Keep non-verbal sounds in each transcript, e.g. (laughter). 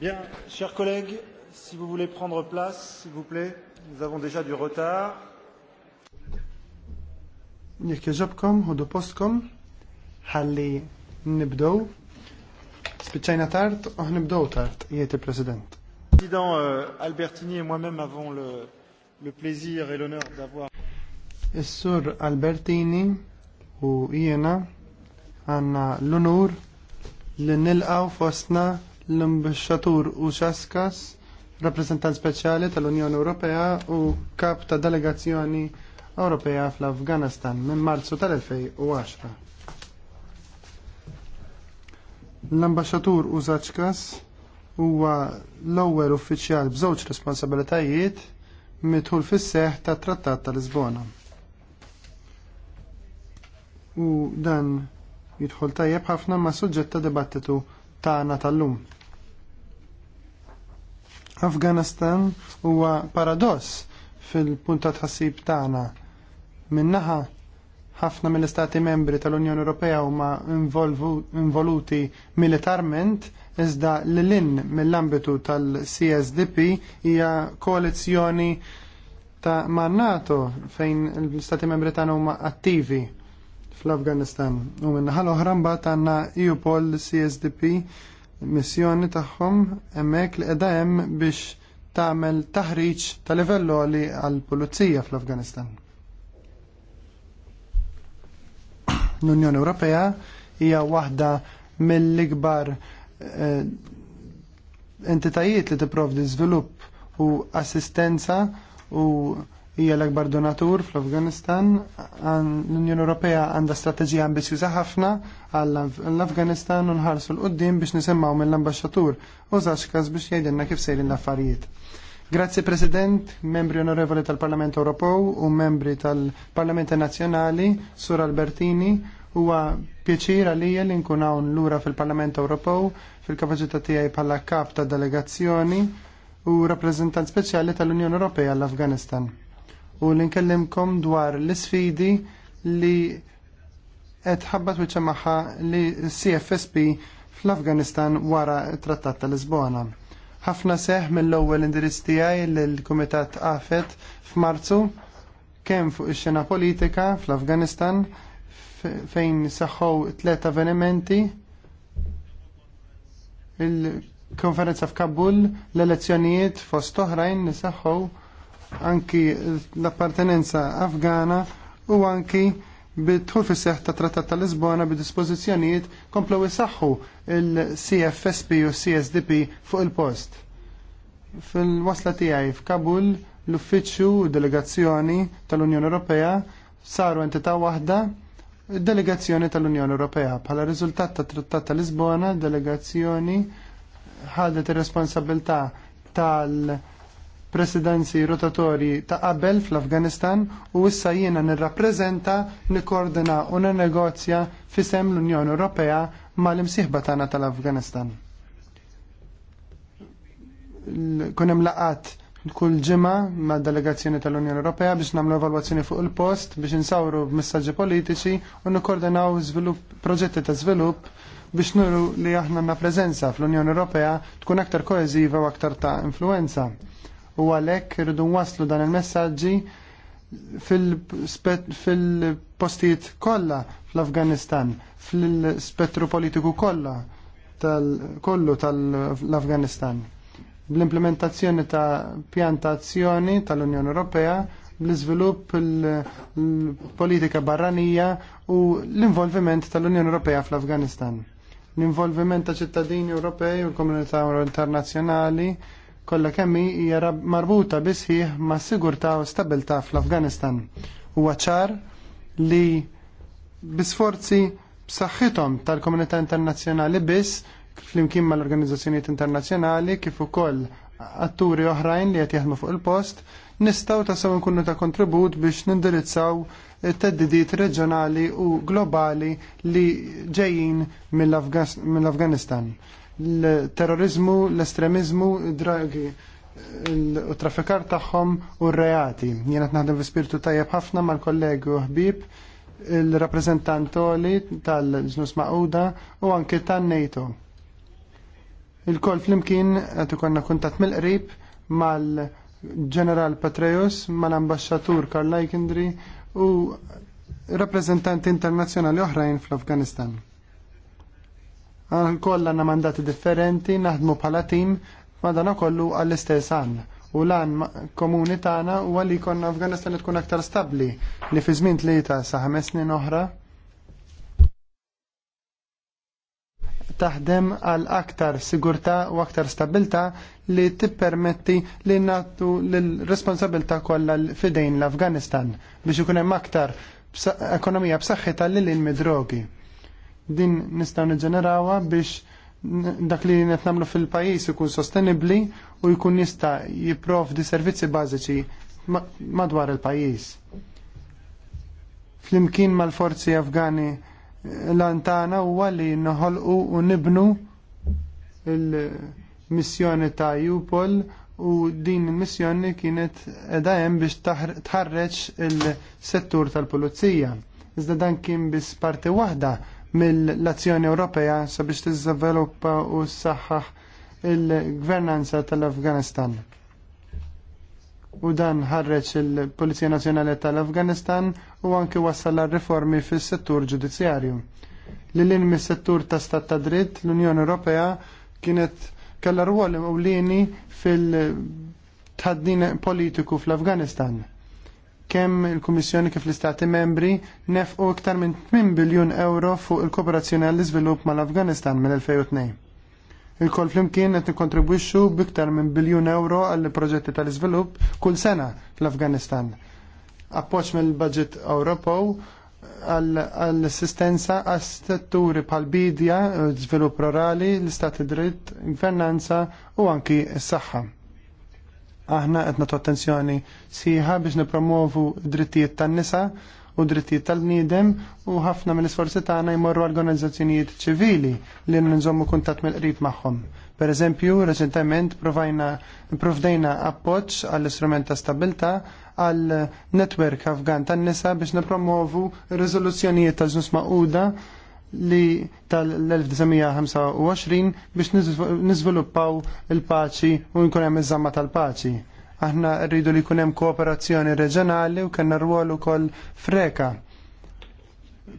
Bien, chers collègues, si vous voulez prendre place, s'il vous plaît, nous avons déjà du retard. Jekk jaġobkom, ħodu postkom, ħalli nibdow. Spiċċajna tart, oh nibdow tart, jiet il-President. Président euh, Albertini et moi-même avons le, le plaisir et l'honneur d'avoir. Is-sur Albertini u jiena għanna l-onur li nilqaw fostna l-ambasċatur Uxaskas, rappresentant speċjali tal-Unjoni Ewropea u kap ta' delegazzjoni Ewropea fl-Afganistan minn Marzu tal-2010. L-ambasċatur Użaċkas huwa l-ewwel uffiċjal b'żewġ responsabilitajiet mitħul fis-seħħ tat-Trattat ta' Lisbona. U dan jidħol tajjeb ħafna ma' suġġett ta' dibattitu tagħna tal-lum. Afganistan huwa paradoss fil-punta tħassib tagħna. Minnaħa ħafna mill-istati membri tal-Unjoni Ewropea huma involuti militarment iżda l-lin mill-ambitu tal-CSDP hija koalizzjoni ta' ma' NATO fejn l-istati membri tagħna huma attivi fl-Afganistan. U minnaħal oħra mbagħad għandna EUPOL CSDP missjoni tagħhom hemmhekk li qiegħda hemm biex tagħmel taħriġ ta' livell għali għall-pulizija fl-Afganistan. L-Unjoni Ewropea hija waħda mill-ikbar eh, entitajiet li tipprovdi żvilupp u assistenza u hija l-akbar donatur fl-Afganistan. L-Unjoni Ewropea għandha strateġija ambizjuża ħafna għall-Afganistan u nħarsu l-qoddim biex nisimgħu mill-ambaxxatur u żaxkas biex jgħidilna kif sejrin l-affarijiet. Grazzi President, membri onorevoli tal-Parlament Ewropew u membri tal-Parlament Nazzjonali, Sur Albertini, huwa pjaċir għalija li nkun hawn lura fil-Parlament Ewropew fil-kapaċità tiegħi bħala kap ta' delegazzjoni u rappreżentant speċjali tal-Unjoni Ewropea għall-Afganistan u li nkellimkom dwar l isfidi li qed ħabbat wiċċa magħha li CFSP fl-Afganistan wara t trattat ta' Lisbona. Ħafna seħ mill-ewwel indirizz tiegħi lill-Kumitat Afet f'Marzu kemm fuq ix-xena politika fl-Afganistan fejn saħħu tliet avvenimenti il-konferenza f'Kabul, l-elezzjonijiet fost oħrajn li saħħu anki l-appartenenza afgana u anki bidħul fis seħħ ta' Trattat ta' Lisbona bi dispożizzjonijiet komplew isaħħu il-CFSP u CSDP fuq il-post. Fil-wasla tiegħi f'Kabul l-uffiċċju u delegazzjoni tal-Unjoni Ewropea saru entità waħda delegazzjoni tal-Unjoni Ewropea. Bħala riżultat ta' Trattat ta' Lisbona, delegazzjoni ħadet ir-responsabilità tal- presidenzi rotatorji ta' qabel fl-Afganistan u issa jiena nirrappreżenta, nikkoordina u nirnegozja fisem l-Unjoni Ewropea mal-imsieħba tagħna tal-Afganistan. Kun hemm laqat kull ġimgħa mad delegazzjoni tal-Unjoni Ewropea biex nagħmlu evalwazzjoni fuq il-post biex insawru messaġġi politiċi u nikkoordinaw żvilupp proġetti ta' żvilupp biex nuru li aħna na preżenza fl-Unjoni Ewropea tkun aktar koeżiva u aktar ta' influenza u għalhekk irridu waslu dan il-messaġġi fil-postijiet kollha fl-Afganistan, fil-spettru politiku kollha tal-kollu tal-Afganistan. Bl-implementazzjoni ta' pjantazzjoni tal-Unjoni Ewropea, bl iżvilupp l-politika barranija u l-involviment tal-Unjoni Ewropea fl-Afganistan. L-involviment ta' ċittadini Ewropej u l-komunità internazzjonali kollha kemmi hija marbuta bisħieħ ma' sigurtà u stabilità fl-Afganistan. Huwa ċar li bisforzi b'saħħithom tal-komunità internazzjonali biss flimkien mal-organizzazzjonijiet internazzjonali kif ukoll atturi oħrajn li qed jaħdmu fuq il-post nistgħu tasaw nkunu ta' kontribut biex nindirizzaw it-teddidiet reġjonali u globali li ġejjin mill-Afganistan. mill afganistan l-terrorizmu, l-estremizmu, dragi u traffikar tagħhom u r-reati. Jiena naħdem fi spiritu tajjeb ħafna mal-kollegi u ħbib il-rappresentantoli tal-ġnus maquda u anke tan-NATO. Il-kol flimkien għet ikonna kuntat mill-qrib mal-ġeneral Patreus, mal-ambasċatur Karl Leikendri u rappresentanti internazzjonali oħrajn fl-Afganistan kollha għanna mandati differenti, naħdmu bħala tim, ma dan kollu għall-istess għanna. U lan komuni tagħna huwa li jkollna Afganistan tkun aktar stabbli li fi żmien tlieta sa ħames snin oħra taħdem għal aktar sigurtà u aktar stabilità li tippermetti li nagħtu l-responsabilità kollha fidejn l-Afganistan biex ikun hemm aktar ekonomija b'saħħitha lil mid-drogi. Din nistgħu nġenerawa biex dak li qed nagħmlu fil-pajjiż ikun sostenibbli u jkun jista' jipprovdi servizzi bażiċi madwar il-pajjiż. Flimkien mal-forzi Afgani l-antana huwa li noħolqu u nibnu il-missjoni ta' Jupol u din il-missjoni kienet edha hemm biex tħarreġ il-settur tal-pulizija. Iżda dan kien biss parti waħda mill-azzjoni Ewropea sabiex tiżviluppa u s-saħħaħ il-gvernanza tal-Afganistan. U dan ħarreġ il-Polizija Nazzjonali tal-Afganistan u anki wassal riformi fis-settur ġudizzjarju. Lilin mis-settur ta' stat ta' dritt l-Unjoni Ewropea kienet kellha rwol ewlieni fil-tħaddin politiku fl-Afganistan kemm il-Kummissjoni kif l-Istati membri nefqu iktar minn 8 biljun euro fuq il-kooperazzjoni għall-iżvilupp mal-Afganistan mill-2002. Il-kol flimkien qed nikkontribwixxu biktar minn biljun euro għall proġetti tal-iżvilupp kull sena fl-Afganistan. Appoġġ mill-Budget Ewropew għall-assistenza għas setturi pal bidja, żvilupp rurali, l-istat dritt, gvernanza u anki s-saħħa aħna qed nagħtu attenzjoni sieħa biex nippromovu drittijiet tan-nisa u drittijiet tal-bniedem u ħafna mill-isforzi tagħna jmorru organizzazzjonijiet ċivili li nżommu kuntatt mill-qrib magħhom. Per eżempju, reċentement provajna provdejna appoġġ għall-istrument ta' stabilta għal netwerk Afgan tan-nisa biex nipromovu riżoluzzjonijiet ta' ġnus maquda li tal-1925 biex nizviluppaw il-paċi u nkunem hemm iż-żamma tal-paċi. Aħna rridu li jkun hemm kooperazzjoni reġjonali u kena rwol ukoll freka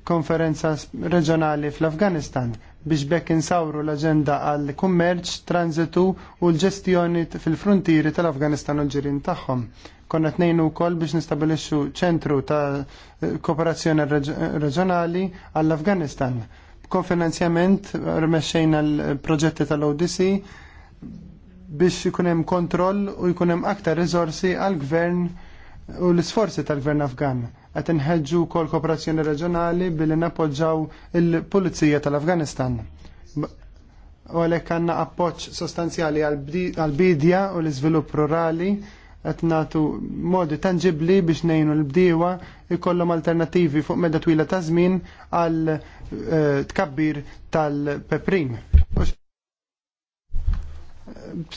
konferenza reġjonali fl-Afganistan biex bekk insawru l-agenda għal kummerċ, tranzitu u l-ġestjoni fil-frontieri tal-Afganistan u l-ġirin tagħhom. Konna tnejn kol biex nistabilixxu ċentru ta' kooperazzjoni reġjonali għall-Afganistan. Konfinanzjament rmexxejna l-proġetti tal-ODC biex ikun hemm kontroll u jkun hemm aktar rizorsi għall-gvern u l-isforzi tal-gvern Afgan Qed inħeġġu wkoll kooperazzjoni reġjonali billi nappoġġaw il-Pulizija tal-Afganistan. U għalhekk għandna appoġġ sostanzjali għall-bidja u l-iżvilupp rurali qed nagħtu modi tanġibbli biex ngħinu l-bdiewa jkollhom alternattivi fuq medda twila ta' żmien għal eh, tkabbir tal-peprim.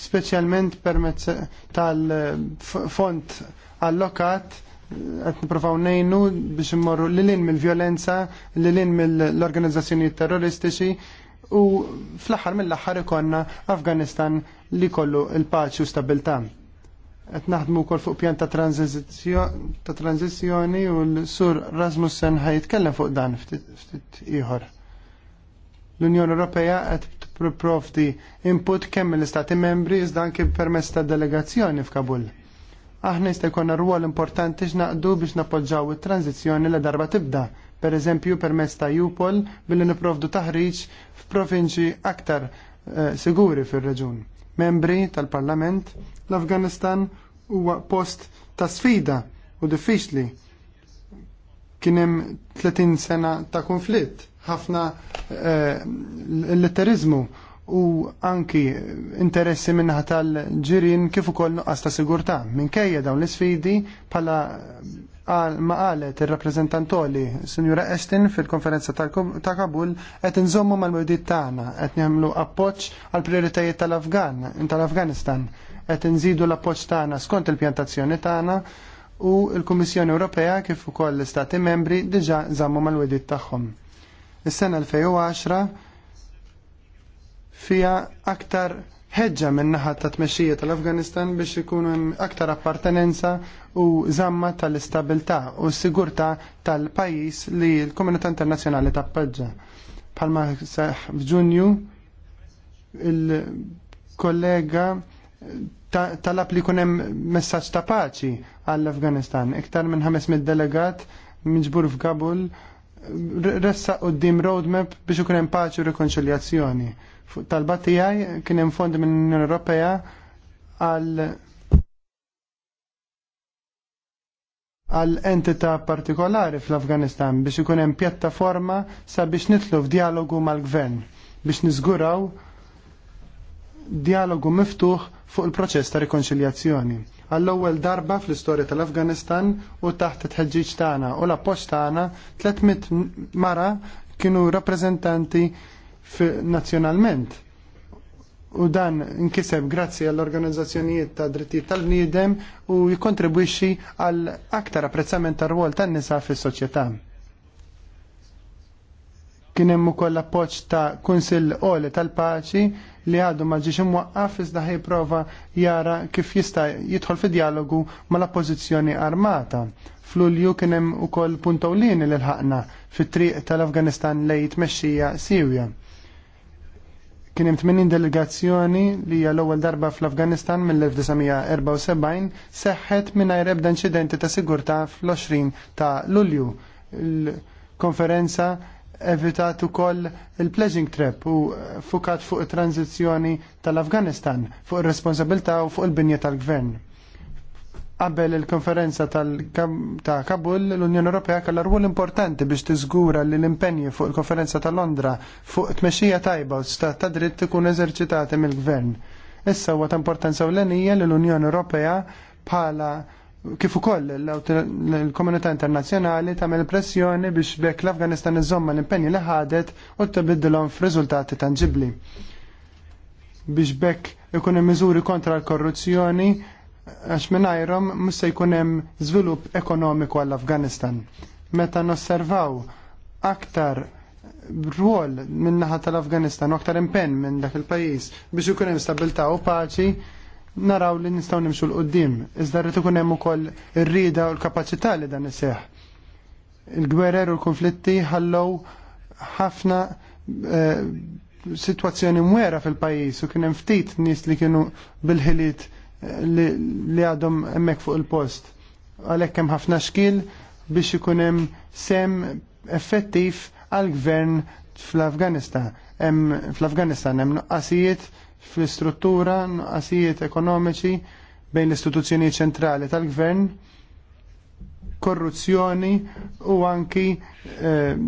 Speċjalment permezz tal-font allokat qed nippruvaw ngħinu biex immorru lilin mill-vjolenza, lilin mill-organizzazzjonijiet terroristiċi u fl-aħħar mill-aħħar ikonna Afganistan li kollu il-paċi u stabilta. Qed naħdmu wkoll fuq pjan ta' tranzizzjoni u l-sur Rasmussen ħajitkellem fuq dan ftit ieħor. L-Unjoni Ewropea qed tipprovdi input kemm mill-Istati membri iżda anke permezz ta' delegazzjoni f'Kabul aħna jista' jkollna rwol importanti x'naqdu biex nappoġġaw it-tranzizzjoni li darba tibda, per eżempju permezz ta' Jupol billi niprovdu taħriġ f'provinċi aktar eh, siguri fir-reġun. Membri tal-Parlament, l-Afganistan huwa post ta' sfida u diffiċli. Kien hemm 30 sena ta' konflitt, ħafna eh, l-litterizmu u anki interessi minnaħa tal-ġirin kif ukoll nuqqas ta' sigurtà. Minkejja dawn l-isfidi bħala ma qalet ir-rappreżentantoli Sinjura Estin fil-konferenza ta' Kabul qed inżommu mal-mewdiet tagħna qed nagħmlu appoġġ għal prioritajiet tal-Afgan tal-Afganistan qed inżidu l-appoġġ tagħna skont il-pjantazzjoni tagħna u l-Kummissjoni Ewropea kif ukoll l-Istati Membri diġà żammu mal-wedit tagħhom. Is-sena 2010 fija aktar ħeġġa minn naħa ta' tmexxija tal-Afganistan biex hemm aktar appartenenza u żamma tal-istabilità u s-sigurtà tal-pajjiż li l-komunità internazzjonali tappoġġa. Palma seħ f'Ġunju il-kollega talab li kunem messaġġ ta' paċi għall-Afganistan. Iktar minn 500 delegat miġbur f'Kabul ressa d-dim roadmap biex ikun hemm paċi u rekonċiljazzjoni tal talba tiegħi kien hemm fond minn Unjoni Ewropea għal għal entità partikolari fl-Afganistan biex ikun hemm pjattaforma sabiex nitlu f'dialogu mal-gvern biex niżguraw dialogu miftuħ fuq il-proċess ta' rikonċiljazzjoni. Għall-ewwel darba fl-istorja tal-Afganistan u taħt it-ħeġġiġ tagħna u l-appoġġ tagħna 300 mara kienu rappreżentanti nazzjonalment. U dan nkiseb grazzi għall-organizzazzjonijiet ta' drittijiet tal-bniedem u jikontribwixxi għal aktar apprezzament tar-rwol tan-nisa fis-soċjetà. Kien hemm ukoll appoġġ ta' Kunsill Qoli tal-Paċi li għadu ma ġiex imwaqqaf iżda prova jara kif jista' jidħol fi dialogu mal-oppożizzjoni armata. F'Lulju kien hemm ukoll puntawlini li l-ħaqna fit-triq tal-Afganistan lejn tmexxija Sirja. Kien hemm 80 delegazzjoni li hija l-ewwel darba fl-Afganistan mill-1974 seħħet mingħajr ebda inċidenti ta' sigurtà fl-20 ta' Lulju. Il-konferenza evitat ukoll il-pledging trap u fukat fuq it-tranzizzjoni tal-Afganistan, fuq ir-responsabilità u fuq il-binja tal-gvern. Qabel il-konferenza ta' Kabul, l-Unjoni Ewropea kellha rwol importanti biex tiżgura li l-impenji fuq il-konferenza ta' Londra fuq tmexxija tajba u stat ta' dritt ikun eżerċitati mill-gvern. Issa huwa ta' importanza ewlenija li l-Unjoni Ewropea bħala kif ukoll l-komunità internazzjonali tagħmel pressjoni biex bekk l-Afganistan iżomma l-impenji li ħadet u tibiddilhom f'riżultati tangibbli. Biex bekk ikun hemm miżuri kontra l-korruzzjoni għax minnajrom musa jkunem zvilup ekonomiku għall-Afganistan. Meta nosservaw aktar rwol minnaħa tal-Afganistan, aktar impenn minn dak il-pajis biex hemm stabilta u paċi, naraw li nistaw nimxu l-qoddim. Iżda rrit ikunem ukoll ir-rida u l kapaċità li dan iseħ. Il-gwerer u l-konflitti ħallow ħafna eh, situazzjoni mwera fil-pajis u kien hemm ftit nies li kienu bil-ħiliet li għadhom hemmhekk fuq il-post. Għalhekk hemm ħafna xkil biex ikun hemm sem effettiv għal-gvern fl-Afganistan. Fl-Afganistan hemm nuqqasijiet fl-istruttura, nuqqasijiet ekonomiċi bejn l-istituzzjoni ċentrali tal-gvern, korruzzjoni u anki eh,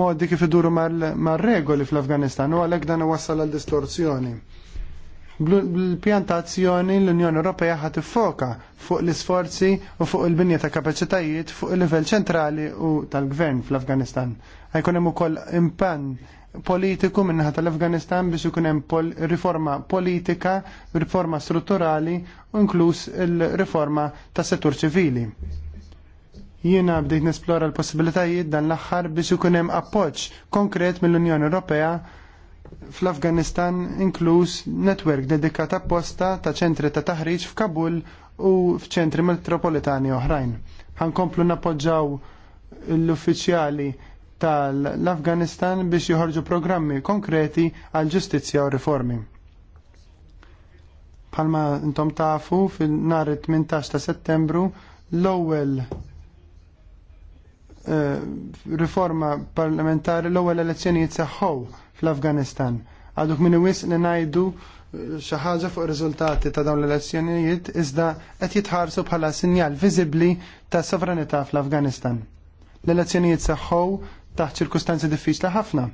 modi kif iduru mar-regoli fl-Afganistan u għalhekk dan wassal għal distorzjoni. Bl-pjantazzjoni l-Unjoni Ewropea ħat tiffoka fuq l-isforzi u fuq il-binja ta' kapaċitajiet fuq il-livell ċentrali u tal-gvern fl-Afganistan. Għajkun hemm ukoll impann politiku minnaħa tal-Afganistan biex ikun hemm pol riforma politika, riforma strutturali u inkluż il-riforma tas settur ċivili. Jiena bdejt nesplora l-possibilitajiet dan l-aħħar biex ikun hemm appoġġ konkret mill-Unjoni Ewropea fl-Afganistan inkluż netwerk dedikat apposta ta' ċentri ta' taħriġ f'Kabul u f'ċentri metropolitani oħrajn. Ħankomplu nappoġġaw l-uffiċjali tal-Afganistan biex joħorġu programmi konkreti għal ġustizzja u riformi. Palma intom tafu fil-nar 18 ta' settembru l-ewwel eh, riforma parlamentari l-ewwel elezzjonijiet seħħu fl-Afganistan. Għaduk minn wis li najdu eh, xaħġa fuq riżultati ta' dawn l-elezzjonijiet iżda qed jitħarsu bħala sinjal viżibbli ta' sovranità fl-Afganistan. L-elezzjonijiet seħħow taħt ċirkustanzi diffiċli ħafna.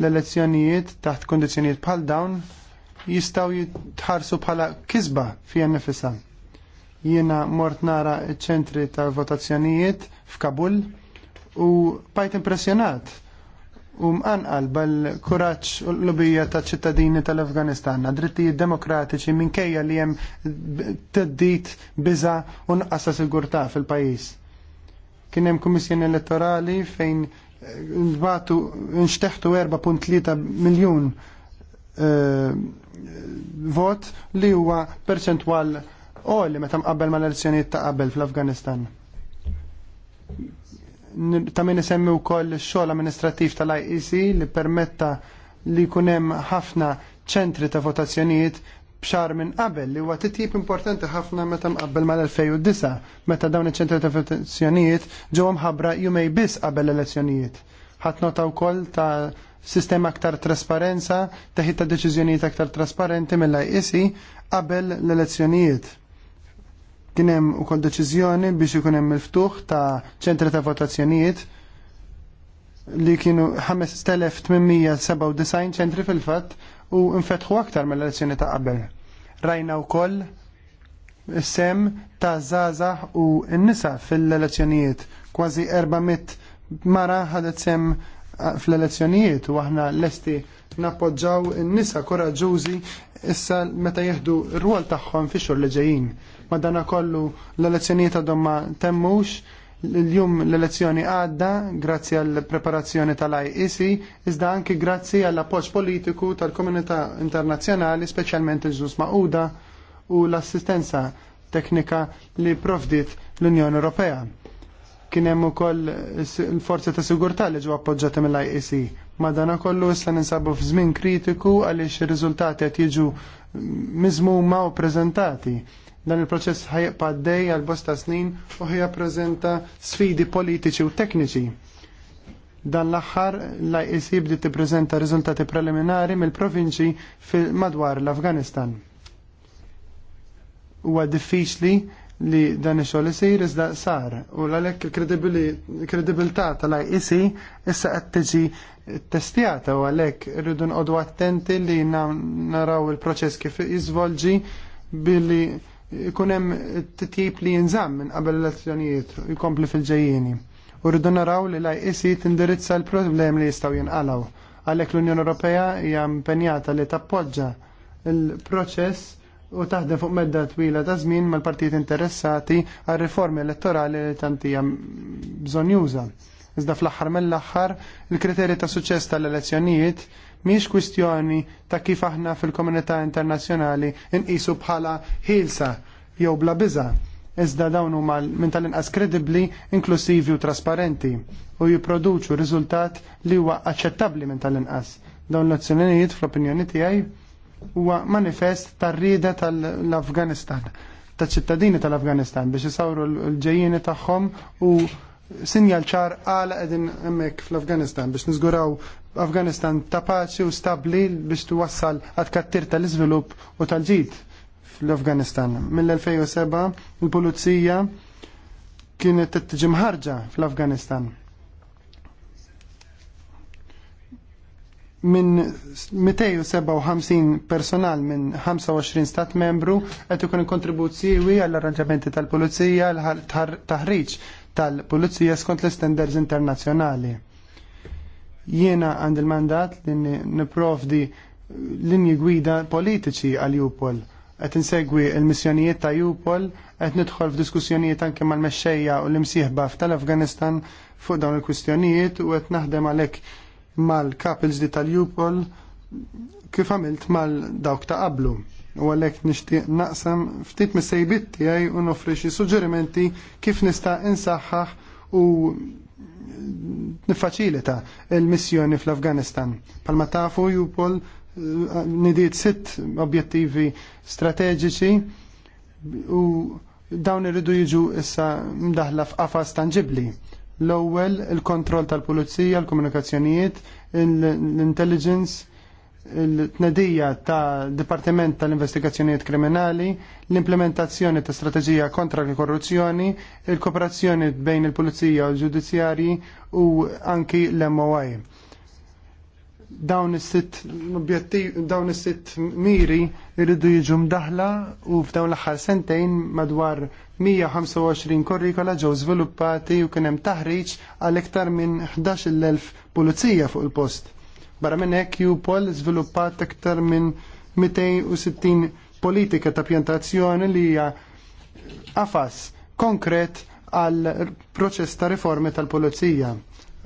L-elezzjonijiet taħt kondizzjonijiet bħal dawn jistaw jitħarsu bħala kisba fija nifisa. Jiena mort nara ċentri ta' votazzjonijiet f'Kabul u bajt impressjonat Um u mqanqal bal-kuraġġ u l-lubija ta' ċittadini tal-Afganistan, drittijiet demokratiċi minkejja li hemm teddit biża u nqasa sigurtà fil-pajjiż. Kien hemm kummissjoni elettorali fejn eh, nbatu nxteħtu 4.3 miljun eh, vot li huwa perċentwal qoli meta mqabbel mal-elezzjonijiet ta' qabel fl-Afganistan ta' min isemmi wkoll ix-xogħol amministrativ tal-IEC li permetta li jkun hemm ħafna ċentri ta' votazzjonijiet b'xar minn qabel li huwa titjib importanti ħafna meta mqabbel mal-2009 meta dawn iċ-ċentri ta' votazzjonijiet ġew mħabbra jumej biss qabel l-elezzjonijiet. Ħadd nota wkoll ta' sistema aktar trasparenza, teħid ta' deċiżjonijiet aktar trasparenti mill-IEC qabel l-elezzjonijiet Kien hemm ukoll deċiżjoni biex ikun hemm il-ftuħ ta' ċentri ta' votazzjonijiet li kienu 5897 ċentri fil-fatt u nfetħu aktar mill-elezzjoni ta' qabel. Rajna wkoll sem ta' zaza u n-nisa fil-elezzjonijiet kważi 400 mara ħadet sem fl-elezzjonijiet u aħna lesti nappoġġaw n-nisa koraġużi issa meta jieħdu r-rwol tagħhom fi xhur li ġejjin. Madana kollu l-elezzjonijiet għadhom ma temmux, l-jum l-elezzjoni għadda grazzi għall preparazzjoni tal-IEC iżda anki grazzi għall appoġġ politiku tal-komunità internazzjonali speċjalment il ġus maquda u l-assistenza teknika li profdit l-Unjoni Ewropea. Kien hemm ukoll il-forzi ta' sigurtà li ġew appoġġjati mill-IEC. dan kollu issa ninsabu f'żmien kritiku għaliex ir-riżultati qed jiġu miżmuma u preżentati. Dan il-proċess ħajqpa għaddej għal bosta snin u ħija preżenta sfidi politiċi u tekniċi. Dan l-aħħar l-IEC bdiet tippreżenta riżultati preliminari mill-provinċi madwar l-Afganistan. Huwa diffiċli li dan ix-xogħol isir iżda sar u għalhekk il-kredibilità tal-IEC issa qed tiġi testjata u għalhekk irridu nqogħdu attenti li naraw il-proċess kif jiżvolġi billi jkun hemm titjib li jinżamm minn qabel l-elezzjonijiet jkompli fil-ġejjieni. U rridu naraw li l-IEC tindirizza l-problem li jistgħu jinqalgħu. Għalhekk l-Unjoni Ewropea hija impenjata li tappoġġa il-proċess u taħdem fuq medda twila ta' żmien mal-partijiet interessati għal riformi elettorali li hija bżonn juża. Iżda fl-aħħar mill-aħħar, il-kriterji ta' suċċess tal-elezzjonijiet mhix kwistjoni ta' kif aħna fil-komunità internazzjonali inqisu bħala ħilsa jew bla biża. Iżda dawn huma minn tal-inqas kredibbli, inklusivi u trasparenti u jipproduċu riżultat li huwa aċċettabbli minn tal-inqas. Dawn l-azzjonijiet fl-opinjoni tiegħi huwa manifest tar-rieda tal-Afganistan, taċ-ċittadini tal-Afganistan biex isawru l ġejjini tagħhom u sinjal ċar għala qegħdin hemmhekk fl-Afganistan biex niżguraw Afganistan ta' paċi u stabli biex tuwassal għad kattir tal-iżvilupp u tal-ġid fl-Afganistan. Mill-2007 il-Pulizija kienet tiġi mħarġa fl-Afganistan minn 257 personal minn 25 stat membru qed ikun kontribut għall arranġamenti tal-pulizija għall taħriġ tal-pulizija skont l-standards internazzjonali. Jiena għand il-mandat li niprofdi linji gwida politiċi għal Jupol. Qed insegwi l-missjonijiet ta' Jupol, qed nidħol f'diskussjonijiet anke mal-mexxejja u l-imsieħba tal-Afganistan fuq dawn il-kwistjonijiet u qed naħdem għalhekk mal-kapils di tal-Jupol kif għamilt mal-dawk ta' qablu. U għalek nishtiq naqsam ftit mis-sejbit tiegħi u nofri suġġerimenti kif nista' insaħħaħ u nifaċilita il-missjoni fl-Afganistan. Palma tafu Jupol nidiet sitt objettivi strateġiċi u dawn irridu jiġu issa mdaħla f'qafas tangibli. L-ewwel il-kontroll tal-pulizija, l-komunikazzjonijiet, l-intelligence, l-tnedija ta' Dipartiment tal-Investigazzjonijiet Kriminali, l-implementazzjoni ta' strateġija kontra l-korruzzjoni, il-kooperazzjoni bejn il-Pulizija u l-Ġudizzjarji u anki l-MOI dawn is-sitt dawn is-sitt miri jridu jiġu mdaħla u f'dawn l-aħħar sentejn madwar 125 kurrikola ġew żviluppati u kien hemm taħriġ għal iktar minn 11,000 pulizija fuq il-post. Barra minn hekk Jupol żviluppat iktar minn 260 politika ta' pjantazzjoni li hija afas konkret għal proċess ta' riformi tal-pulizija.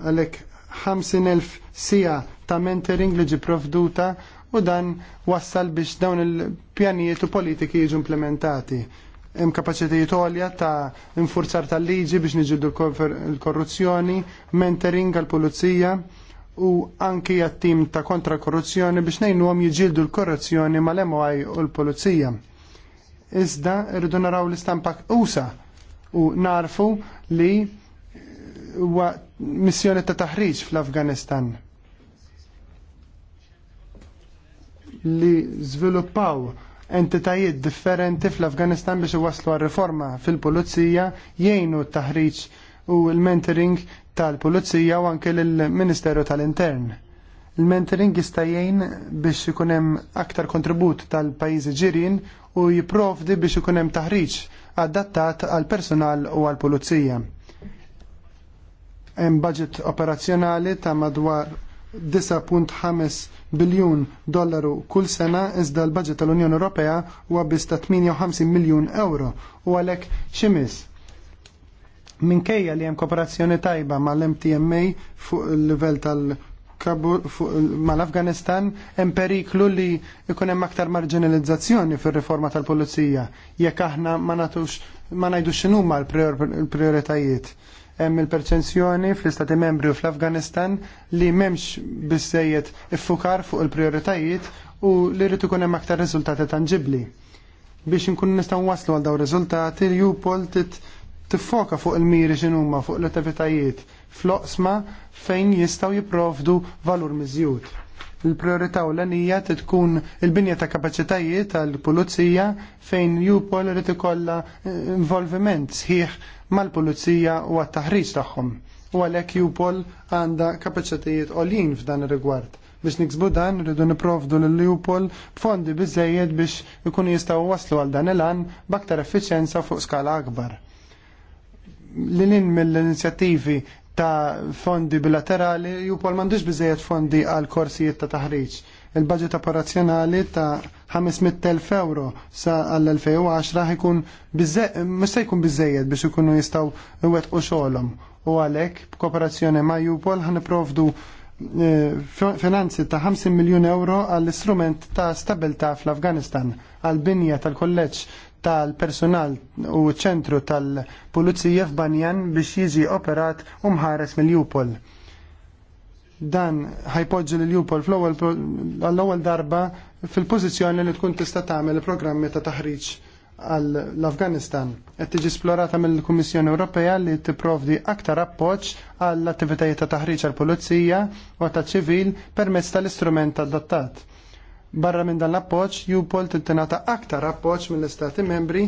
Għalhekk 50,000 sija Ta' mentoring li ġi provduta u dan wassal biex dawn il-pjanijiet u politiki jiġu implementati hemm kapaċitajiet għolja ta' infurzar tal-liġi biex niġildu l-korruzzjoni, mentoring għal-pulizija u anki għat-tim ta' kontra korruzzjoni biex għom jġildu l-korruzzjoni mal-MOI u l-pulizija. Iżda rridu naraw l-istampa usa u narfu li huwa missjoni ta' taħriġ fl-Afganistan li żviluppaw entitajiet differenti fl-Afganistan biex iwasslu għal-riforma fil-pulizija jgħinu t-taħriġ u l-mentoring tal-pulizija u anke l-Ministeru tal-Intern. Il-mentoring jista' jgħin biex ikun hemm aktar kontribut tal-pajjiżi ġirien u jipprovdi biex ikun hemm taħriġ adattat għal personal u għal pulizija. Hemm budget operazzjonali ta' madwar 9.5 biljun dollaru kull sena iżda l-budget tal-Unjoni Ewropea huwa biss ta' 58 miljun euro u għalhekk ximis. Minkejja li hemm kooperazzjoni tajba mal-MTMA fuq il-livell tal- mal-Afganistan hemm periklu li jkun hemm aktar marginalizzazzjoni fir-riforma tal-pulizija jekk aħna ma nagħtux ma ngħidux x'inhuma l-prioritajiet hemm il-perċenzjoni fl-Istati Membri u fl-Afganistan li m'hemmx biżejjed iffukar fuq il-prioritajiet u li rrid ikun hemm aktar riżultati tangibbli. Biex inkunu nistgħu waslu għal dawn riżultati, Jupol tiffoka fuq il-miri x'inhuma fuq l-attivitajiet fl fejn jistgħu jipprovdu valur miżjud. Il-priorità u l-anija tkun il-binja ta' kapacitajiet tal-pulizija fejn Jupol rrit ikolla eh, involviment sħiħ mal-pulizija u għat-taħriġ tagħhom. U għalhekk Jupol għandha kapaċitajiet għolin f'dan ir-rigward biex niksbu dan rridu niprofdu l-Liupol fondi bizzejed biex ikun jistaw waslu għal dan il għan baktar effiċenza fuq skala akbar. Lilin mill-inizjattivi ta' fondi bilaterali ju pol mandux bizzejet fondi għal korsijiet ta' taħriġ. Il-budget operazzjonali ta' 500.000 euro sa' għall-2010 ħikun mista' jkun bizzejet biex ikunu jistaw għet u xolom. U għalek, kooperazzjoni ma' Jupol ħan provdu eh, finanzi ta' 50 miljon euro għall-istrument ta' stabilta' fl-Afganistan għal-binja tal-kolleġġ tal-personal u ċentru tal-Pulizija f'Banjan biex jiġi operat u mħares mill-Jupol. Dan ħajpoġġi l-Jupol għall-ewwel darba fil-pożizzjoni li tkun tista' tagħmel programmi ta' taħriġ għall-Afganistan. Qed tiġi splorata mill-Kummissjoni Ewropea li tipprovdi aktar appoġġ għall attivitajiet ta' taħriġ għall-Pulizija u ta' ċivil permezz tal-istrument adattat. Barra minn dan l-appoċ, Jupol t-tenata aktar appoċ mill-Istati membri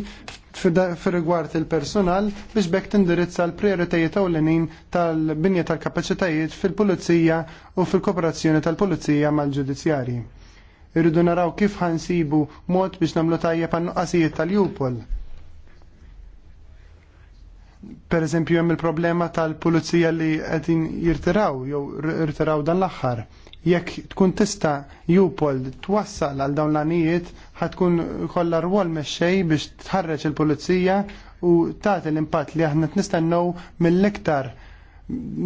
fir-rigward il-personal biex bekk tindirizza l-prioritajiet ewlenin tal-binja tal-kapaċitajiet fil-pulizija u fil-kooperazzjoni tal-pulizija mal ġudizjari Irridu naraw kif ħansibu mod biex namlu tajjeb għan nuqqasijiet tal-Jupol per eżempju hemm il-problema tal-pulizija li qed jirtiraw jew jirtiraw dan l-aħħar. Jekk tkun tista Jupol twassal għal dawn l-anijiet ħatkun kollha rwol mexxej biex tħarreġ il-pulizija u tagħti l-impatt li aħna nistennew mill-iktar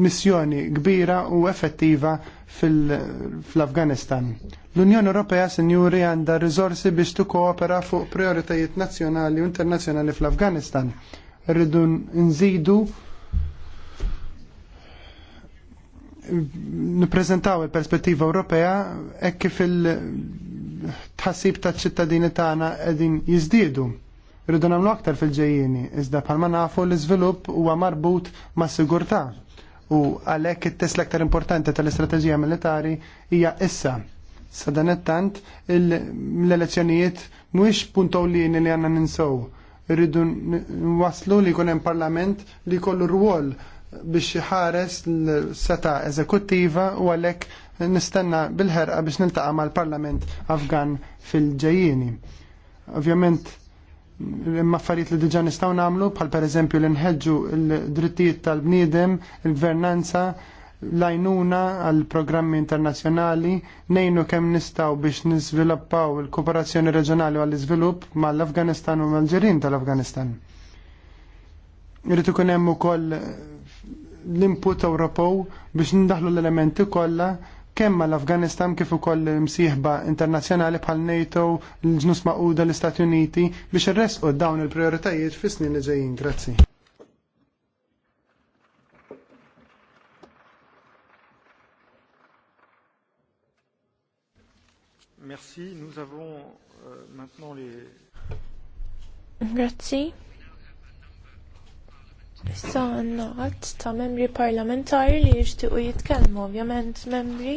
missjoni kbira u effettiva fl-Afganistan. L-Unjoni Ewropea, sinjuri, għandha riżorsi biex tikkoopera fuq prioritajiet nazzjonali u internazzjonali fl-Afganistan rridu nżidu nippreżentaw il-perspettiva Ewropea hekk kif il-tħassib taċ ċittadini tagħna qegħdin jiżdiedu. Rridu nagħmlu aktar fil-ġejjieni, iżda bħalma nafu l-iżvilupp huwa marbut mas sigurtà u għalhekk it tesla l-aktar importanti tal-istrateġija militari hija issa. Sadan tant l-elezzjonijiet mhuwiex puntowlini li għandna ninsew Irridu nwaslu li jkun hemm parlament li jkollu rwol biex ħares l-seta eżekuttiva u għalhekk nistenna bil-ħerqa biex niltaqa' mal-Parlament Afgan fil ġejjini Ovvjament maffariet li diġa nistaw namlu, bħal per eżempju l-inħedġu l-drittijiet tal-bniedem, il-gvernanza, il lajnuna għal programmi internazzjonali nejnu kemm nistaw biex nizviluppaw il-kooperazzjoni reġjonali għall iżvilupp mal-Afganistan u mal ġerin tal-Afganistan. Irrid ikun hemm ukoll l-input Ewropew biex ndaħlu l-elementi kollha kemm mal-Afganistan kif ukoll msieħba internazzjonali bħal NATO, l-ġnus maquda l-Istati Uniti biex irresqu dawn il-prioritajiet fis-snin li ġejjin. Grazzi. Merci. Nous avons euh, maintenant les. Grazie. Issa għanna għad ta' membri parlamentari li u jitkelmu, ovvjament membri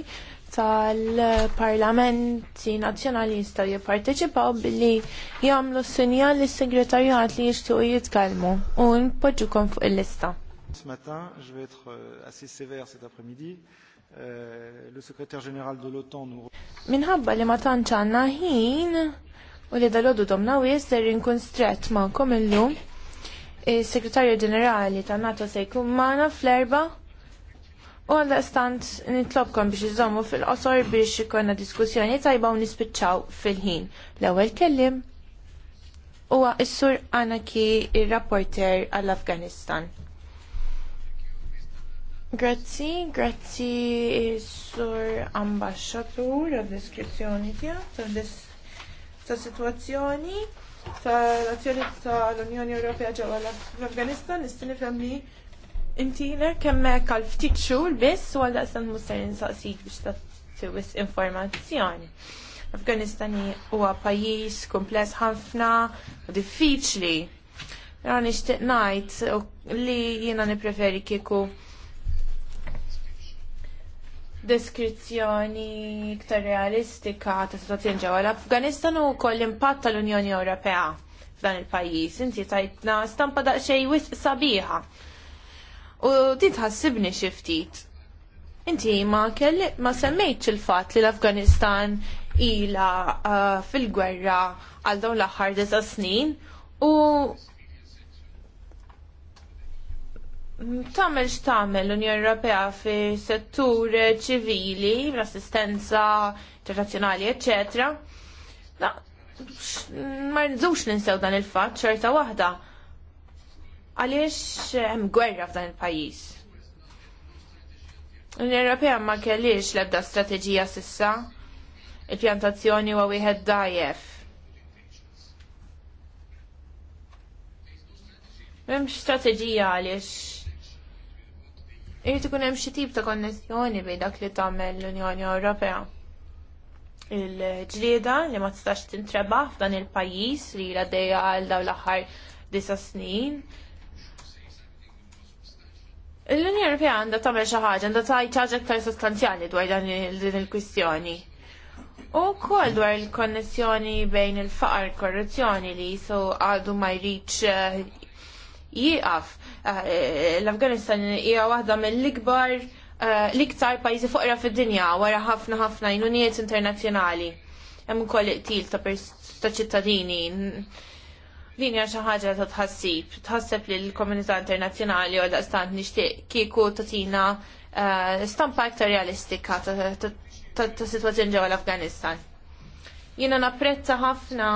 tal-parlamenti nazjonali jistaw jipparteċipaw billi jagħmlu sinjal lis segretarjat li jishtiqu jitkellmu u npoġġukom fuq il-lista. Ce matin, je vais être euh, assez sévère cet après-midi. Euh, l sekretar Ġeneral de l-OTAN. Minħabba li ma tantx għandna ħin u li dal-għodu domna u jester inkun stret ma'kom illum. Il-Sekretarju Ġenerali ta' NATO se jkun magħna fl-erba' u għal-stant nitlobkom biex iżommu fil-qosor biex ikollna diskussjoni tajba u nispiċċaw fil-ħin. L-ewwel kellim huwa s-sur Anaki, ir-rapporter għall-Afganistan. Grazzi, grazzi sur ambasċatur għad deskrizzjoni tiegħek ta' dis ta' situazzjoni ta' l-azzjoni ta' l-Unjoni Ewropea ġewwa l-Afganistan nista' nifhem li inti hemmhekk għal biss u għal daqstan muster insaqsik biex ta' tiwis informazzjoni. Afganistan huwa pajjiż kumpless ħafna u diffiċli. Ra nixtieq ngħid li jiena nippreferi kieku deskrizzjoni iktar realistika ta' situazzjoni ġewwa l-Afganistan u koll impatt tal-Unjoni Ewropea f'dan il-pajjiż. Inti tajtna stampa daqsxejn wisq sabiħa. U din tħassibni xi ftit. Inti ma kelli ma semmejtx il-fatt li l-Afganistan ila uh, fil-gwerra għal dawn l-aħħar disa' snin u Tamel x'tamel l-Unjoni Ewropea fi settur ċivili, l-assistenza internazzjonali, eċetera. ma nżux ninsew dan il-fatt xorta waħda. Għaliex hemm gwerra f'dan il-pajjiż. L-Unjoni Ewropea ma kellix l-ebda strateġija sissa. Il-pjantazzjoni huwa wieħed dajef. M'hemmx strateġija għaliex Irrid ikun hemm xi tip ta' konnessjoni bejn dak li tagħmel l-Unjoni Ewropea. Il-ġlieda li ma tistax tintreba f'dan il-pajjiż li ilha dejja għal dawn l-aħħar disa' snin. L-Unjoni Ewropea għandha tagħmel xi ħaġa, għandha tgħid ħaġa aktar sostanzjali dwar dan din il-kwistjoni. U kol dwar il-konnessjoni bejn il-faqar korruzzjoni li jisu għadu ma jriċ eh, jieqaf Eh, l-Afganistan hija waħda mill-ikbar eh, l-iktar pajjiżi foqra fid-dinja wara ħafna ħafna jnunijiet internazzjonali. Hemm ukoll iqtil ta' ċittadini. Din hija xi ħaġa ta' tħassib, tħasseb lill komunità internazzjonali u daqstant nixtieq kieku tatina eh, stampa iktar realistika ta' situazzjoni ġewwa l-Afganistan. Jiena napprezza ħafna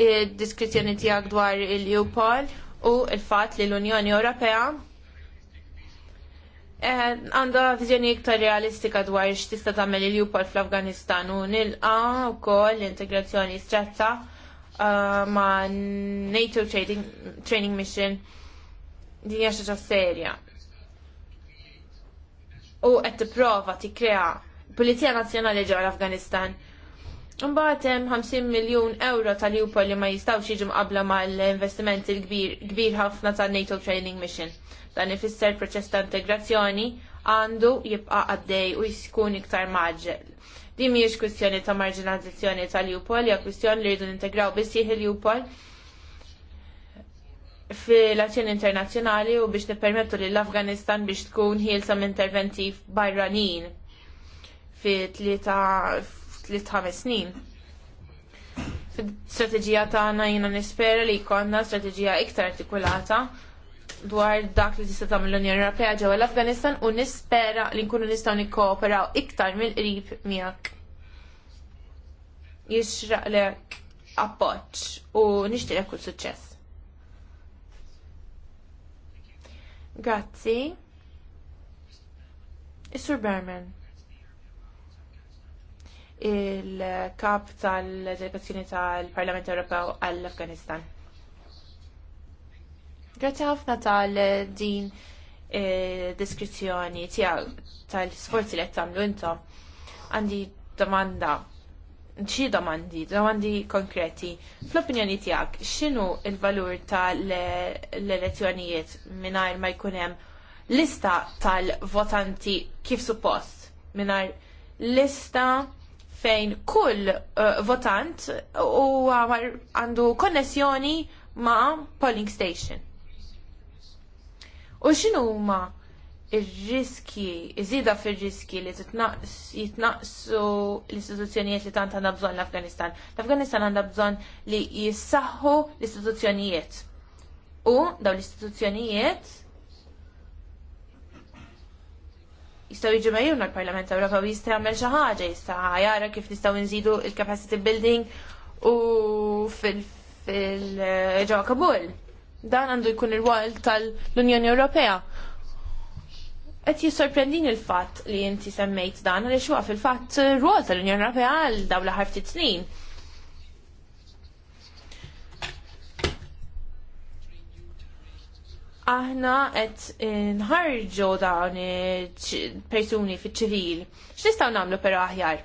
id-diskrizzjoni tiegħek dwar il-Jupol u il-fat li l-Unjoni Ewropea eh, għandha viżjoni iktar realistika dwar x'tista' tagħmel il-Jupol fl-Afganistan u nilqa' wkoll l-integrazzjoni stretta eh, ma' NATO Training Mission din hija xi serja. U qed tipprova tikkrea Pulizija Nazzjonali ġew l-Afganistan Mbagħad hemm 50 miljun euro tal-Jupol li ma jistgħux jiġu mqabbla mal-investiment il-kbir kbir ħafna tan NATO Training Mission. Dan ifisser proċess ta' integrazzjoni għandu jibqa' għaddej u jkun iktar maġġel. Din mhijiex kwistjoni ta' marginalizzazzjoni tal-Jupol, hija kwistjoni li rridu nintegraw bissieħ il-Jupol fil-azzjoni internazzjonali u biex nippermettu lill afganistan biex tkun ħielsam interventi barranin fi tlieta li tħames snin. Strategija strateġija tagħna jiena nispera li jkollna strateġija iktar artikulata dwar dak li tista' tagħmel l-Unjoni Ewropea ġewwa l-Afganistan u nispera li nkunu nistgħu nikkooperaw iktar mill-qrib miegħek. Jixraqlek appoġġ u nixtieq kull suċċess. Grazzi. Is-Sur Berman il-kap tal-delegazzjoni tal-Parlament Ewropew għall-Afganistan. Grazzi ħafna tal-din eh, deskrizzjoni tiegħu tal-sforzi li qed tagħmlu intom. Għandi domanda xi domandi, domandi konkreti. Fl-opinjoni tiegħek, x'inhu l-valur tal-elezzjonijiet mingħajr ma jkun hemm lista tal-votanti kif suppost mingħajr lista fejn kull uh, votant u għandu konnessjoni ma' polling station. U xinu ma' il riski iżida fir-riski li jitnaqsu l-istituzzjonijiet li tant għandha bżonn l-Afganistan. L-Afganistan għandha bżonn li jissaħħu l-istituzzjonijiet. U daw l-istituzzjonijiet jistaw jiġu mejjuna l-Parlament Ewropew jista' jagħmel xi ħaġa, jista' jara kif nistgħu nżidu il-capacity building u fil-ġewwa Kabul. Dan għandu jkun il-wol tal-Unjoni Ewropea. Qed jissorprendin il-fatt li inti semmejt dan għaliex huwa fil-fatt rwol tal-Unjoni Ewropea għal dawla ħarftit snin aħna qed eh, nħarġu dawn persuni fiċ-ċivil. X'nistgħu nagħmlu però aħjar?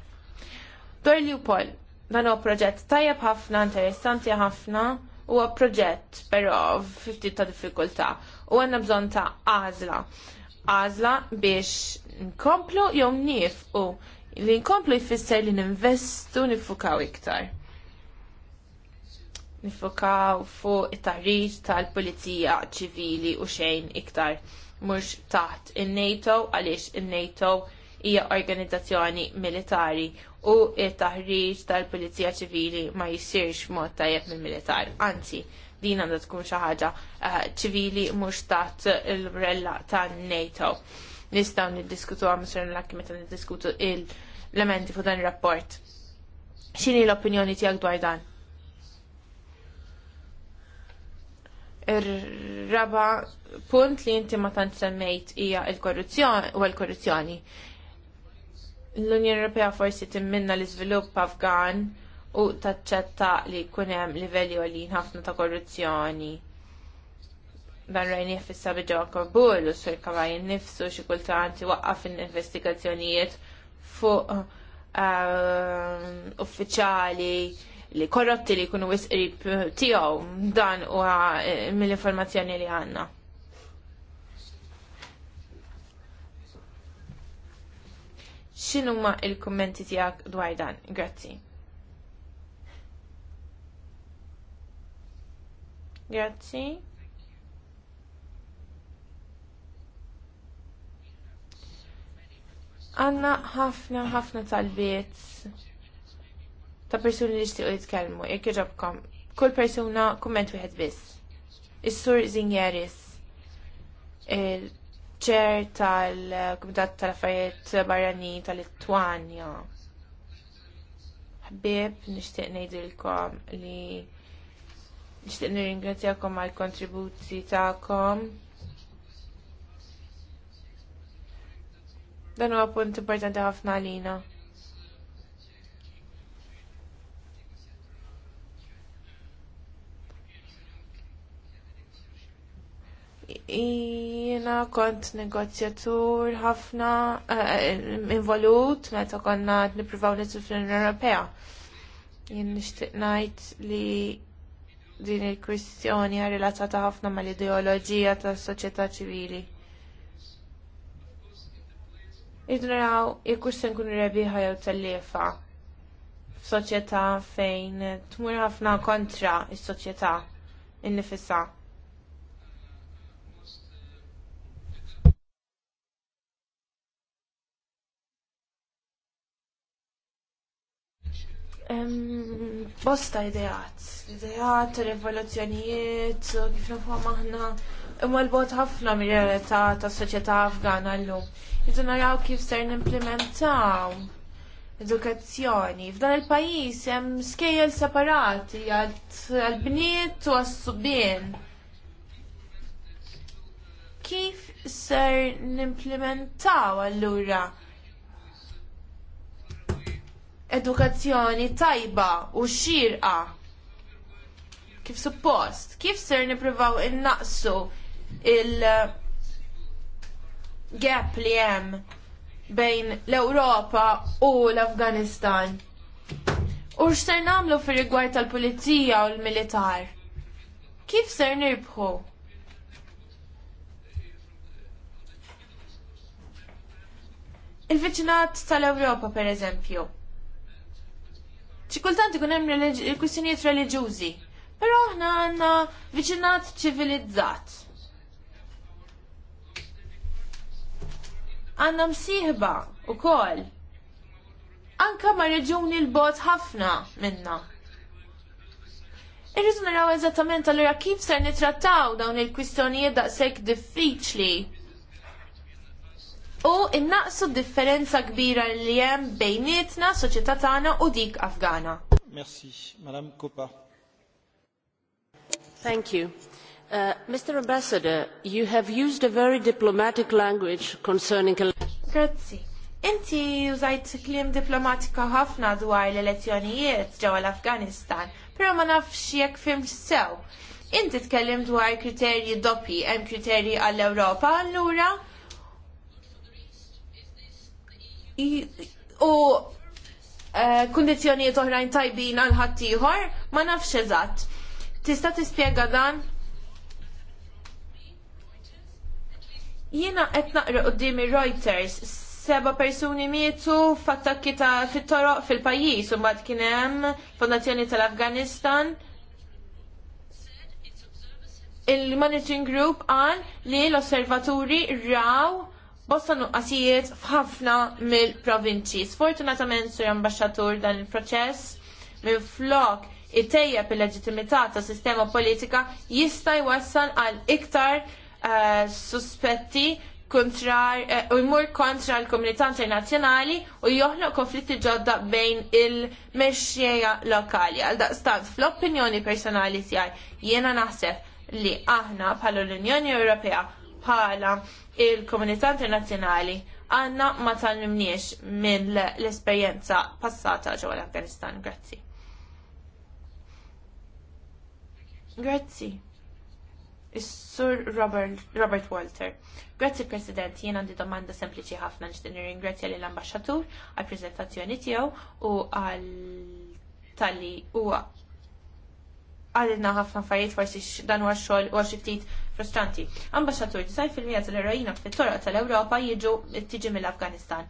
Dor Leopold, dan huwa proġett tajjeb ħafna, interessanti ħafna, huwa proġett però ftit ta' diffikultà u għandna bżonn ta' għażla. Għażla biex nkomplu jew nifqu li nkomplu jfisser li ninvestu nifukaw iktar nifokaw fuq it-tarriġ tal-Pulizija ċivili u xejn iktar mhux taħt in-NATO għaliex in-NATO hija organizzazzjoni militari u it-taħriġ tal-Pulizija ċivili ma jsirx mod tajjeb mill-militar. Anzi, din għandha tkun xi ħaġa eh, ċivili mhux taħt il-brella tan-NATO. Nistgħu niddiskutu għam l-akki meta niddiskutu l-elementi fuq dan ir-rapport. X'inhi l-opinjoni tiegħek dwar dan? Ir-raba punt li inti ma tant semmejt hija l-korruzzjoni u l-korruzzjoni. L-Unjoni Ewropea forsi timminna l-iżvilupp Afgan u taċċetta li jkun hemm livelli għolin ħafna ta' korruzzjoni dan rajni fissa bidġa kabul u sur kavaj nifsu xie kultant waqqaf investigazzjonijiet fuq ehm, uffiċali li korrotti li jkunu wisqrib tijaw eh, tiegħu dan huwa eh, mill-informazzjoni li għandna. X'inhuma il-kummenti tiegħek dwar dan? Grazzi. Grazzi. Għanna ħafna ħafna talbiet ta' persuni li jixtiequ jitkellmu, jekk iġobkom. Kull persuna kumment wieħed biss. Is-sur Zinjeris, il-ċer tal-Kumitat tal-Affarijiet Barrani tal-Ittwanja. Ħbieb nixtieq ngħidilkom li nixtieq nirringrazzjakom għall kontributi tagħkom. Dan huwa punt importanti ħafna għalina. Jiena kont negozjatur ħafna eh, involut meta konna nippruvaw nitsu fl-Unjoni Ewropea. Jien nixtieq ngħid li din il-kwistjoni hija relatata ħafna mal-ideoloġija tas-soċjetà ċivili. Irdu naraw jekk se nkunu rebbieħa jew telliefa f'soċjetà fejn tmur ħafna kontra is-soċjetà innifisha. bosta ideat? Ideat, rivoluzzjonijiet, kif nifhom aħna, imma l-bot ħafna mir-realtà tas soċjetà Afgana llum. Jiġu naraw kif ser nimplementaw edukazzjoni. F'dan il-pajjiż hemm skejjel separati għall-bniet u għas-subien. Kif ser nimplementaw allura? edukazzjoni tajba u xirqa kif suppost, kif ser niprivaw innaqsu il-gap uh, li hemm bejn l-Ewropa u l-Afganistan. U x'ser nagħmlu fir-rigward tal-pulizija u l-militar? Kif ser nirbħu? Il-viċinat tal-Ewropa, per eżempju, ċikultant ikun hemm kwistjonijiet reliġjużi, però aħna għandna viċinat ċivilizzat. Għandna msieħba wkoll anka ma reġuni l-bot ħafna minna. Irridu naraw eżattament allura kif ser nitrattaw dawn il-kwistjonijiet daqshekk diffiċli u innaqsu differenza kbira li hemm bejnietna soċjetà tagħna u dik Afgana. Merci, Madame Kopa. Thank you. Uh, Mr. Ambassador, you have used a very diplomatic language concerning Grazzi. Inti użajt kliem diplomatika ħafna dwar l-elezzjonijiet ġewwa l-Afganistan, però ma nafx jekk fim sew. Inti tkellim dwar kriterji doppi, hemm kriterji għall-Ewropa allura u eh, kondizjonijiet oħrajn tajbin għal ħaddieħor ma nafx eżatt. Tista' tispjega dan? Jiena qed naqra qudiem Reuters seba persuni mietu f'attakki ta' fit-toroq fil-pajjiż u mbagħad kien hemm Fondazzjoni tal-Afganistan. Il-Monitoring Group qal li l-osservaturi raw bosta nuqqasijiet f'ħafna mill-provinċi. Sfortunatament, sur ambasċatur dan il-proċess minn flok it tejja il-leġitimità ta' sistema politika jista' jwassal għal iktar uh, eh, suspetti kontrar, eh, u jmur kontra l-komunità internazzjonali u joħloq konflitti ġodda bejn il-mexxejja lokali. Għal daqstant, fl-opinjoni personali tiegħi jiena naħseb li aħna bħala l-Unjoni Ewropea bħala il-komunità internazzjonali għanna ma tal-nimniex minn l-esperienza passata ġewwa l-Afganistan. Grazzi. Grazzi. Is-Sur Robert, Robert Walter. Grazzi President, jien għandi domanda sempliċi ħafna nixtin ringrazzja lill ambasġatur għal prezentazzjoni tiegħu u għal tali u għalina ħafna affarijiet forsi dan huwa xogħol u xi ftit frustranti. Ambasċatur, 90% tal-erojina fit-toroq tal-Ewropa jiġu tiġi mill-Afganistan.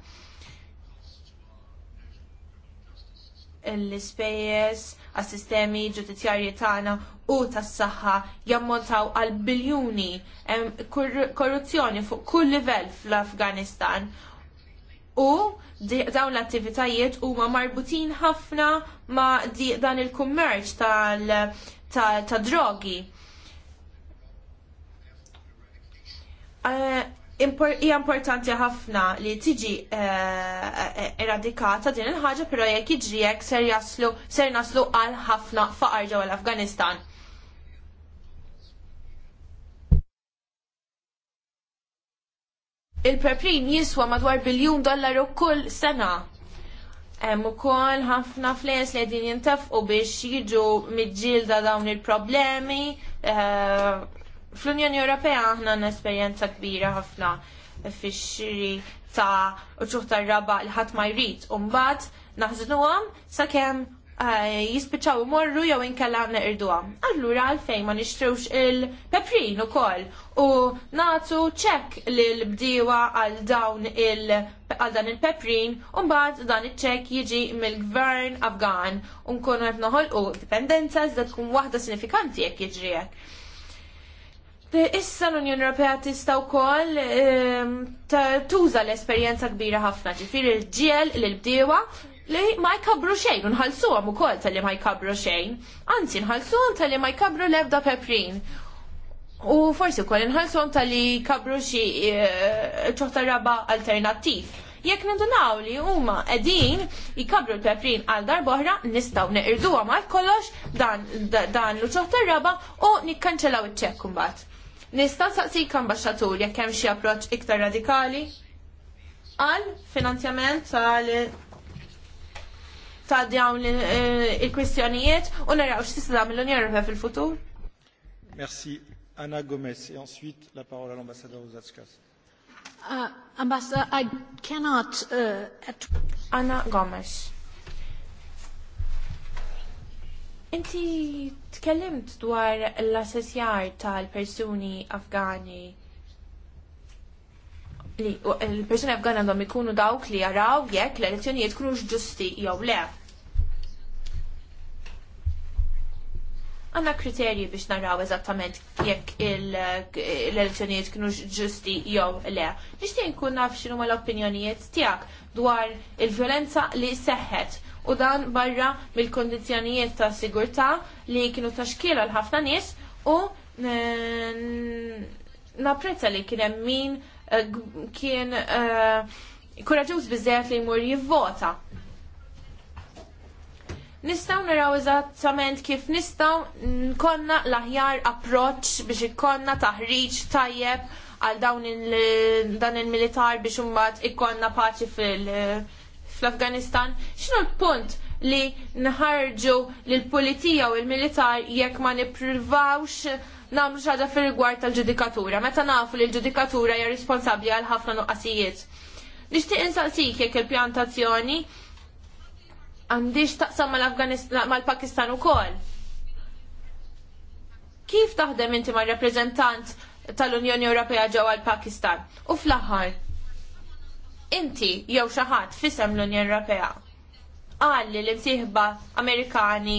l-ispejjeż għas-sistemi ġudizjarji tagħna u tas-saħħa jammontaw għal biljuni korruzzjoni fuq kull livell fl-Afganistan. U dawn l-attivitajiet huma marbutin ħafna ma' dan il-kummerċ tal-drogi. Ta ta Eh, hija importanti ħafna li tiġi eh, eh, eradikata din il-ħaġa però jekk jiġri hekk ser jaslu ser naslu għal ħafna faqar ġewwa l-Afganistan. Il-preprin jiswa madwar biljun dollaru kull sena. Hemm ukoll ħafna flens li qegħdin jintefqu biex jiġu miġġielda dawn il-problemi, Fl-Unjoni Ewropea aħna n-esperjenza kbira ħafna fix-xiri ta' uċuħ tar raba li ħadd ma jrid u mbagħad naħżnuhom sakemm eh, jispiċċaw imorru jew inkella neqirduhom. Allura għalfejn ma nixtrewx il-peprin ukoll u nagħtu ċekk lil bdiewa għal dawn il għal dan il-peprin u mbagħad dan iċ-ċekk jiġi mill-gvern Afgan u nkunu qed noħolqu dipendenza iżda tkun waħda sinifikanti jekk jiġri hekk. Issa l-Unjoni Ewropea tista' wkoll ehm, tuża l-esperjenza kbira ħafna, ġifieri l-ġiel l-bdiewa li ma jkabru xejn, nħallsuhom ukoll tal-li ma jkabru xejn. Anzi, nħalsuhom tal-li ma jkabru l-ebda peprin. U forsi wkoll nħalsuhom tal-li kabru xi eh, ċoħta raba alternattiv jekk nindunaw li huma qegħdin jkabru l-peprin għal darboħra nistgħu neqirduhom għal kollox dan l-uċoħ raba u nikkanċellaw iċ-ċekk imbagħad. Nista' saqsik ambaxxatur jekk hemm xi approċċ iktar radikali għal finanzjament tal ta' dawn eh, il-kwistjonijiet u naraw x'tista' tagħmel l-Unjoni Ewropea fil-futur. Merci. Anna Gomez et ensuite la parole à l'ambassadeur Ozatskas. Uh, ambassador, I cannot... Uh, Anna Gomes. Inti tkellimt dwar l-assessjar tal-persuni Afgani li l-persuni Afgani għandhom ikunu dawk li jaraw jekk l-elezzjonijiet kunux ġusti jew le. għanna kriterji biex naraw eżattament jekk l-elezzjonijiet kienu ġusti jew le. Nixtieq nkun naf x'inhuma l-opinjonijiet tiegħek dwar il-vjolenza li seħħet u dan barra mill-kondizjonijiet ta' sigurtà li kienu ta' xkiela l-ħafna nies u eh, napprezza li kien hemm min eh, kien eh, kuraġuż biżejjed li jmur jivvota. Nistaw naraw eżattament kif nistaw nkonna l-aħjar approċ biex ikkonna taħriġ tajjeb għal dawn dan il-militar biex imbagħad ikkonna paċi fil- uh, fl-Afganistan, xinu l-punt li nħarġu l politija u l-militar jekk ma niprivawx namlu xaġa fil rigward tal-ġudikatura, meta nafu li l-ġudikatura hija responsabbli għal ħafna nuqqasijiet. Nixtieq insaqsik jekk il-pjantazzjoni għandix taqsam mal-Pakistan ukoll. Kif taħdem inti mal-rappreżentant tal-Unjoni Ewropea ġewwa l-Pakistan? U fl-aħħar, inti jew xi ħadd fisem l-Unjoni Ewropea qal li l-imsieħba Amerikani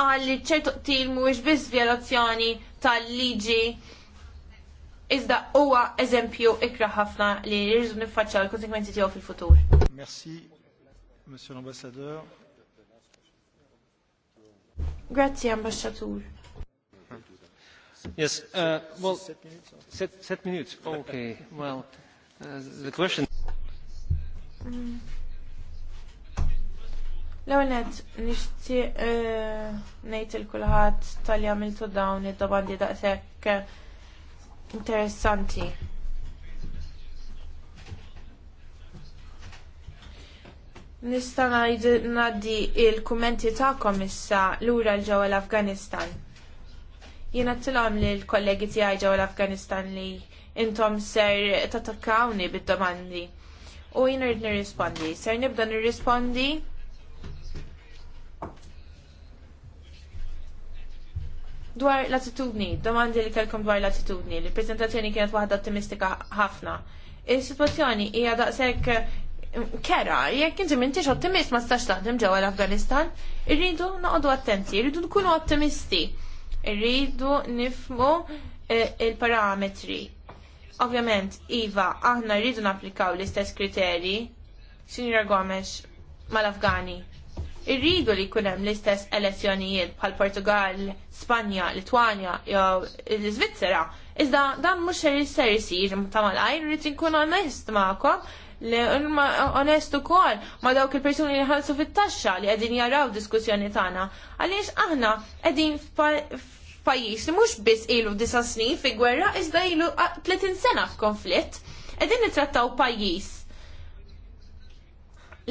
qal li ċertu qtil mhuwiex biss violazzjoni tal-liġi iżda huwa eżempju ikra ħafna li jirżu niffaċċaw il-konsekwenzi tiegħu fil-futur. Merci, Monsieur l'Ambassadeur. Grazie, ambasċatur. Yes, uh, well, set, set minutes. Okay, well, uh, the question. L-għonet, nishti uh, nejt il-kulħat tal-jamiltu dawn id-dabandi daqsek interessanti. Nista' ngħid ngħaddi il-kummenti tagħkom issa lura l ġewwa l-Afganistan. Jiena t-tilom li l-kollegi tiegħi ġew l-Afganistan li intom ser tatakkawni bid-domandi. U jiena rrid nirrispondi. Ser nibda nirrispondi dwar l-attitudni, domandi li kellkom dwar l-attitudni, li prezentazzjoni kienet waħda ottimistika ħafna. Il-situazzjoni hija daqshekk mm, kera, jekk inti m'intix ottimist ma stax taħdem ġewwa l-Afganistan, irridu noqogħdu attenti, irridu nkunu ottimisti Irridu nifmu eh, il-parametri. Ovvjament, Iva, aħna rridu napplikaw l-istess kriteri, Sinjora Gomes, mal-Afgani. Irridu li kunem l-istess elezzjonijiet pal Portugal, Spanja, Litwanja, jew l-Svizzera. Iżda dan mhux ser jisser isir ta' għajn rrid inkun onest magħkom, li onestu kol ma dawk il-persuni li ħalsu fit-taxxa li qegħdin jaraw diskussjoni tagħna. Għaliex aħna qegħdin f'pajjiż li mhux biss ilu disa' snin fi gwerra iżda ilu 30 sena f'konflitt. Qegħdin nittrattaw pajjiż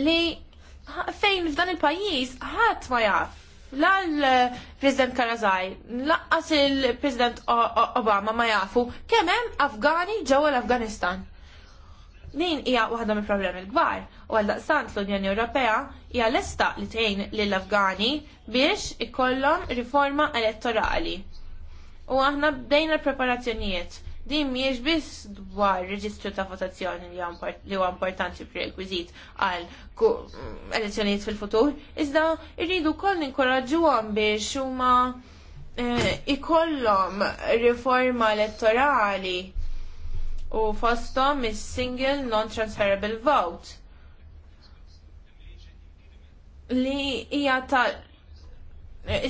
li fejn f'dan il-pajjiż ħadd ma jaf lal l-President Karazaj, laqqas il-President Obama ma jafu, hemm Afgani ġewwa l-Afganistan. Din hija waħda mill problemi l-kbar u għal daqstant l-Unjoni Ewropea hija lesta li tgħin lill-Afgani biex ikollhom riforma elettorali. U aħna bdejna l-preparazzjonijiet. Din mhijiex biss dwar reġistru ta' votazzjoni li huwa importanti prerekwiżit għal elezzjonijiet fil-futur, iżda rridu wkoll ninkoraġġuhom biex huma eh, ikollhom riforma elettorali u fosthom is single non-transferable vote li hija ta'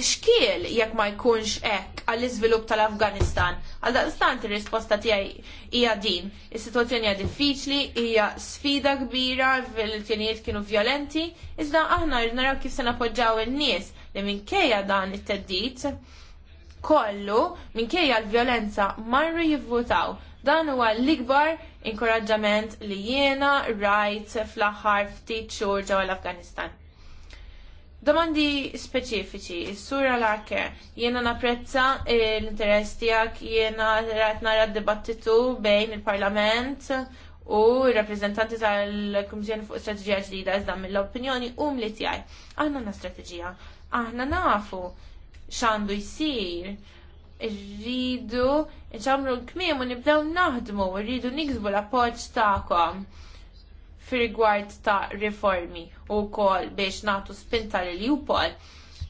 xkiel jekk ma jkunx hekk għall iżvilupp tal-Afganistan. Għal daqstant ir-risposta tiegħi hija din. Is-sitwazzjoni hija diffiċli, hija sfida kbira, il-tjenijiet kienu violenti, iżda aħna naraw kif se napoġġaw in-nies li minkejja dan it-teddit kollu minkejja l-violenza marru jivvutaw Dan huwa l-ikbar inkoraġġament li jiena rajt fl-aħħar ftit xhur ġewwa l-Afganistan. Domandi speċifiċi, s sura l-arke, jena naprezza l-interess tijak, jena rajt nara d-dibattitu bejn il-parlament u rappresentanti tal komisjoni fuq strategija ġdida iżda mill-opinjoni u mli tijaj. Aħna na strategija, aħna nafu xandu jisir, rridu nċamlu l-kmiem u nibdew naħdmu, rridu niksbu l-appoġġ tagħkom fil rigward ta' riformi u wkoll biex nagħtu spinta lil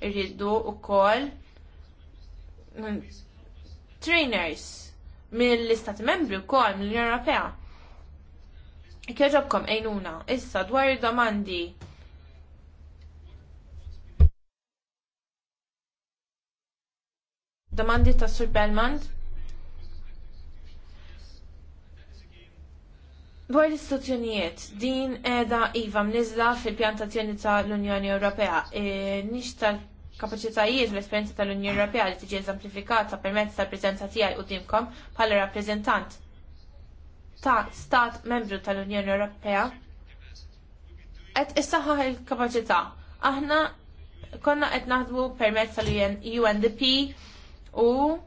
rridu u wkoll mm, trainers mill-Istati Membri wkoll mill-Unjoni Ewropea. ejnuna, għajnuna, issa dwar domandi Domandi ta' Sur Belmont. Dwar l-istituzzjonijiet, din edha iva mnizla fil-pjantazzjoni ta' l-Unjoni Ewropea. E, Nix tal-kapacitajiet l-esperienza tal-Unjoni Ewropea li tiġi eżamplifikata permezz tal-prezenza tiegħi dimkom bħala rappreżentant ta' stat membru tal-Unjoni Ewropea Et issaħħa il kapacità Aħna konna qed naħdmu permezz tal-UNDP U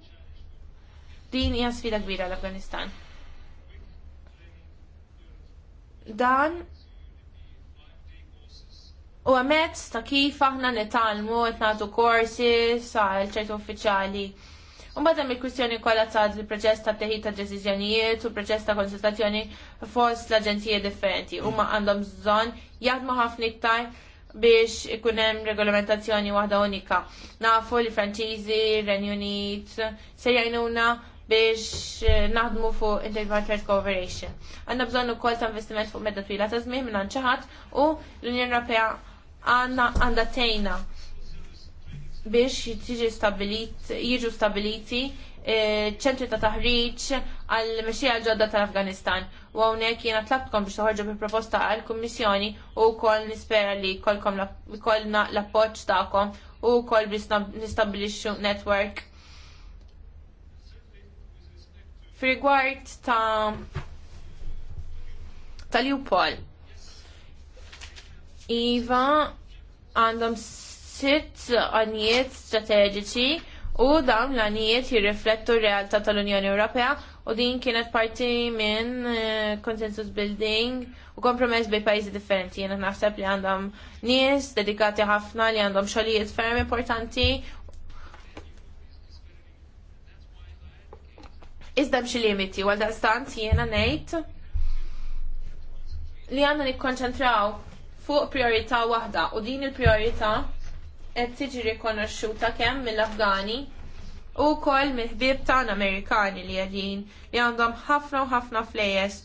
din hija sfida kbira l-Afganistan. Dan u għamet ta' kif aħna netalmu qed nagħtu korsi sa' ċertu uffiċjali. U bada il-kwistjoni kollha ta' il-proċess ta' teħid ta' deċiżjonijiet u proċess ta' konsultazzjoni fost l aġenzijiet differenti. Huma għandhom bżonn jaħdmu ħafna iktar biex ikun hemm regolamentazzjoni waħda unika. Nafu li Franċiżi, Renju Unit se jgħinuna biex eh, naħdmu fuq Interventure Cooperation. Għandna bżonn ukoll ta' investiment fuq medda twila ta' żmien minn ċaħat u l-Unjoni Ewropea għandna għandha tejna biex tiġi stabilit, jiġu stabiliti eh, ċentri ta' taħriġ għal mexija ġodda tal-Afganistan u hawnhekk jiena tlabtkom biex toħorġu bi proposta għall kummissjoni u wkoll nispera li jkollkom kolna l-appoġġ tagħkom u wkoll biex nistabilixxu network. Frigward ta' tal-Jupol. Iva għandhom sitt għanijiet strateġiċi u dawn l-għanijiet jirriflettu r-realtà tal-Unjoni Ewropea u din kienet parti minn eh, consensus building u kompromess bej pajjiżi differenti. Jena naħseb li għandhom nies dedikati ħafna li għandhom xogħlijiet ferm importanti. Iżda xi limiti, għal daqstant jiena ngħid li għandna nikkonċentraw fuq priorità waħda u din il-priorità qed tiġi rikonoxxuta kemm mill-Afgani u koll mill-ħbib tan Amerikani li għedin li għandhom ħafna u ħafna flejes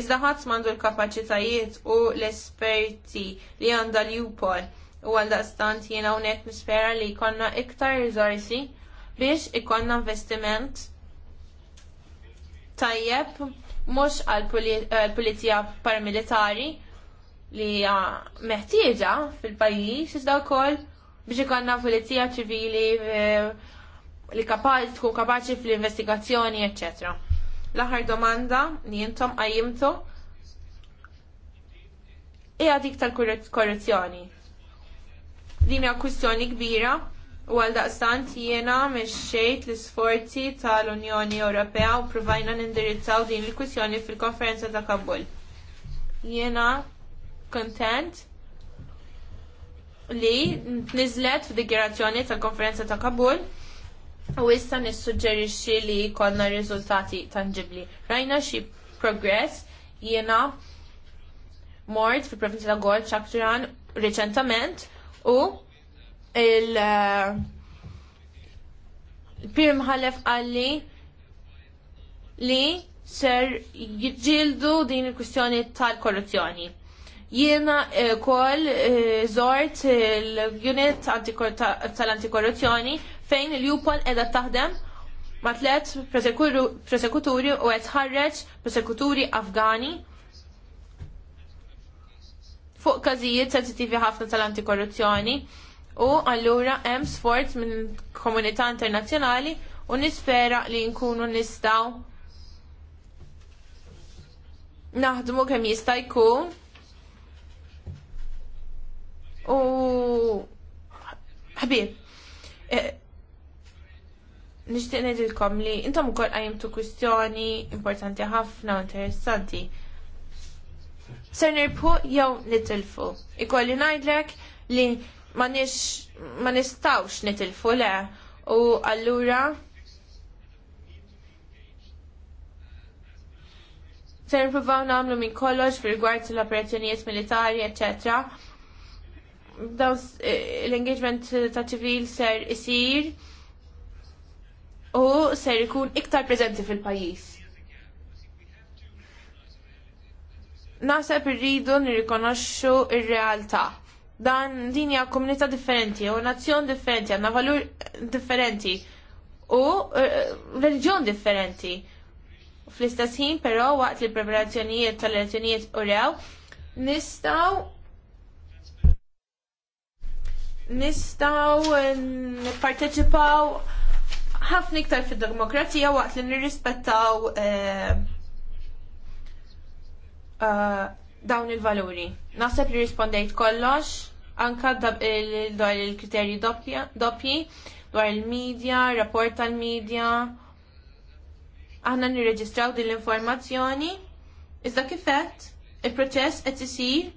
iżda ħadd m'għandu l-kapaċitajiet u l-esperti li għandha l-jupol u għaldaqstant jiena hawnhekk nispera li jkollna iktar riżorsi biex ikollna investiment tajjeb mhux għall-pulizija paramilitari li meħtieġa fil-pajjiż iżda wkoll biex ikollna pulizija ċivili eh, li kapaċi tkun kapaċi fl-investigazzjoni, etc. L-aħħar domanda li jintom għajimtu hija għadik tal-korruzzjoni. Din hija kwistjoni kbira u għal daqstant jiena mexxejt l-isforzi tal-Unjoni Ewropea u provajna nindirizzaw din il-kwistjoni fil-konferenza ta' Kabul. Jiena kontent li nizlet f'dikjerazzjoni tal-konferenza ta' Kabul U issa nissuġġerixxi li jkollna riżultati tangibbli. Rajna xi progress jiena mort fil provinzja ta' Gol ċakturan reċentament u il eh, Pir Mħallef għalli li ser jġildu din il-kwistjoni tal-korruzzjoni. Jiena eh, kol eh, zort il unit tal-antikorruzzjoni fejn il-jupol edha taħdem ma tlet prosekuturi u qed ħarreċ prosekuturi Afgani fuq każijiet sensitivi ħafna tal-antikorruzzjoni u allura hemm sforz minn komunità internazzjonali u nispera li nkunu nistaw naħdmu kemm jista' jkun u ħbib eh, nixtieq ngħidilkom li intom ukoll qajjimtu kwistjoni importanti ħafna u interessanti. Ser nirbħu jew nitilfu. Ikolli ngħidlek li ma nistawx nitilfu le u allura Se nirpruvaw nagħmlu minn kollox fil-rigward l-operazzjonijiet militari, eċċetera. Dawn eh, l-engagement ta' ċivil ser isir u ser ikun iktar preżenti fil-pajjiż. Naħseb irridu nirrikonoxxu ir-realtà. Dan din hija komunità differenti, u nazzjon differenti, għandna valur differenti u eh, reġjon differenti. Fl-istess ħin però waqt li preparazzjonijiet tal-elezzjonijiet u rew nistgħu nistaw nipparteċipaw ħafna iktar fid-demokrazija waqt li nirrispettaw eh, eh, dawn il-valuri. Naħseb li rispondejt kollox, anka dwar il-kriterji doppji, dwar il-medja, rapport tal-medja. Aħna nirreġistraw din l-informazzjoni. Iżda kifett, il-proċess qed isir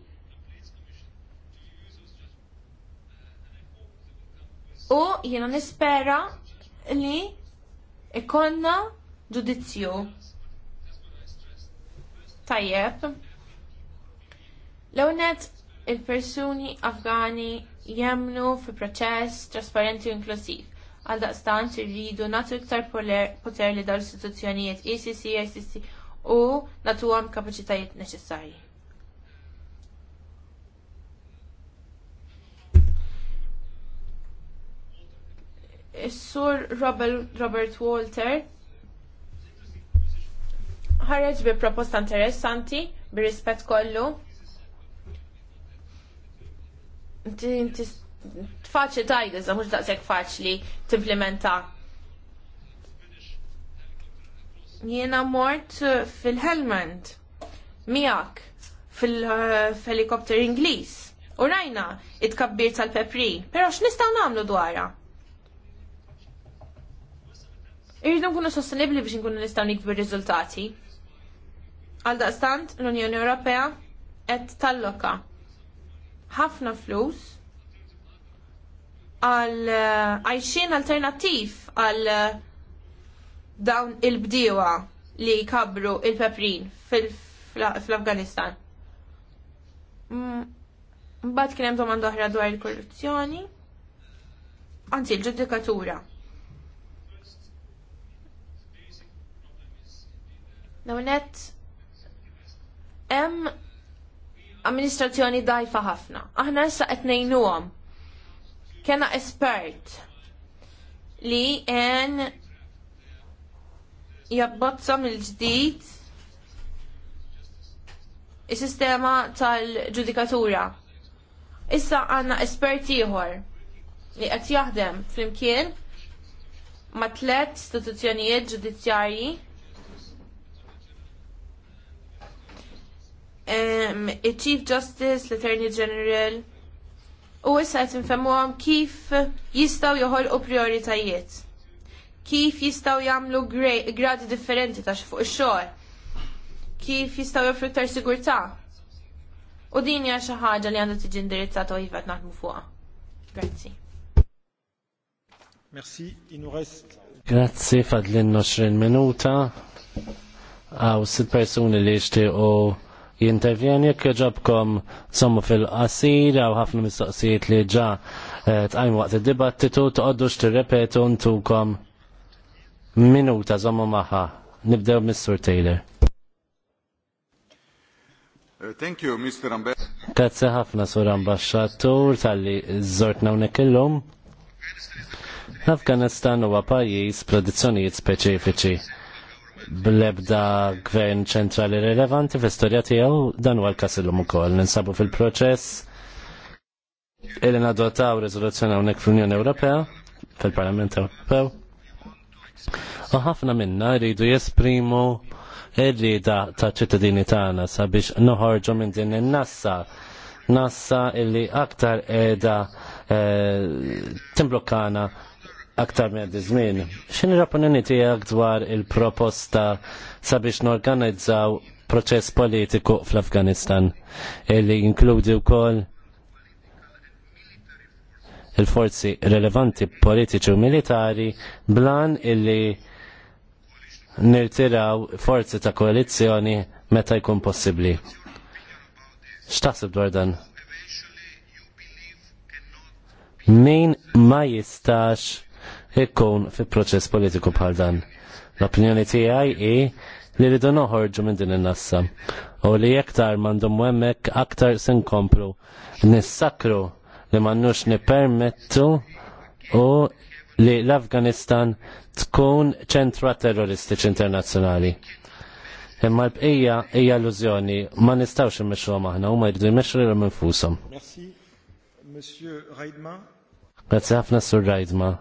U jiena nispera li ikonna ġudizzju tajjeb. L-ewnet il-persuni Afgani jemnu fi proċess trasparenti u inklusiv. Għal daqstant irridu natu iktar poter li dal istituzzjonijiet ICC, ICC u natu għam kapacitajiet neċessarji. Is-sur Robert Walter ħareġ bi proposta interessanti bi rispett kollu. Faċli tajda, za mux daqsek faċli t-implementa. Jiena mort fil-Helmand, miak, fil-helikopter Ingliż. U rajna it-kabbir tal-pepri, pero x'nistgħu nagħmlu dwarha? Irridu nkunu sostenibli biex nkunu nistgħu nikbu riżultati. Għal daqstant l-Unjoni Ewropea qed talloka ħafna flus għal eh, għajxin alternattiv għal eh, dawn il-bdiewa li kabru il-peprin fl afganistan mm, Mbagħad kien hemm domanda oħra dwar il-korruzzjoni, anzi l-ġudikatura. Nawnet, em amministrazzjoni dajfa ħafna. Aħna issa qed ngħinuhom. Kena espert li en jabbozza mill-ġdid is-sistema tal-ġudikatura. Issa għanna espert ieħor li qed jaħdem flimkien ma' tliet istituzzjonijiet ġudizzjarji Um, il-Chief Justice, l-Attorney General, u issa qed infemmuhom kif jistgħu joħolqu prioritajiet. Kif jistgħu jagħmlu gradi differenti ta' fuq ix-xogħol. Kif jistgħu joffru ktar sigurta. U din hija xi ħaġa li għandu tiġi indirizzata u jiva naħdmu fuqha. Grazzi. Merci, rest. Grazzi fadlin 20 minuta. Għaw sit personi li jishtiqu jintervjen jekk ġabkom sommu fil-qasir għaw ħafna mistoqsijiet li ġa eh, tqajmu waqt id-dibattitu toqgħodux tirrepetu ntukom minuta sommu magħha. Nibdew mis-Sur Taylor. Eh, thank you, Mr. Ambassador. Grazie ħafna, Sur Ambasciatur, tal-li zortna unek illum. L-Afganistan huwa pajjiż tradizzjonijiet speċifiċi bl-ebda gvern ċentrali rilevanti fl-istorja tiegħu dan huwa l-każ illum ukoll. Ninsabu fil-proċess illi nadotaw riżoluzzjoni hawnhekk fl-Unjoni Ewropea fil-Parlament Ewropew. U ħafna minna rridu jesprimu ir-rida ta' ċittadini tagħna sabiex noħorġu minn din in-nassa nassa illi aktar edha e, eh, aktar minn għaddi żmien. X'inhi l tiegħek dwar il-proposta sabiex norganizzaw proċess politiku fl-Afganistan illi jinkludi wkoll il-forzi rilevanti politiċi u militari blan illi nirtiraw forzi ta' koalizzjoni meta jkun possibbli. X'taħseb dwar dan? Min ma jistax ikkun fi proċess politiku bħal dan. L-opinjoni tiegħi i li rridu noħorġu minn din in-nassa u li iktar m'għandhom hemmhekk aktar sinkomplu nissakru li m'għandux nippermettu u li l-Afganistan tkun ċentra terroristiċi internazzjonali. Imma l-bqija hija illużjoni ma nistgħux immexxu maħna huma jridu jmexxu lilhom infushom. Merci, Grazzi ħafna Sur Raidma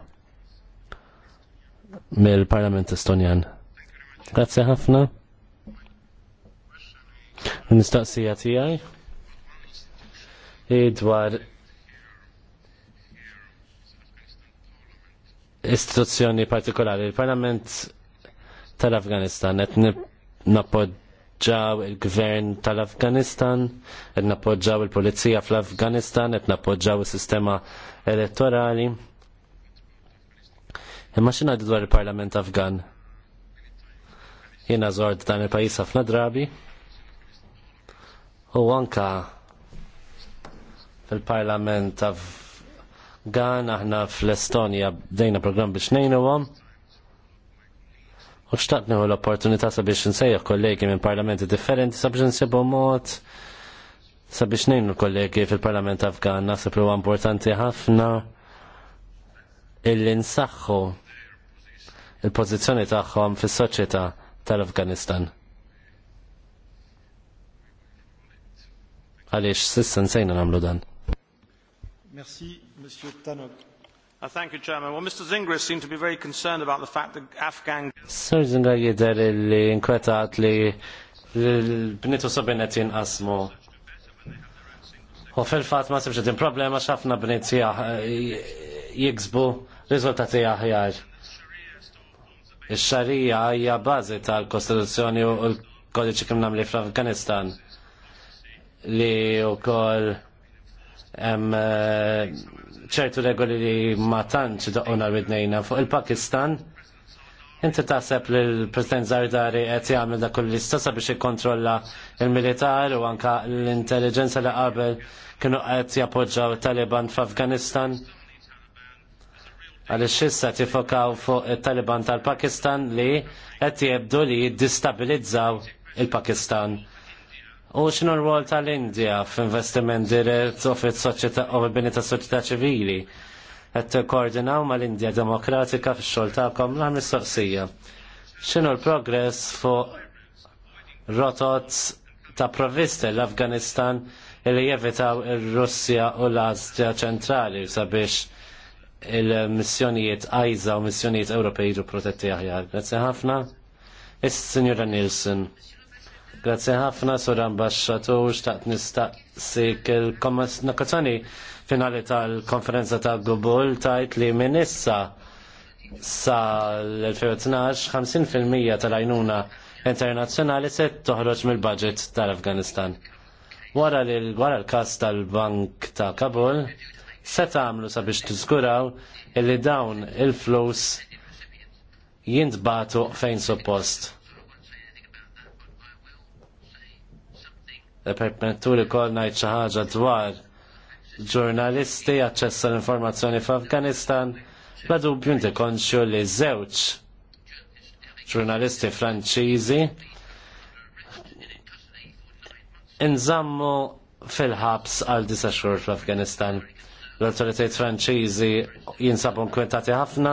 mill-Parlament Estonjan. Grazie ħafna. Nistaqsija tiegħi Idwar istituzzjoni partikolari. Il-Parlament tal-Afganistan qed nappoġġaw il-Gvern tal-Afganistan, qed nappoġġaw il-Pulizija fl-Afganistan, qed nappoġġaw is-sistema elettorali. Imma xina dwar il-Parlament Afgan? Jena zord dan il-pajis ħafna drabi. U anka fil-Parlament Afgan aħna fl-Estonja bdejna program biex nejnu għom. U xtaqt neħu l-opportunità sabiex nsejħ kollegi minn parlamenti differenti sabiex nsebu mod sabiex nejnu kollegi fil-Parlament Afgan nasib li huwa importanti ħafna illi nsaħħu il pozizjoni tagħhom fis-soċjetà tal-Afganistan. Għaliex sissa nsejna nagħmlu dan. Merci, Monsieur Tanok. Uh, thank you, Chairman. Well, Mr. Zingris seemed to be very concerned about the fact that Afghan... Sir Zingra jider illi inkwetat li l-bnitu sabinet jinqasmu. U fil-fat ma sebxedin problema xafna bnit jiksbu rizultati aħjar. Ix-xarija hija bażi tal-Kostituzzjoni u l-Kodiċi Kriminali fl-Afganistan li wkoll hemm eh, ċertu regoli li ma tantx doqquna bidnejna fuq il-Pakistan. Inti taħseb li l-President Zardari qed jagħmel dak kull istessa biex ikkontrolla il-militar u anka l-intelligenza li qabel kienu qed jappoġġaw it taliban f'Afganistan għaliex issa tifokaw fuq it-Taliban tal-Pakistan li qed jibdu li jiddistabilizzaw il-Pakistan. U x'inhu r wol tal-Indja f'investiment dirett u fis-soċjetà u l-bini tas-soċjetà ċivili qed tikkoordinaw mal-Indja Demokratika fix-xogħol kom l mistoqsija. X'inhu l-progress fuq rotot ta' provviste l-Afganistan li jevitaw ir-Russja u l azja ċentrali sabiex il-missjonijiet għajza u missjonijiet Ewropej ġu protetti aħjar. Grazzi ħafna. Is Signora Nielsen. Grazzi ħafna, Sur Ambasċatur, xtaqt nistaqsik il-kommissjoni finali tal-konferenza ta' Gubul tajt li minissa issa sa l-2012 50% tal ajnuna internazzjonali se toħroġ mill-budget tal-Afganistan. Wara l-kas tal-Bank ta' Kabul, se tagħmlu sabiex tiżguraw illi dawn il-flus jintbatu fejn suppost. Permetturi kol ngħid xi ħaġa dwar ġurnalisti aċċessa l-informazzjoni f'Afganistan bla dubju inti konxju li żewġ ġurnalisti franċiżi inżammu fil-ħabs għal disa xhur fl-Afganistan l-autoritajt franċiżi jinsabu kwentati ħafna,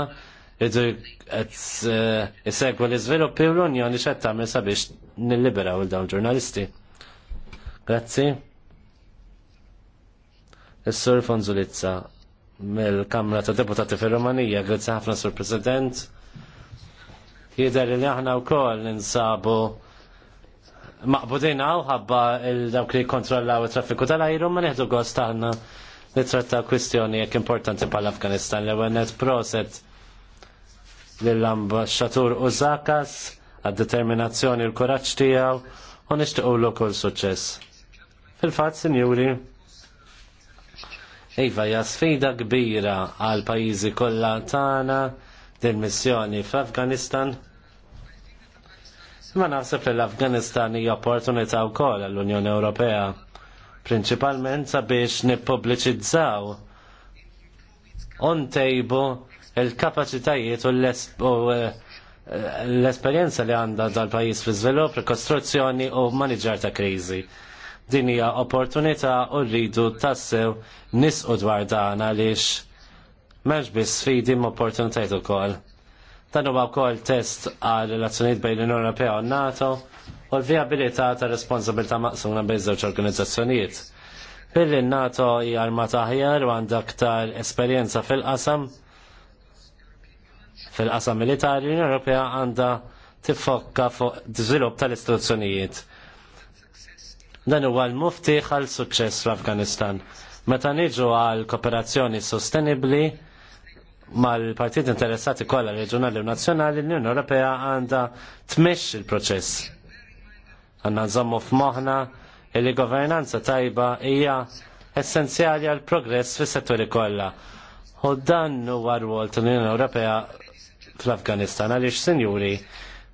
id qed eh, l-iżviluppi u l-Unjoni x'qed tagħmel sabiex nilliberaw il dawn ġurnalisti. Grazzi. Is-Sur Fonzulizza mill-Kamra ta' Deputati fir-Romanija, grazzi ħafna Sur President. Jidher li aħna wkoll ninsabu maqbudina u ħabba il-dawk li kontrollaw it traffiku tal-ajru ma neħdu gost taħna nitratta kwistjoni jek importanti pal afganistan l għennet proset l-ambasċatur Uzakas għad determinazzjoni l-kuraċ tijaw u nishtiqu l kull suċess. Fil-fat, sinjuri, Iva, hija sfida kbira għal pajjiżi kollha tagħna din missjoni fl-Afganistan. Ma naħseb li l-Afganistan hija opportunità wkoll għall-Unjoni Ewropea Prinċipalment sabiex nippubbliċizzaw on table il-kapacitajiet u eh, l-esperienza li għanda dal-pajis fi zvilup, rekostruzzjoni u maniġar ta' kriżi. Din hija opportunità u rridu tassew nisqu dwar dan għaliex m'hemmx biss sfidi opportunitajiet ukoll. Dan huwa wkoll test għal relazzjonijiet bejn l-Unjoni Ewropea u NATO u l-viabilità ta' responsabilità maqsuna bejn żewġ organizzazzjonijiet. Billi NATO hija armata aħjar u għandha aktar esperjenza fil-qasam fil-qasam militari l-Unjoni Ewropea għandha tifokka fuq żvilupp tal-istituzzjonijiet. Dan huwa l-muftiħ għal suċċess fl-Afganistan. Meta niġu għal kooperazzjoni sostenibbli mal-partit interessati kollha reġjonali u nazzjonali, l-Unjoni Ewropea għandha tmexx il-proċess. Għanna nżommu f'moħna li governanza tajba hija essenzjali għal progress fis setturi kollha. U dan huwa rwol tal-Unjoni Ewropea fl-Afganistan għaliex sinjuri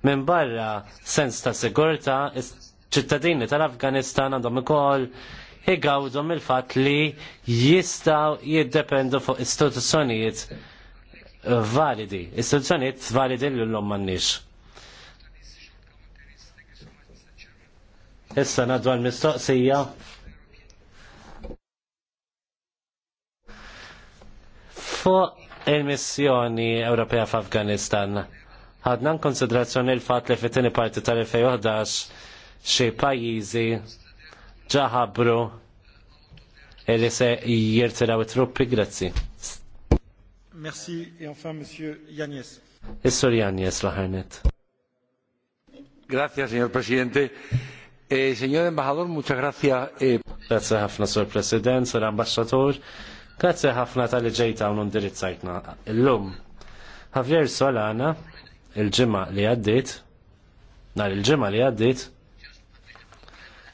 minn barra sens ta' sigurta ċittadini tal-Afganistan għandhom ukoll igawdhom il-fatt li jistgħu jiddependu fuq istituzzjonijiet validi, istituzzjonijiet validi l-lum m'għandniex. Issa nadwa l mistoqsija Fuq il-missjoni Ewropea f'Afganistan, ħadna konsiderazzjoni l-fat li fit-tieni parti tal-2011 xi pajjiżi ġaħabru li se jirtiraw it-truppi, grazzi. Merci, et enfin, Monsieur Yannis. Is-Sur Yannis, laħarnet. Grazie, Signor Presidente. Eh, signor Embajador, muchas gracias. Eh. Grazie ħafna, Sur President, Sur Ambasċatur. Grazie ħafna tal-li ġejta un indirizzajtna. Illum, Javier Solana, il-ġimma li għaddit, nar il-ġimma li għaddit,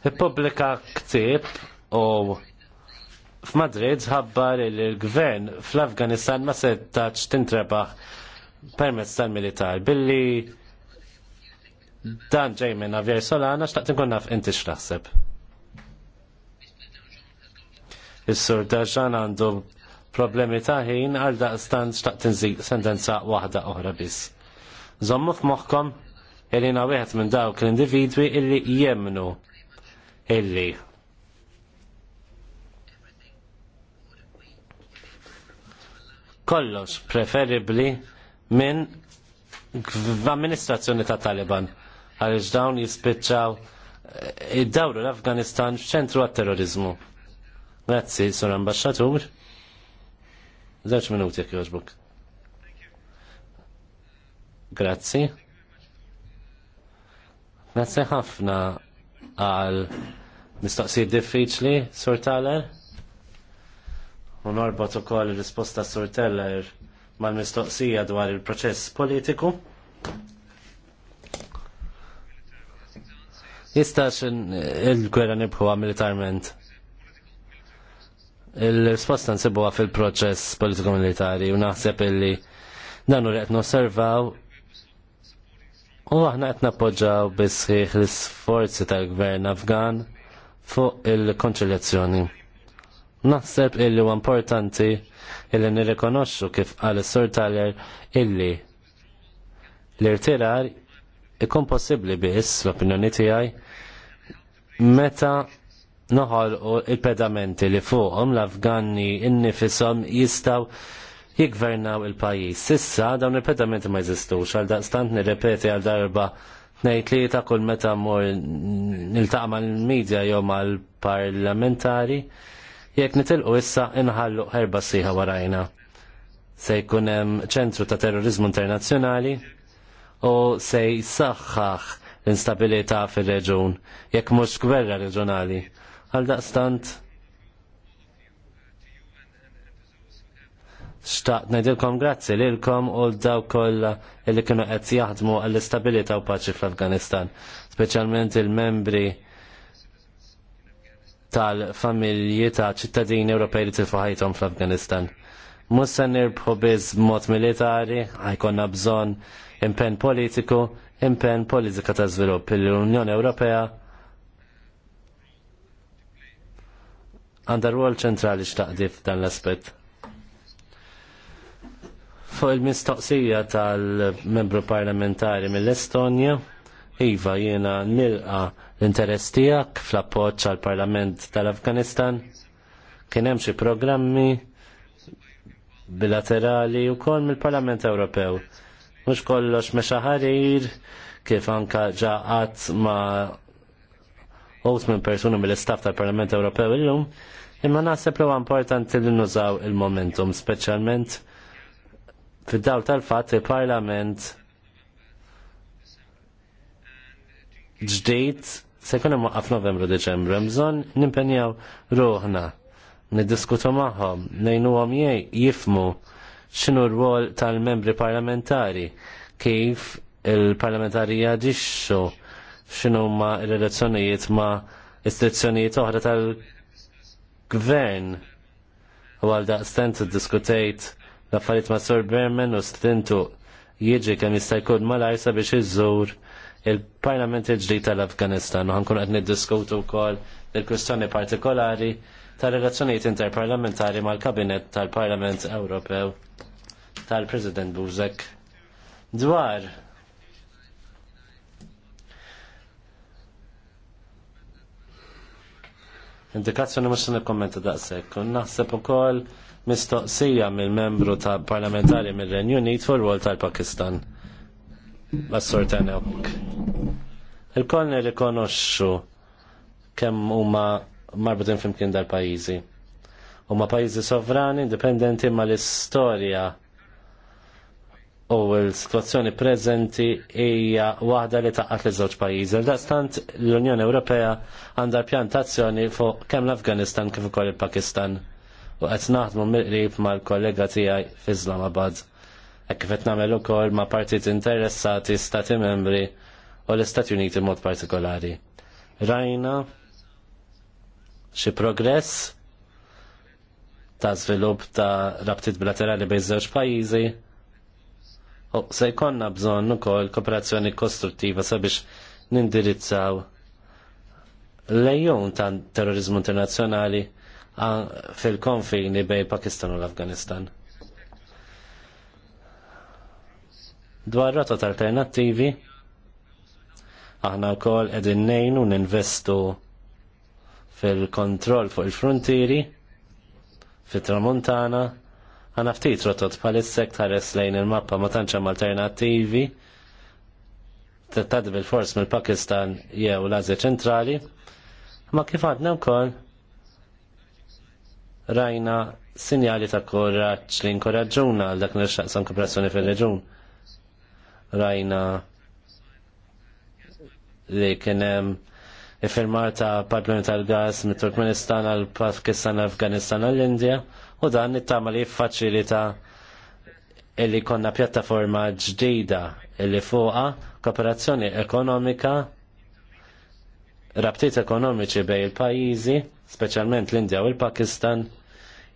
il publika ktib u f-Madrid ħabbar il-gvern fl-Afganistan ma settax tintrebaħ permezz tal-militar billi dan ġej minn Javier Solana, xtaqt nkun naf inti x'taħseb. Is-sur Daġan għandu problemi ta' ħin għal daqstan xtaqt nżid sentenza waħda oħra biss. Zommu f'moħħkom irina wieħed minn dawk l-individwi illi jemnu illi kollox preferibli minn amministrazzjoni ta' Taliban għaliex dawn jispiċċaw eh, id-dawru l-Afganistan f'ċentru għat-terrorizmu. Grazzi, sur ambasċatur. Zewċ minuti jek joġbuk. Grazzi. Grazzi ħafna għal mistoqsijiet diffiċli, Sur Taler. U norbot ukoll ir risposta Sur Teller mal-mistoqsija dwar il-proċess politiku. jistax il-gwerra nibħuha militarment. Il-risposta nsibuha fil-proċess politiko militari u naħseb illi dan u qed nosservaw u aħna qed nappoġġaw bisħiħ l-isforzi tal-gvern Afgan fuq il-konċiljazzjoni. Naħseb illi huwa importanti illi nirrikonoxxu kif qal is-Sur Taler illi l-irtirar ikun possibbli biss l-opinjoni tiegħi meta noħolqu il-pedamenti li fuqhom l-Afganni innifisom jistaw jigvernaw il-pajis. Sissa dawn il-pedamenti ma jżistux, għal daqstant nirrepeti għal darba nejt li ta' kull meta mor niltaqa' mal-medja jew mal-parlamentari, jekk nitilqu issa inħallu herba siħa warajna. Se jkun hemm ċentru ta' terrorizmu internazzjonali u se jsaħħaħ l-instabilità fil-reġun, jekk mhux gwerra reġjonali. Għal daqstant xtaqt ngħidilkom grazzi lilkom u daw kollha li kienu qed jaħdmu għall istabilita u paċi fl-Afganistan, speċjalment il-membri tal-familji ta' ċittadini Ewropej li tilfu ħajthom fl-Afganistan. Mussa nirbħu biz mod militari, għajkonna bżonn impenn politiku, impen politika ta' Zvilupp il unjoni Ewropea għandha rwol ċentrali x'taqdi f'dan l-aspett. Fuq il-mistoqsija tal-membru parlamentari mill-Estonja, Iva jiena nilqa l-interess tiegħek fl-appoġġ għall parlament tal-Afganistan. Kien hemm xi programmi bilaterali wkoll mill-Parlament Ewropew Mux kollox meċa ħarir, kif anka ġaqat ma għot minn personu mill-istaff tal-Parlament Ewropew illum, imma naħseb li huwa importanti li nużaw il-momentum, speċjalment fid-dawl tal-fatt il-Parlament ġdejt se jkun hemm Novembru Deċembru bżonn nimpenjaw ruħna, maħom, magħhom, ngħinuhom jifmu x'inhu r-rwol tal-membri parlamentari, kif il-parlamentari jadixxu xinu ma relazzjonijiet ma' istituzzjonijiet oħra tal-gvern. U għal daqstent diskutejt l-affarijiet ma' Sir Berman u stintu jieġi kemm jista' jkun malajr biex iżżur il-Parlament il-ġdid tal-Afganistan u ħankun qed niddiskutu wkoll il-kwistjoni partikolari tal-relazzjonijiet interparlamentari mal-Kabinet tal-Parlament Ewropew tal-President Buzek dwar Indikazzjoni mux nikkommenta daqshekk. Naħseb ukoll mistoqsija mill-membru ta' parlamentari mill-Renju Unit fuq rwol tal-Pakistan. Bassur Tanewk. Il-koll nirrikonoxxu kemm huma marbutin flimkien dal-pajizi. Huma pajizi sovrani, indipendenti ma l-istorja u l-situazzjoni preżenti hija waħda li taqqat li żewġ pajjiżi. stant l-Unjoni Ewropea għandha tazzjoni fuq kemm l-Afganistan kif ukoll il-Pakistan u qed naħdmu mill-qrib mal-kollega tiegħi f'Islamabad. Hekk kif qed nagħmel ukoll ma' partit interessati, stati membri u l-Istati Uniti mod partikolari. Rajna xi progress ta' żvilupp ta' rabtiet bilaterali bejn żewġ pajjiżi. U se jkollna bżonn ukoll kooperazzjoni kostruttiva sabiex nindirizzaw lejjon ta' terrorizmu internazzjonali fil-konfini bej Pakistan u l-Afganistan. Dwar rotot alternattivi, aħna wkoll qegħdin nejnu ninvestu fil-kontroll fuq il-frontieri, fit-tramontana, għana ftit rotot palissek tħares lejn il-mappa ma tanċam alternativi, t-tad bil-fors mill-Pakistan jew l-Azja ċentrali, ma kif għadna wkoll rajna sinjali ta' korraċ li nkoraġġuna għal dak nirxaqsan kompressjoni fil-reġun. Rajna li kienem il ta' partner tal-gas mit turkmenistan għal pakistan Afganistan għal indja u dan it-tama li faċilita illi konna pjattaforma ġdida illi fuqa kooperazzjoni ekonomika rabtiet ekonomiċi bej il-pajizi, specialment l-Indja u l-Pakistan,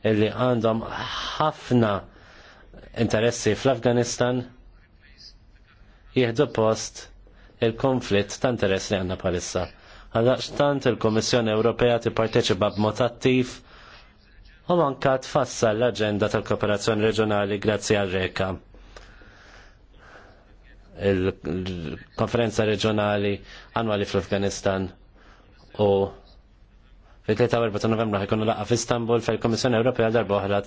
illi għandhom ħafna interessi fl-Afganistan, jihdu post il-konflitt ta' interess li għanna palissa għal il-Komissjoni Ewropea tipparteċipa b'mod attiv u manka tfassal l-agenda tal-kooperazzjoni reġjonali grazzi għal reka il-konferenza reġjonali annwali fl-Afganistan u fil 23 ta' novembru ħajkunu laqqa f'Istanbul fej komissjoni Ewropea darba oħra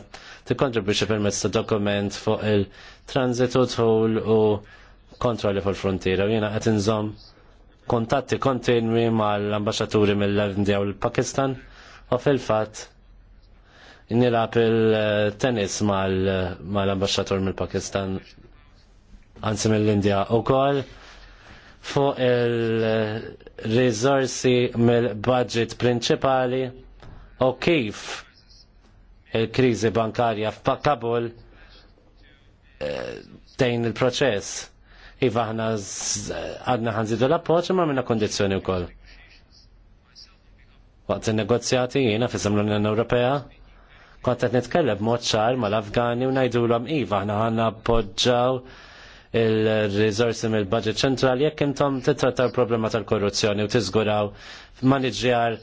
tikkontribwixxi permezz ta' dokument fuq il-transitu tħul u kontrolli fuq il-frontiera. Jiena qed inżomm kontatti kontinwi mal-ambasċaturi mill-India u l-Pakistan u fil-fat nilab il-tennis mal-ambasċatur mal ambasċaturi mill india u l pakistan u fil fat nilab il tennis mal ambasċatur mill pakistan għanzi mill-India u kol fuq il-rizorsi mill-budget principali u kif il-krizi bankarja f'Kabul eh, tejn il-proċess Iva ħna għadna ħanżidu l-appoċ ma minna kondizjoni u koll. Waqt il-negozjati jina fissam l-Unjoni Ewropea, kontet nitkellem mod ċar mal-Afgani u najdu l-om Iva ħna ħanna appoġġaw il-rizorsi mill budget ċentrali jekk intom titrattaw problema tal-korruzzjoni u tiżguraw maniġjar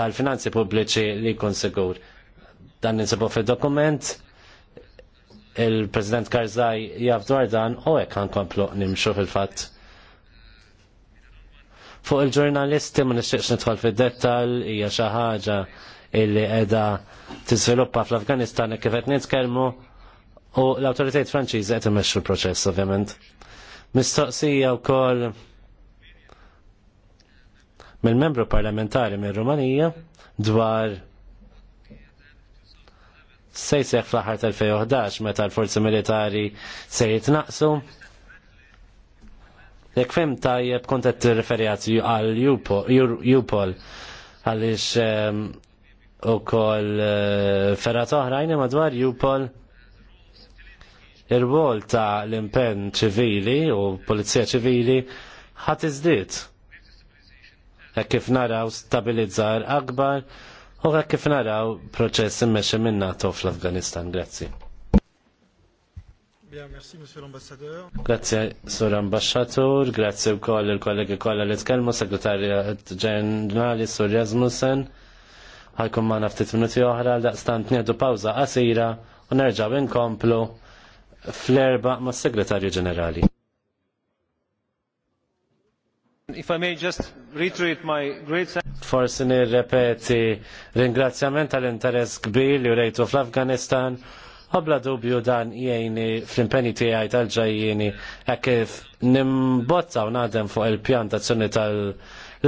tal-finanzi pubbliċi li jkun sigur. Dan ninsibu fil-dokument il-President Karzaj jaf dwar dan u hekk komplu nimxu fil-fatt. Fuq il-ġurnalisti ma nixtieqx nidħol fid-dettal hija xi ħaġa illi qiegħda tiżviluppa fl-Afganistan e kif qed nitkellmu u l-awtoritajiet Franċiżi qed imexxu l-proċess ovvjament. Mistoqsija wkoll mill-membru parlamentari mir-Rumanija dwar se fl-aħħar tal-2011 meta l-forzi militari se jitnaqsu. Jek fem tajjeb kont qed tirreferjat għal Jupol għaliex ehm, ukoll eh, ferat oħrajn madwar Jupol ir wol ta' l-impenn ċivili u pulizija ċivili ħadd iżdied. Hekk kif naraw stabilizzar akbar u għak kif naraw proċess immexxi minn NATO fl-Afganistan. Grazzi. Bien, merci, Monsieur l'Ambassadeur. Grazie, Sur Ambasciatur, grazie u koll il-kollegi kolla li tkellmu, segretarja ġenerali Sur Jasmussen, ħajkun ma naftit minuti oħra, daqstant nieħdu pawza qasira u nerġaw inkomplu fl-erba ma' segretarju ġenerali. If I may just reiterate my great Forsi nirrepeti ringrazzjament tal-interess kbir li rejtu fl-Afganistan. Obla dubju dan jgħini fl-impenni tiegħi tal-ġajjini e kif nimbotta u nadem fuq il-pjan tazzjoni tal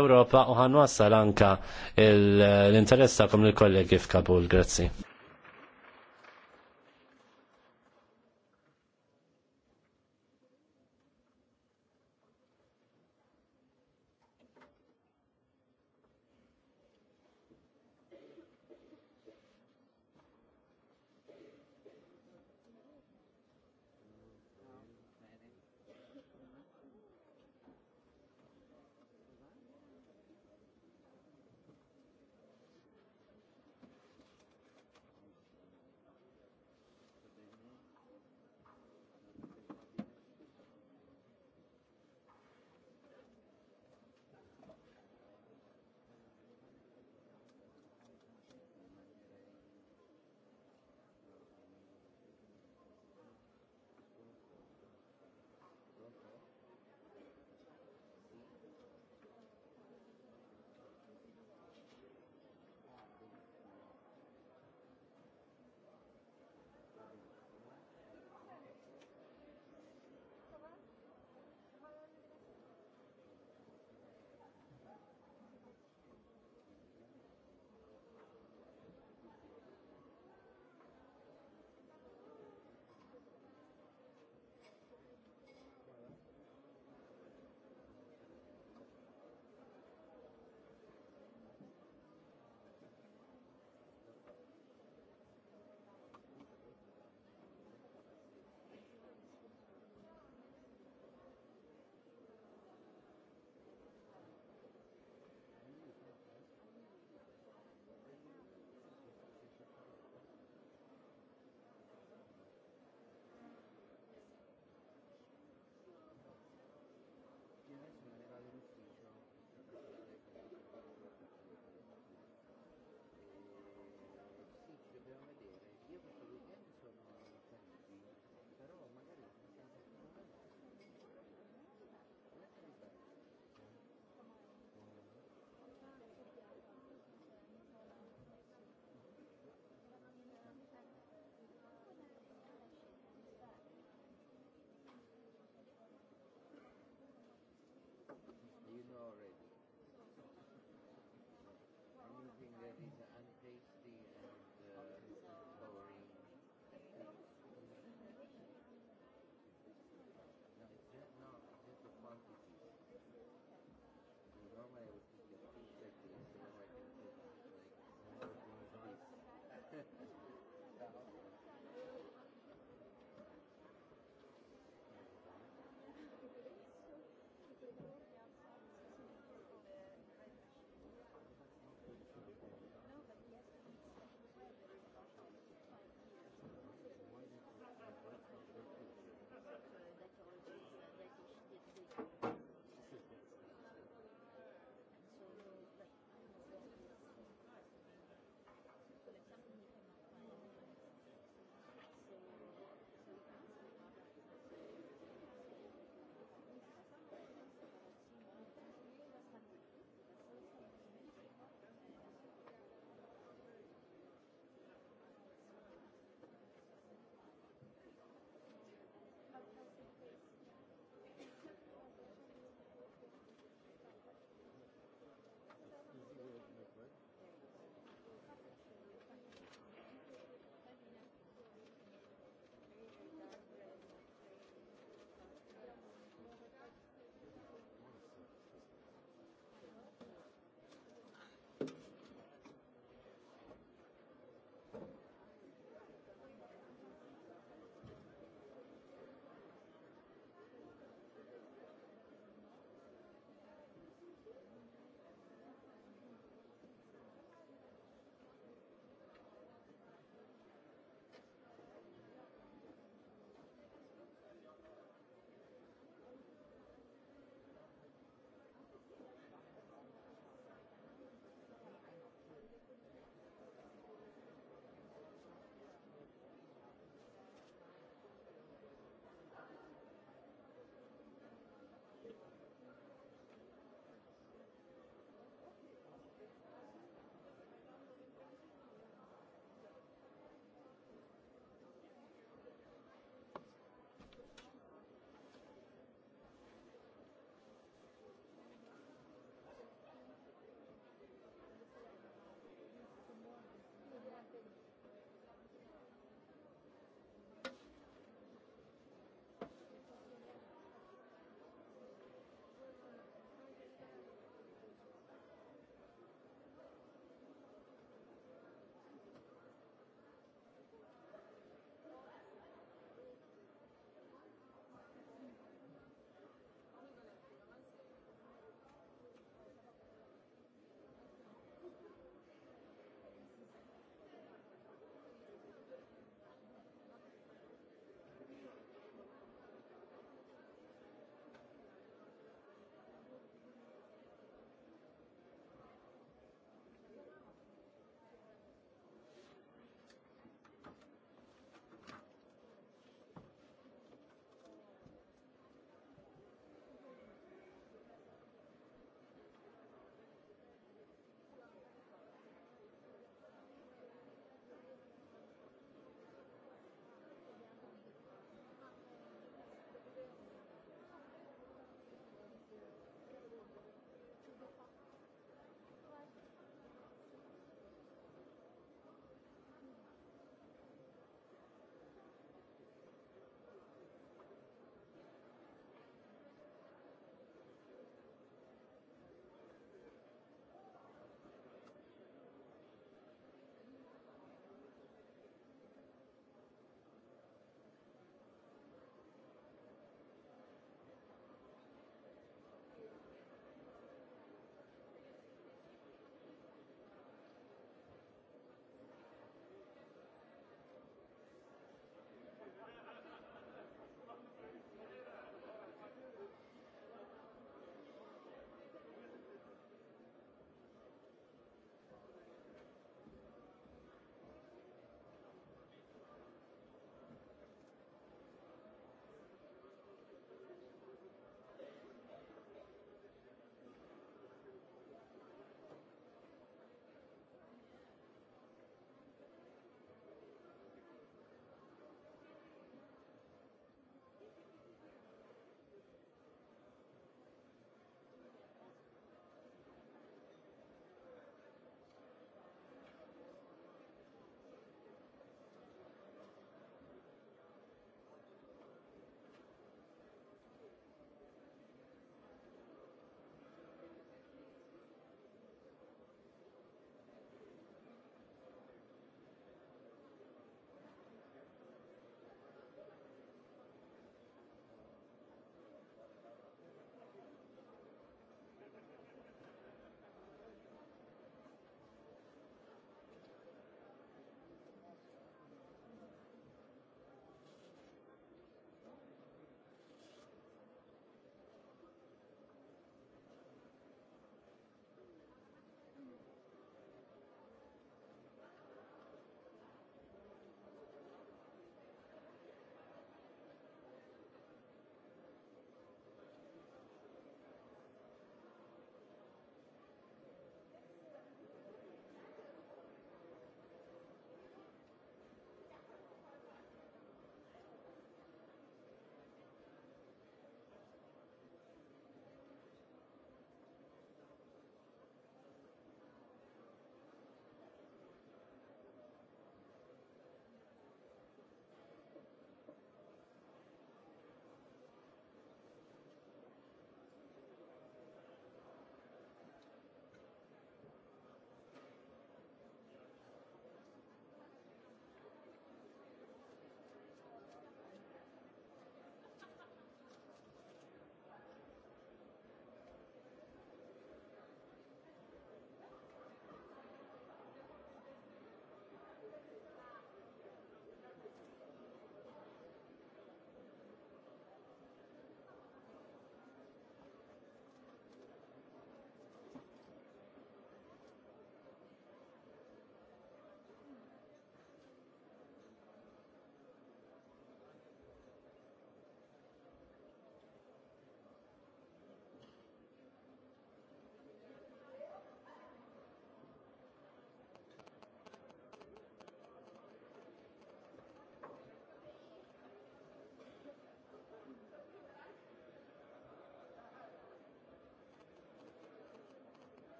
europa u ħanwassal anka l-interess tagħkom l kollegi f'Kabul. Grazzi.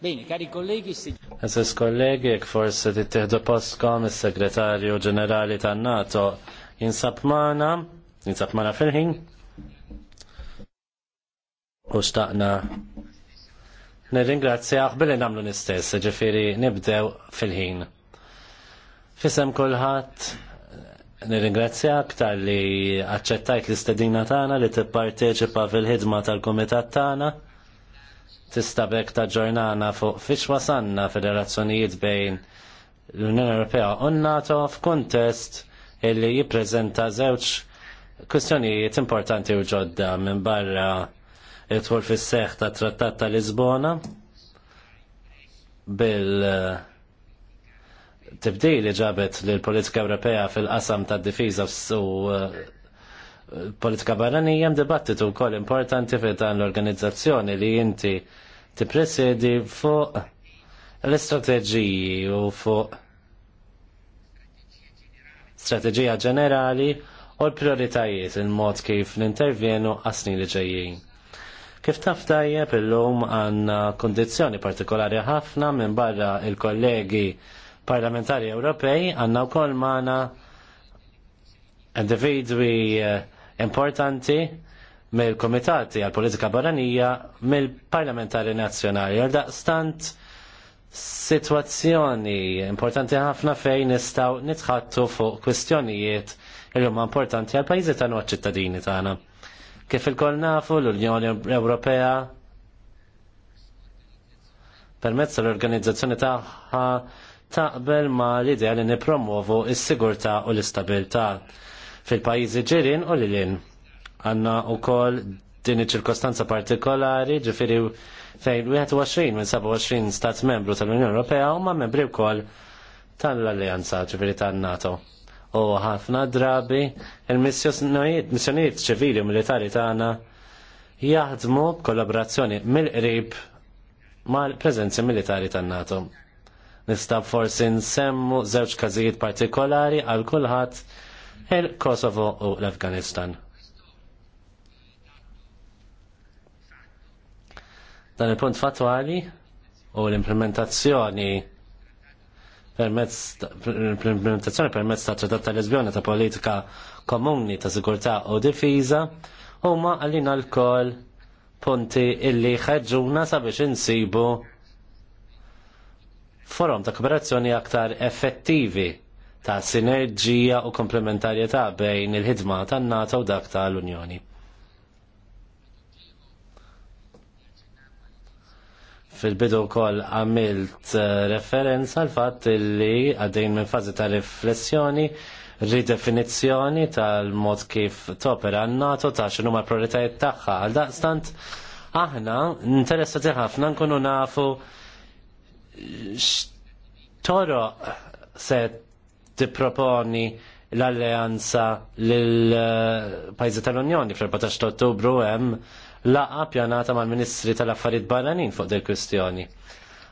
Bene, cari colleghi, si... kollegi, forse postkom il-segretarju ġenerali tan-NATO jinsab mana, fil-ħin. U xtaqna. Nirringrazzjaħ billi namlu nistess, ġifiri nibdew fil-ħin. Fisem kulħadd Nirringrazzjak tal-li accettajt l-istedina tagħna li tipparteċipa fil-ħidma tal-kumitat Tana. Tista' ta' ġornana fuq fiex wasanna federazzjonijiet bejn l-Unjoni Ewropea u NATO f'kuntest illi jippreżenta żewġ kwistjonijiet importanti u ġodda minn barra it-tħol fis-seħħ tat Trattat ta' Lisbona bil- uh, tibdil li ġabet li l-politika Ewropea fil-qasam ta' difiża u eh, politika barrani jem dibattitu kol importanti fi dan l-organizzazzjoni li jinti tippresedi fuq l-istrateġiji u fuq strateġija ġenerali u l-prioritajiet il-mod kif l-intervjenu għasni li ġejjin. Kif taf tajjeb illum għanna kondizjoni partikolari ħafna minn barra il-kollegi parlamentari Ewropej għandna wkoll magħna individwi eh, importanti mill-komitati għal politika barranija mill-parlamentari nazzjonali. Għal daqstant situazzjoni importanti ħafna fejn nistgħu nitħattu fuq kwistjonijiet li huma importanti għal pajjiżi ta' u ċittadini tagħna. Kif il-kol nafu l-Unjoni Ewropea permezz l-organizzazzjoni tagħha taqbel ma l-idea li nipromovu is-sigurtà u l-istabilità fil-pajjiżi ġirin u lilin. Għanna u kol din iċ-ċirkostanza partikolari ġifiri fejn 21 minn 27 stat membru tal-Unjoni Ewropea huma membri wkoll tal-Alleanza ċivili tan-NATO. U ħafna drabi il-missjonijiet ċivili u militari tagħna jaħdmu kollaborazzjoni mill-qrib mal-preżenzi militari tan-NATO. Nista' forsi nsemmu żewġ każijiet partikolari għal kulħadd il-Kosovo u l-Afganistan. Dan il-punt fatwali u l-implementazzjoni l-implementazzjoni permezz ta' Trattat ta' Lisbjona ta' politika komuni ta' sigurtà u difiża huma għalina l-kol punti illi ħeġġuna sabiex insibu forum ta' kooperazzjoni aktar effettivi ta' sinerġija u komplementarjetà bejn il-ħidma tan-NATO u dak tal-Unjoni. fil-bidu kol għamilt eh, referenza l fatt li għaddejn minn fazi ta' riflessjoni, ridefinizzjoni tal-mod kif topera n-NATO ta' xinu ma' prioritajiet tagħha. Għal daqstant, aħna interessati ħafna nkunu nafu Toro se tipproponi l-alleanza l-pajzi eh, tal-Unjoni fl-14 ottubru hemm laqa pjanata mal-Ministri tal-Affarijiet Barranin fuq dil kwistjoni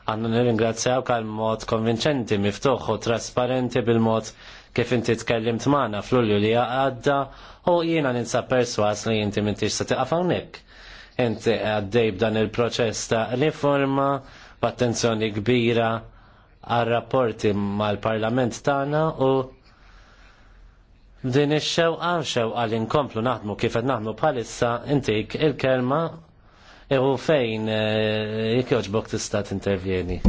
Għannu nirringrazzjaw kal mod konvinċenti, miftuħ u trasparenti bil-mod kif inti tkellimt magħna fl-ulju li għadda u jiena ninsa perswas li inti mintix se tiqaf hawnhekk. Inti għaddej b'dan il-proċess ta' riforma b'attenzjoni kbira għal rapporti mal-parlament tagħna u din ix-xewqa xewqa li nkomplu naħdmu kif qed naħdmu bħalissa intik il-kelma e u fejn e, jekk jogħġbok tista' tintervjeni.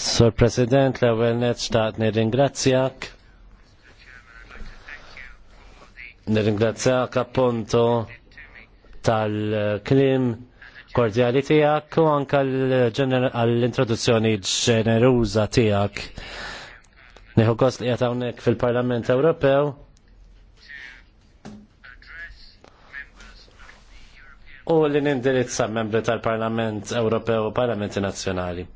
Sur President, l-ewwel net xtaqt nirringrazzjak. Nirringrazzjak appunto tal-klim kordjali tijak u anka l-introduzzjoni ġeneruza tijak. Neħu kost li għatawnek fil-Parlament Ewropew. U li nindirizza membri tal-Parlament Ewropew u Parlamenti Nazzjonali.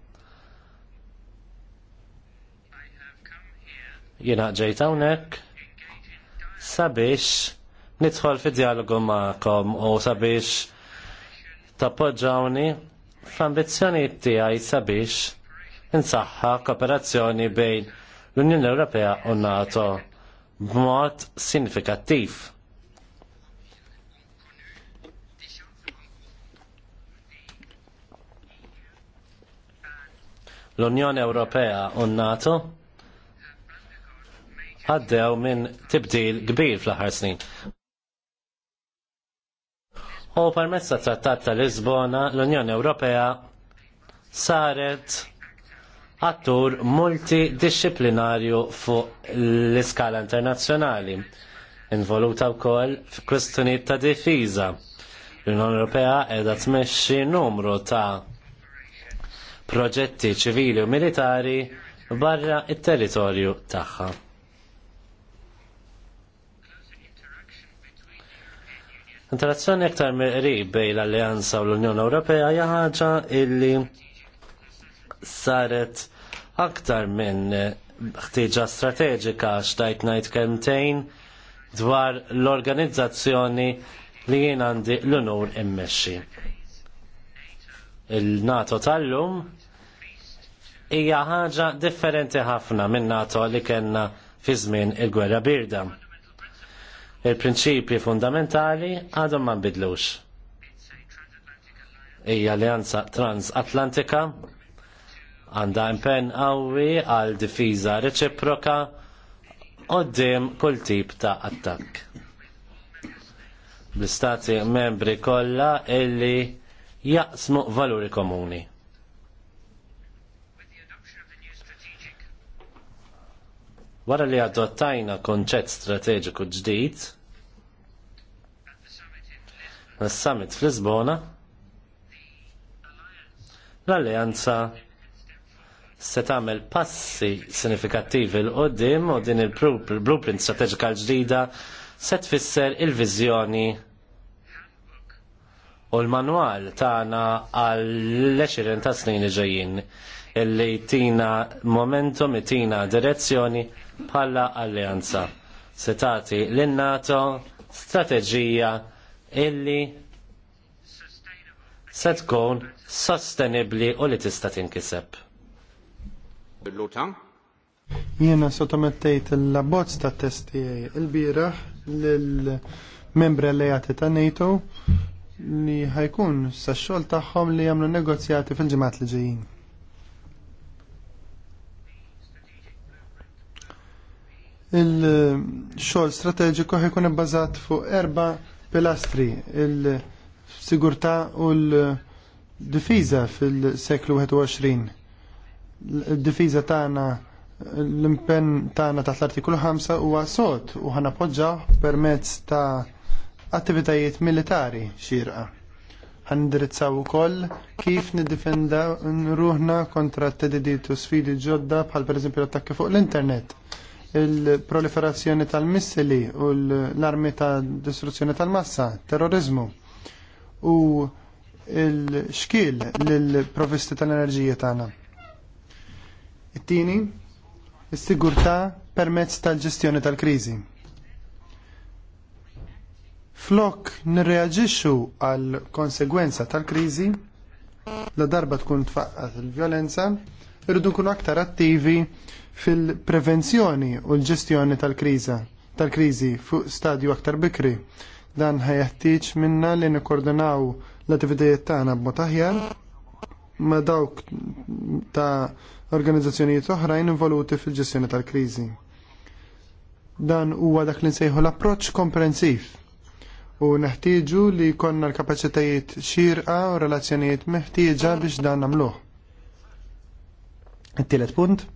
Jena ġejtawnek hawnhekk sabiex nidħol fi dialogu ma'kom u sabiex tappoġġawni fl-ambizzjoni tiegħi sabiex insaħħa kooperazzjoni bejn l-Unjoni Ewropea u NATO b'mod sinifikattiv. l-Unjoni Ewropea u NATO għaddew minn tibdil kbir fl-aħħar snin. U permezz ta' trattat ta' Lisbona, l-Unjoni Ewropea saret attur multidisciplinarju fuq l-iskala internazzjonali, involuta wkoll f'kwistjonijiet ta' difiża. L-Unjoni Ewropea qiegħda tmexxi numru ta' proġetti ċivili u militari barra it-territorju tagħha. Interazzjoni aktar meri bej l-Alleanza u l-Unjoni Ewropea hija ħaġa illi saret aktar minn ħtieġa strateġika xtajt ngħid kemtejn dwar l-organizzazzjoni li jien għandi l-unur immexxi. Il-NATO tal-lum hija ħaġa differenti ħafna minn NATO li kellna fi żmien il-gwerra birda il-prinċipji fundamentali għadhom ma nbidlux. Ija alleanza transatlantika għandha impenn qawwi għal difiża reċiproka għoddim kull tip ta' attakk. L-istati membri kollha illi jaqsmu valuri komuni. Wara li adottajna konċett strateġiku ġdid, Summit fl-Lisbona l-Alleanza se tagħmel passi sinifikattivi l qoddim u din il-blueprint strateġika l-ġdida se tfisser il-viżjoni u l-manwal tagħna għall-20 ta' snin li ġejjin illi tina momentum, tina direzzjoni bħala alleanza. Se tagħti lin nato strateġija illi se tkun sostenibbli u li tista' tinkiseb. Jiena sottomettejt il-bozz ta' testi il-biraħ lill-membri allejati ta' NATO li ħajkun sax-xogħol tagħhom li jagħmlu negozjati fil-ġimgħat li ġejjin. Il-xogħol strateġiku ħajkun ibbażat fuq erba' pilastri il-sigurtà u l-difiża fil-seklu 21. Il-difiża tagħna l-impenn tagħna taħt l-artikolu 5 huwa sod u poġġaw permezz ta' attivitajiet militari xirqa ħandirizzaw ukoll kif niddifendaw ruħna kontra t-tedidiet u sfidi ġodda bħal pereżempju l-attakki fuq l-internet il-proliferazzjoni tal-missili u l-armi ta' distruzzjoni tal-massa, terrorizmu u l-xkil lill-provisti tal-enerġija tagħna. It-tieni, is-sigurtà permezz tal-ġestjoni tal-kriżi. Flok nirreaġixxu għal konsegwenza tal-kriżi, la darba tkun tfaqqat il-vjolenza, irridu nkunu aktar attivi fil-prevenzjoni u l-ġestjoni tal kriza tal-kriżi fuq stadju aktar bikri. Dan ħajħtieġ minna li nikkoordinaw l-attivitajiet tagħna b'mod aħjar ma' dawk ta' organizzazzjonijiet oħrajn involuti fil-ġestjoni tal-kriżi. Dan huwa dak li nsejħu l-approċċ komprensiv u neħtieġu li konna l-kapaċitajiet xirqa u relazzjonijiet meħtieġa biex dan nagħmluh. It-tielet punt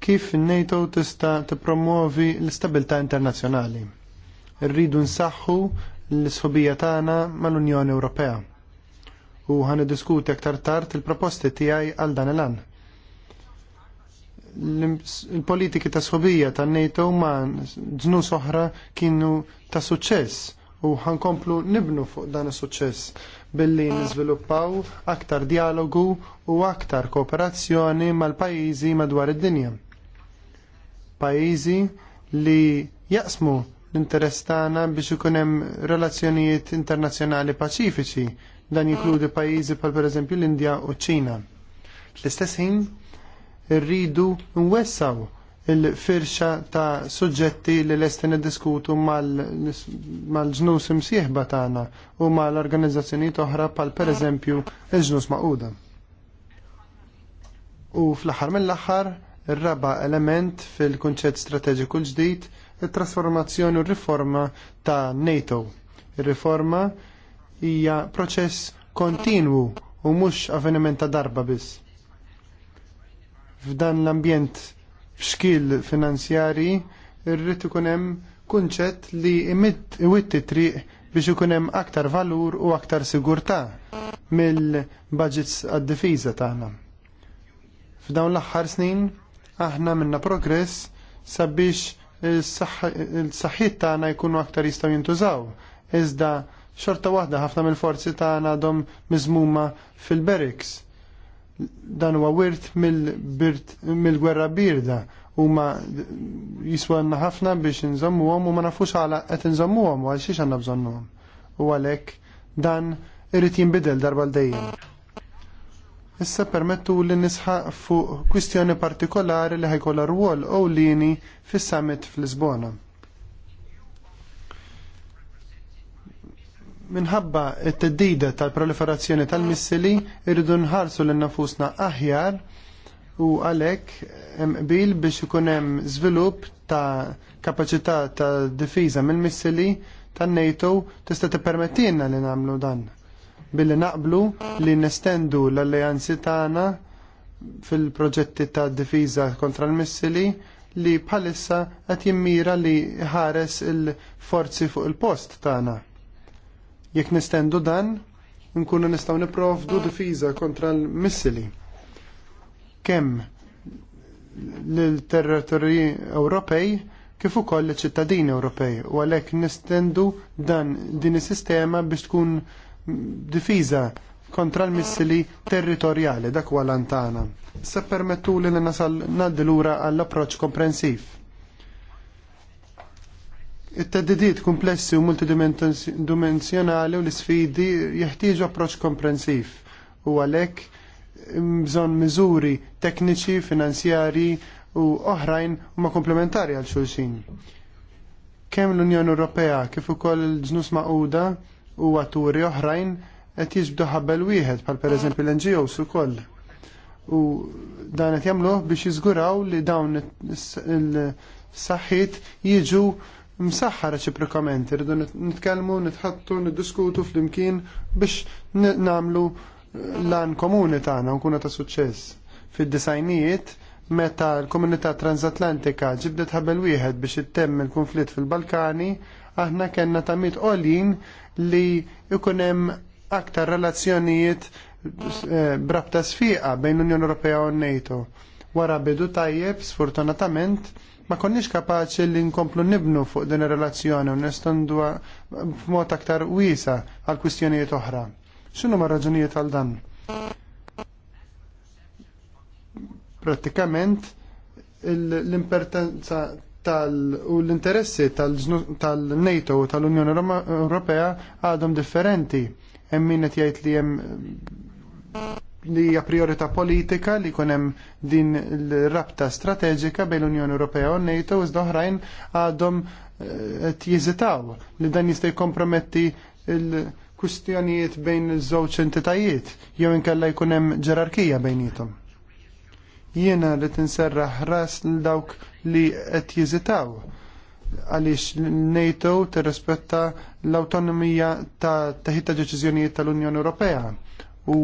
kif NATO tista' tippromuovi l-istabilità internazzjonali. Irridu nsaħħu l-sħubija tagħna mal-Unjoni Ewropea. U ħan diskuti aktar tard il-proposti tiegħi għal dan il-an. Il-politiki ta' sħubija ta' NATO ma' dżnu soħra kienu ta' suċċess u ħankomplu nibnu fuq dan is-suċċess billi niżviluppaw aktar dialogu u aktar kooperazzjoni mal-pajjiżi madwar id-dinja. Pajjiżi li jaqsmu l-interess tagħna biex ikun hemm relazzjonijiet internazzjonali paċifiċi dan jinkludi pajjiżi bħal pereżempju l-Indja u ċ-Ċina. L-istess ħin irridu nwessaw il-firxa ta' suġġetti li l-estin diskutu mal-ġnus imsieħba tagħna u mal-organizzazzjonijiet oħra pal per eżempju il-ġnus maquda. U fl-aħħar mill-aħħar ir-raba element fil-kunċett strateġiku l-ġdid it-trasformazzjoni u r-riforma ta' NATO. Ir-riforma hija proċess kontinwu u mhux avveniment ta' darba biss. F'dan l-ambjent f'xkil finanzjari irrid ikun hemm kunċett li imitt triq biex ikun hemm aktar valur u aktar sigurtà mill-budgets għad-difiża tagħna. F'dawn l-aħħar snin aħna minna progress sabiex il-saħħit tagħna jkunu aktar jistgħu jintużaw. Iżda xorta waħda ħafna mill-forzi tagħna għadhom miżmuma fil-beriks dan huwa wirt mill-gwerra birda huma jiswanna ħafna biex nżommuhom u ma nafux għala qed nżommuhom u għal xiex għandna bżonnhom. U għalhekk dan irid jinbidel darba l dejjem. Issa permettu li nisħaq fuq kwistjoni partikolari li ħajkolla rwol ewlieni fis-summit fl-Lisbona. minħabba t-teddida tal-proliferazzjoni tal-missili irridu nħarsu l-nafusna aħjar u għalek qbil biex ikun hemm żvilupp ta' kapaċità ta' difiża mill-missili tan-NATO tista' tippermettilna li nagħmlu dan billi naqblu li nestendu l-alleanzi tagħna fil-proġetti ta' difiża kontra l-missili li bħalissa qed jimmira li ħares il-forzi fuq il-post tagħna Jekk nistendu dan, nkunu nistgħu nipprovdu difiża kontra l-missili. Kemm l-territorji Ewropej kif ukoll l-ċittadini Ewropej u għalhekk nistendu dan din is-sistema biex tkun difiża kontra l-missili territorjali dak huwa lantana. Se permettu li nasal lura għall-approċċ komprensiv It-teddidiet komplessi u multidimensjonali u l-sfidi jeħtieġu approċ komprensiv u għalhekk bżonn miżuri tekniċi, finanzjari u oħrajn huma komplementari għal xulxin. Kemm l-Unjoni Ewropea kif ukoll il-ġnus maquda u atturi oħrajn qed jiġbdu ħabbel wieħed bħal pereżempju l-NGOs ukoll. U dan qed jagħmluh biex jiżguraw li dawn il saħħit jiġu msaħħa reċiprokament, iridu nitkellmu, nitħattu, niddiskutu flimkien biex nagħmlu lan komuni tagħna nkunu ta' suċċess. Fid-disajnijiet meta l-komunità transatlantika ġibdet ħabel wieħed biex ittemm il kunflitt fil-Balkani, aħna kellna ta' tamit qolin li ikun hemm aktar relazzjonijiet eh, brabta sfiqa bejn l-Unjoni Ewropea u n NATO. Wara bidu tajjeb, sfortunatament, ma konniex kapaċi li nkomplu nibnu fuq din ir-relazzjoni u nestandwa b'mod aktar wiesa għal kwistjonijiet oħra. X'inhu ma raġunijiet għal dan? Prattikament l-impertenza u l-interessi tal-NATO u tal-Unjoni Ewropea għadhom differenti. Hemm min qed jgħid li hemm li hija priorità politika li jkun hemm din l-rabta strateġika bejn l-Unjoni Ewropea u NATO iżda oħrajn għadhom eh, qed jiżitaw li dan jista' jkomprometti l-kustjonijiet bejn iż-żewġ entitajiet jew inkella jkun hemm ġerarkija bejnietom. Jiena li tinserraħ ras l dawk li qed jiżitaw għaliex NATO tirrispetta l-autonomija ta' teħid ta' deċiżjonijiet tal-Unjoni Ewropea u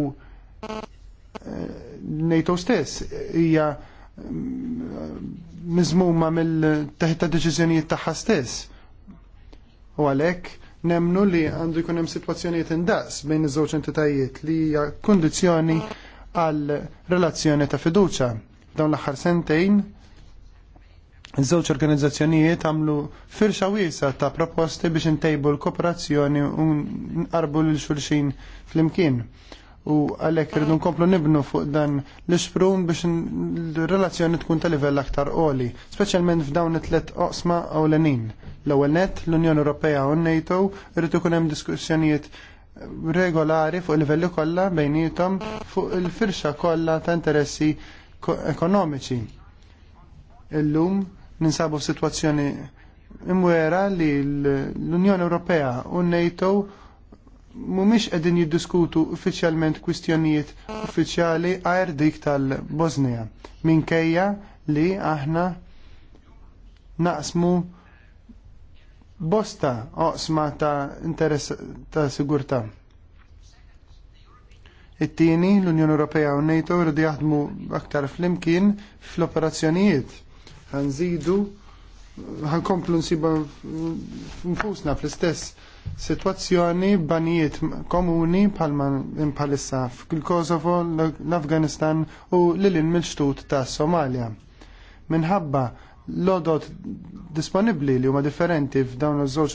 nejto stess hija miżmuma mm, mill-teħta deċiżjonijiet tagħha stess. U għalhekk nemnu li għandu jkun hemm sitwazzjonijiet indaqs bejn iż-żewġ entitajiet li hija kundizzjoni għal relazzjoni ta' fiduċa. Dawn l-aħħar sentejn iż-żewġ organizzazzjonijiet għamlu firxa wiesa ta' proposti biex intejbu l-kooperazzjoni u nqarbu lil xulxin flimkien u għalhekk rridu nkomplu nibnu fuq dan l-isprun biex l-relazzjoni tkun ta' livell aktar qoli, speċjalment f'dawn it-tlet oqsma ewlenin. L-ewwel net l-Unjoni Ewropea u n-NATO rridu ikun hemm diskussjonijiet regolari fuq livelli kollha bejnietom fuq il-firxa kollha ta' interessi ekonomiċi. Illum ninsabu f'sitwazzjoni imwera li l-Unjoni Ewropea u n-NATO mumiex qegħdin jiddiskutu uffiċjalment kwistjonijiet uffiċjali għajr dik tal-Bosnija minkejja li aħna naqsmu bosta oqsma ta' interess ta' sigurtà. It-tieni l-Unjoni Ewropea u NATO jridu jaħdmu aktar flimkien fl-operazzjonijiet. Ħanżidu ħankomplu nsiba nfusna fl-istess Situazzjoni banijiet komuni bħal-issa fil-Kosovo, l-Afganistan u l-ilin mill-ġtut ta' Somalia. Minħabba l-odot disponibli li huma differenti f'dawn iż-żewġ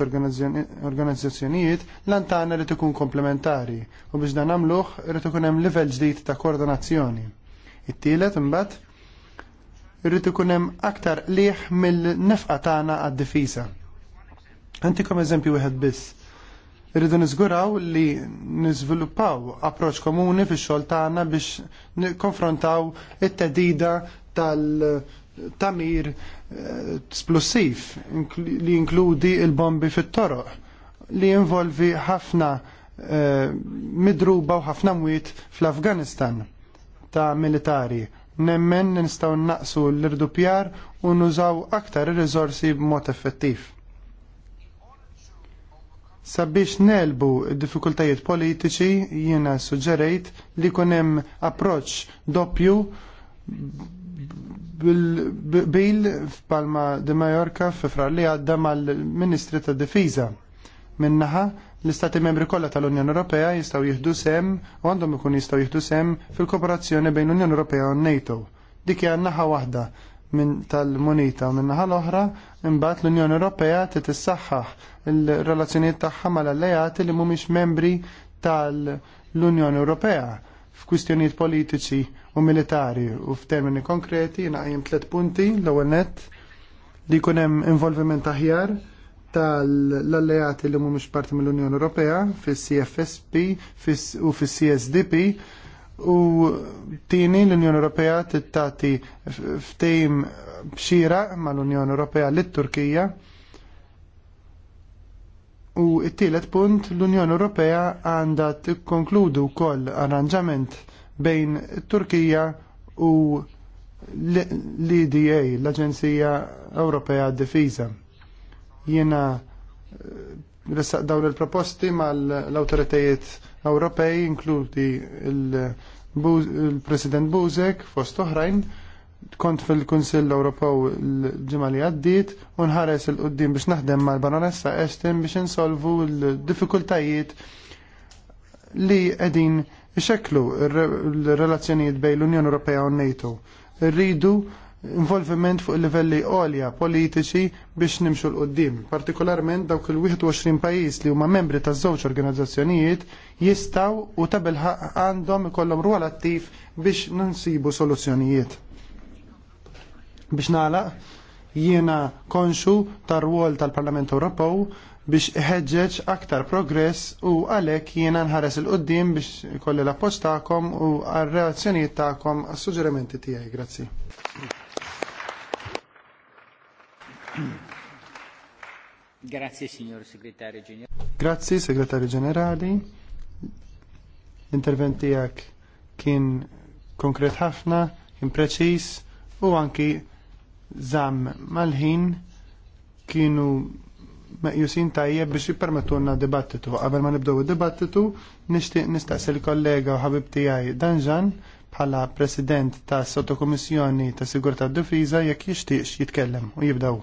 organizzazzjonijiet l-antana li tkun komplementari u biex dan nagħmluh irid ikun hemm livell ġdid ta' koordinazzjoni. It-tielet imbagħad irid ikun hemm aktar liħ mill-nefqa tagħna għad difiża Antikom eżempju wieħed biss. Irridu niżguraw li nizviluppaw approċ komuni fix xol tagħna biex nikkonfrontaw it-tedida tal-tamir eh, splussiv li inkludi il-bombi fit-toroq li jinvolvi ħafna eh, midruba u ħafna mwiet fl-Afganistan ta' militari nemmen nistaw naqsu l-irdupjar u nużaw aktar il rizorsi b'mod effettiv. Sabiex nelbu diffikultajiet politiċi jiena suġġerejt li jkun hemm approċċ doppju bil f'Palma de Mallorca f'frar li għadda mal-Ministri tad Difiża. Minnaħa l-Istati membri kollha tal-Unjoni Ewropea jistgħu jieħdu sem u għandhom ikun jistgħu jieħdu sem fil-kooperazzjoni bejn l-Unjoni Ewropea u NATO. Dik hija naħa waħda minn tal-munita min-naħa l-oħra imbagħad l-Unjoni Ewropea trid issaħħaħ il-relazzjonijiet tagħha mal-alleati li mhumiex membri tal-Unjoni Ewropea f'kwistjonijiet politiċi u militari u f'termini konkreti naqjem tliet punti l-ewwel nett li jkun hemm involviment aħjar tal-alleati li mhumiex parti mill-Unjoni Ewropea fis-CFSP u fis-CSDP u tini l-Unjoni Ewropea tittati ftejm bxira mal-Unjoni Ewropea lit-Turkija u it-tielet punt l-Unjoni Ewropea għandha tikkonkludu wkoll arranġament bejn it-Turkija u l-EDA, l-Aġenzija Ewropea Difiża. Jiena eh, ressaq dawn il-proposti mal-awtoritajiet Ewropej inkludi il-President Buzek fost oħrajn kont fil-Kunsill Ewropew l-ġimgħa li għaddiet u nħares il qudiem biex naħdem mal-Baronessa Estin biex insolvu l-diffikultajiet li qegħdin ixekklu r-relazzjonijiet bejn l-Unjoni Ewropea u n NATO. Rridu involviment fuq il-livelli għolja politiċi biex nimxu l-qoddim. Partikolarment dawk il-21 pajis li huma membri ta' żewġ organizzazzjonijiet jistaw u tabel għandhom ikollhom rwol attiv biex nansibu soluzzjonijiet. Biex nagħlaq jiena konxu tar rwol tal-Parlament Ewropew biex iħeġġeġ aktar progress u għalek jiena nħares il-qoddim biex kolli l-appoċ u għal reazzjonijiet ta'kom għas-suġġerimenti tiegħi. Grazzi. Grazie, signor segretario generale. Grazie, segretario generali. L-intervent kien konkret ħafna, kien preċis u anki Zam mal-ħin kienu meqjusin tajjeb biex jippermettulna dibattitu. Qabel ma nibdew id-dibattitu, nixtieq nistaqsi l-kollega u ħabib tiegħi Danġan bħala President ta' sottokommissjoni ta' sigurta' d-Difiża jekk jixtiex jitkellem u jibdaw.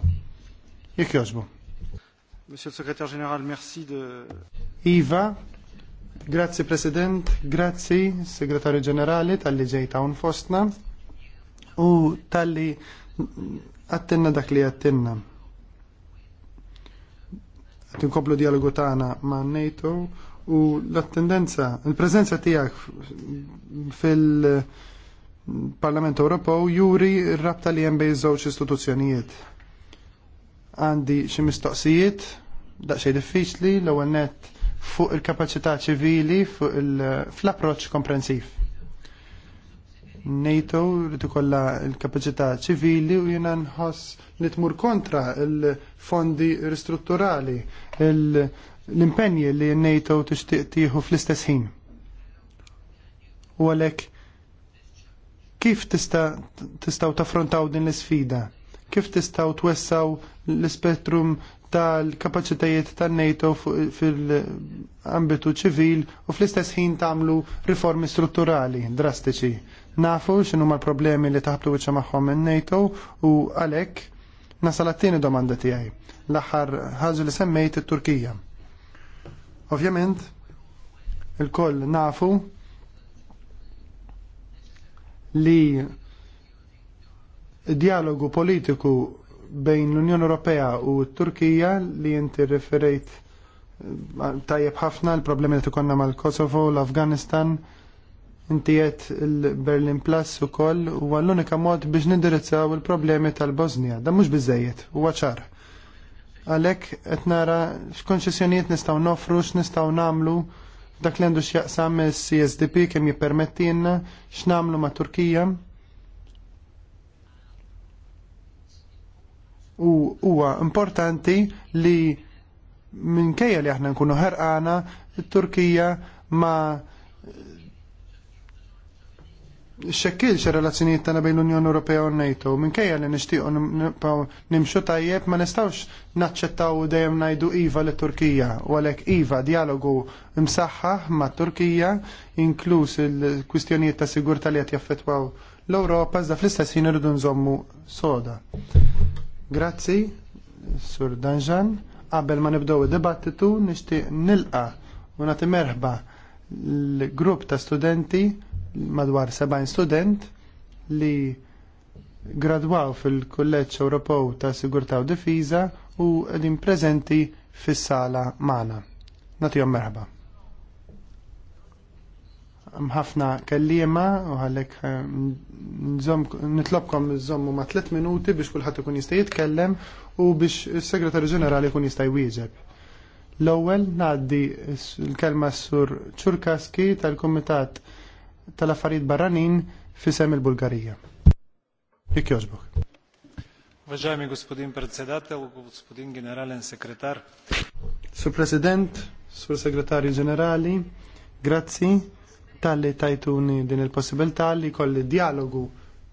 Jekk jogħġbu. Monsieur le Secrétaire Général, merci de... Iva, Grazzi President, grazzi Segretarju Ġenerali tal-li ġej ta' fostna u tal-li għattinna dak li għattinna. koplu dialogu tagħna ma' NATO u l-attendenza, il-prezenza tiegħek fil-Parlament Ewropew juri r-rabta li hemm bejn żewġ istituzzjonijiet. Għandi xi mistoqsijiet daqsxejn diffiċli l-ewwel nett fuq il-kapaċità ċivili fuq fl-approċċ komprensiv. NATO li ikolla l-kapacità ċivili u jiena nħoss li tmur kontra il-fondi ristrutturali, il l-impenji li n-NATO tixtieq tieħu fl-istess ħin. U għalhekk kif tistaw taffrontaw din l-isfida? Kif tistgħu twessaw l-spettrum tal-kapaċitajiet tan-NATO fil-ambitu ċivil u fl-istess ħin tagħmlu riformi strutturali drastiċi. Nafu x'inhuma l-problemi li taħbtu wiċċa magħhom in-NATO u għalhekk nasal għat-tieni domanda tiegħi. L-aħħar ħaġa li semmejt it-Turkija. Ovvjament, il-koll nafu li dialogu politiku bejn l-Unjoni Ewropea u t-Turkija li inti referejt eh, tajjeb ħafna l-problemi li tkunna mal-Kosovo, l-Afganistan, inti qed il-Berlin Plus ukoll huwa l-unika mod biex nindirizzaw il-problemi tal bosnia Da mhux biżejjed, huwa ċar Għalhekk qed nara x'konċessjonijiet nistgħu nofru, x'nistgħu nagħmlu dak li għandu x'jaqsam CSDP kemm jippermettilna x'namlu ma' Turkija. U huwa importanti li minkejja li aħna nkunu ħerqana, it-Turkija ma' xekkilx ir-relazzjonijiet tagħna bejn l-Unjoni Ewropea u NATO. Minkejja li nixtiequ nimxu tajjeb ma nistgħux naċċettaw dejjem ngħidu iva li Turkija u għalhekk iva dialogu msaħħaħ mat Turkija inkluż il-kwistjonijiet ta' sigurtà li qed jaffettwaw l-Ewropa iżda fl-istess ħin rridu nżommu soda. Grazzi, Sur Danjan. Qabel ma nibdew id-dibattitu nixtieq nilqa' u nagħti merħba l-grupp ta' studenti madwar 70 student li gradwaw fil-Kulleġġ Ewropew ta' Sigurtà u Difiża u qegħdin preżenti fis-sala magħna. Nagħtihom merħba. Mħafna kelliema u għalhekk eh, nitlobkom nżommu ma' tliet minuti biex kulħadd ikun jista' jitkellem u biex is-Segretarju Ġenerali jkun jista' jwieġeb. L-ewwel ngħaddi l-kelma s-sur Ċurkaski tal-Kumitat tal-affarijiet barranin fi sem il-Bulgarija. Ik jożbok. Уважаеми gospodin predsedatel, gospodin generalen sekretar. Sur President, Sur Segretarju Ġenerali, grazzi tal-li tajtuni din il-possibilità li kolli dialogu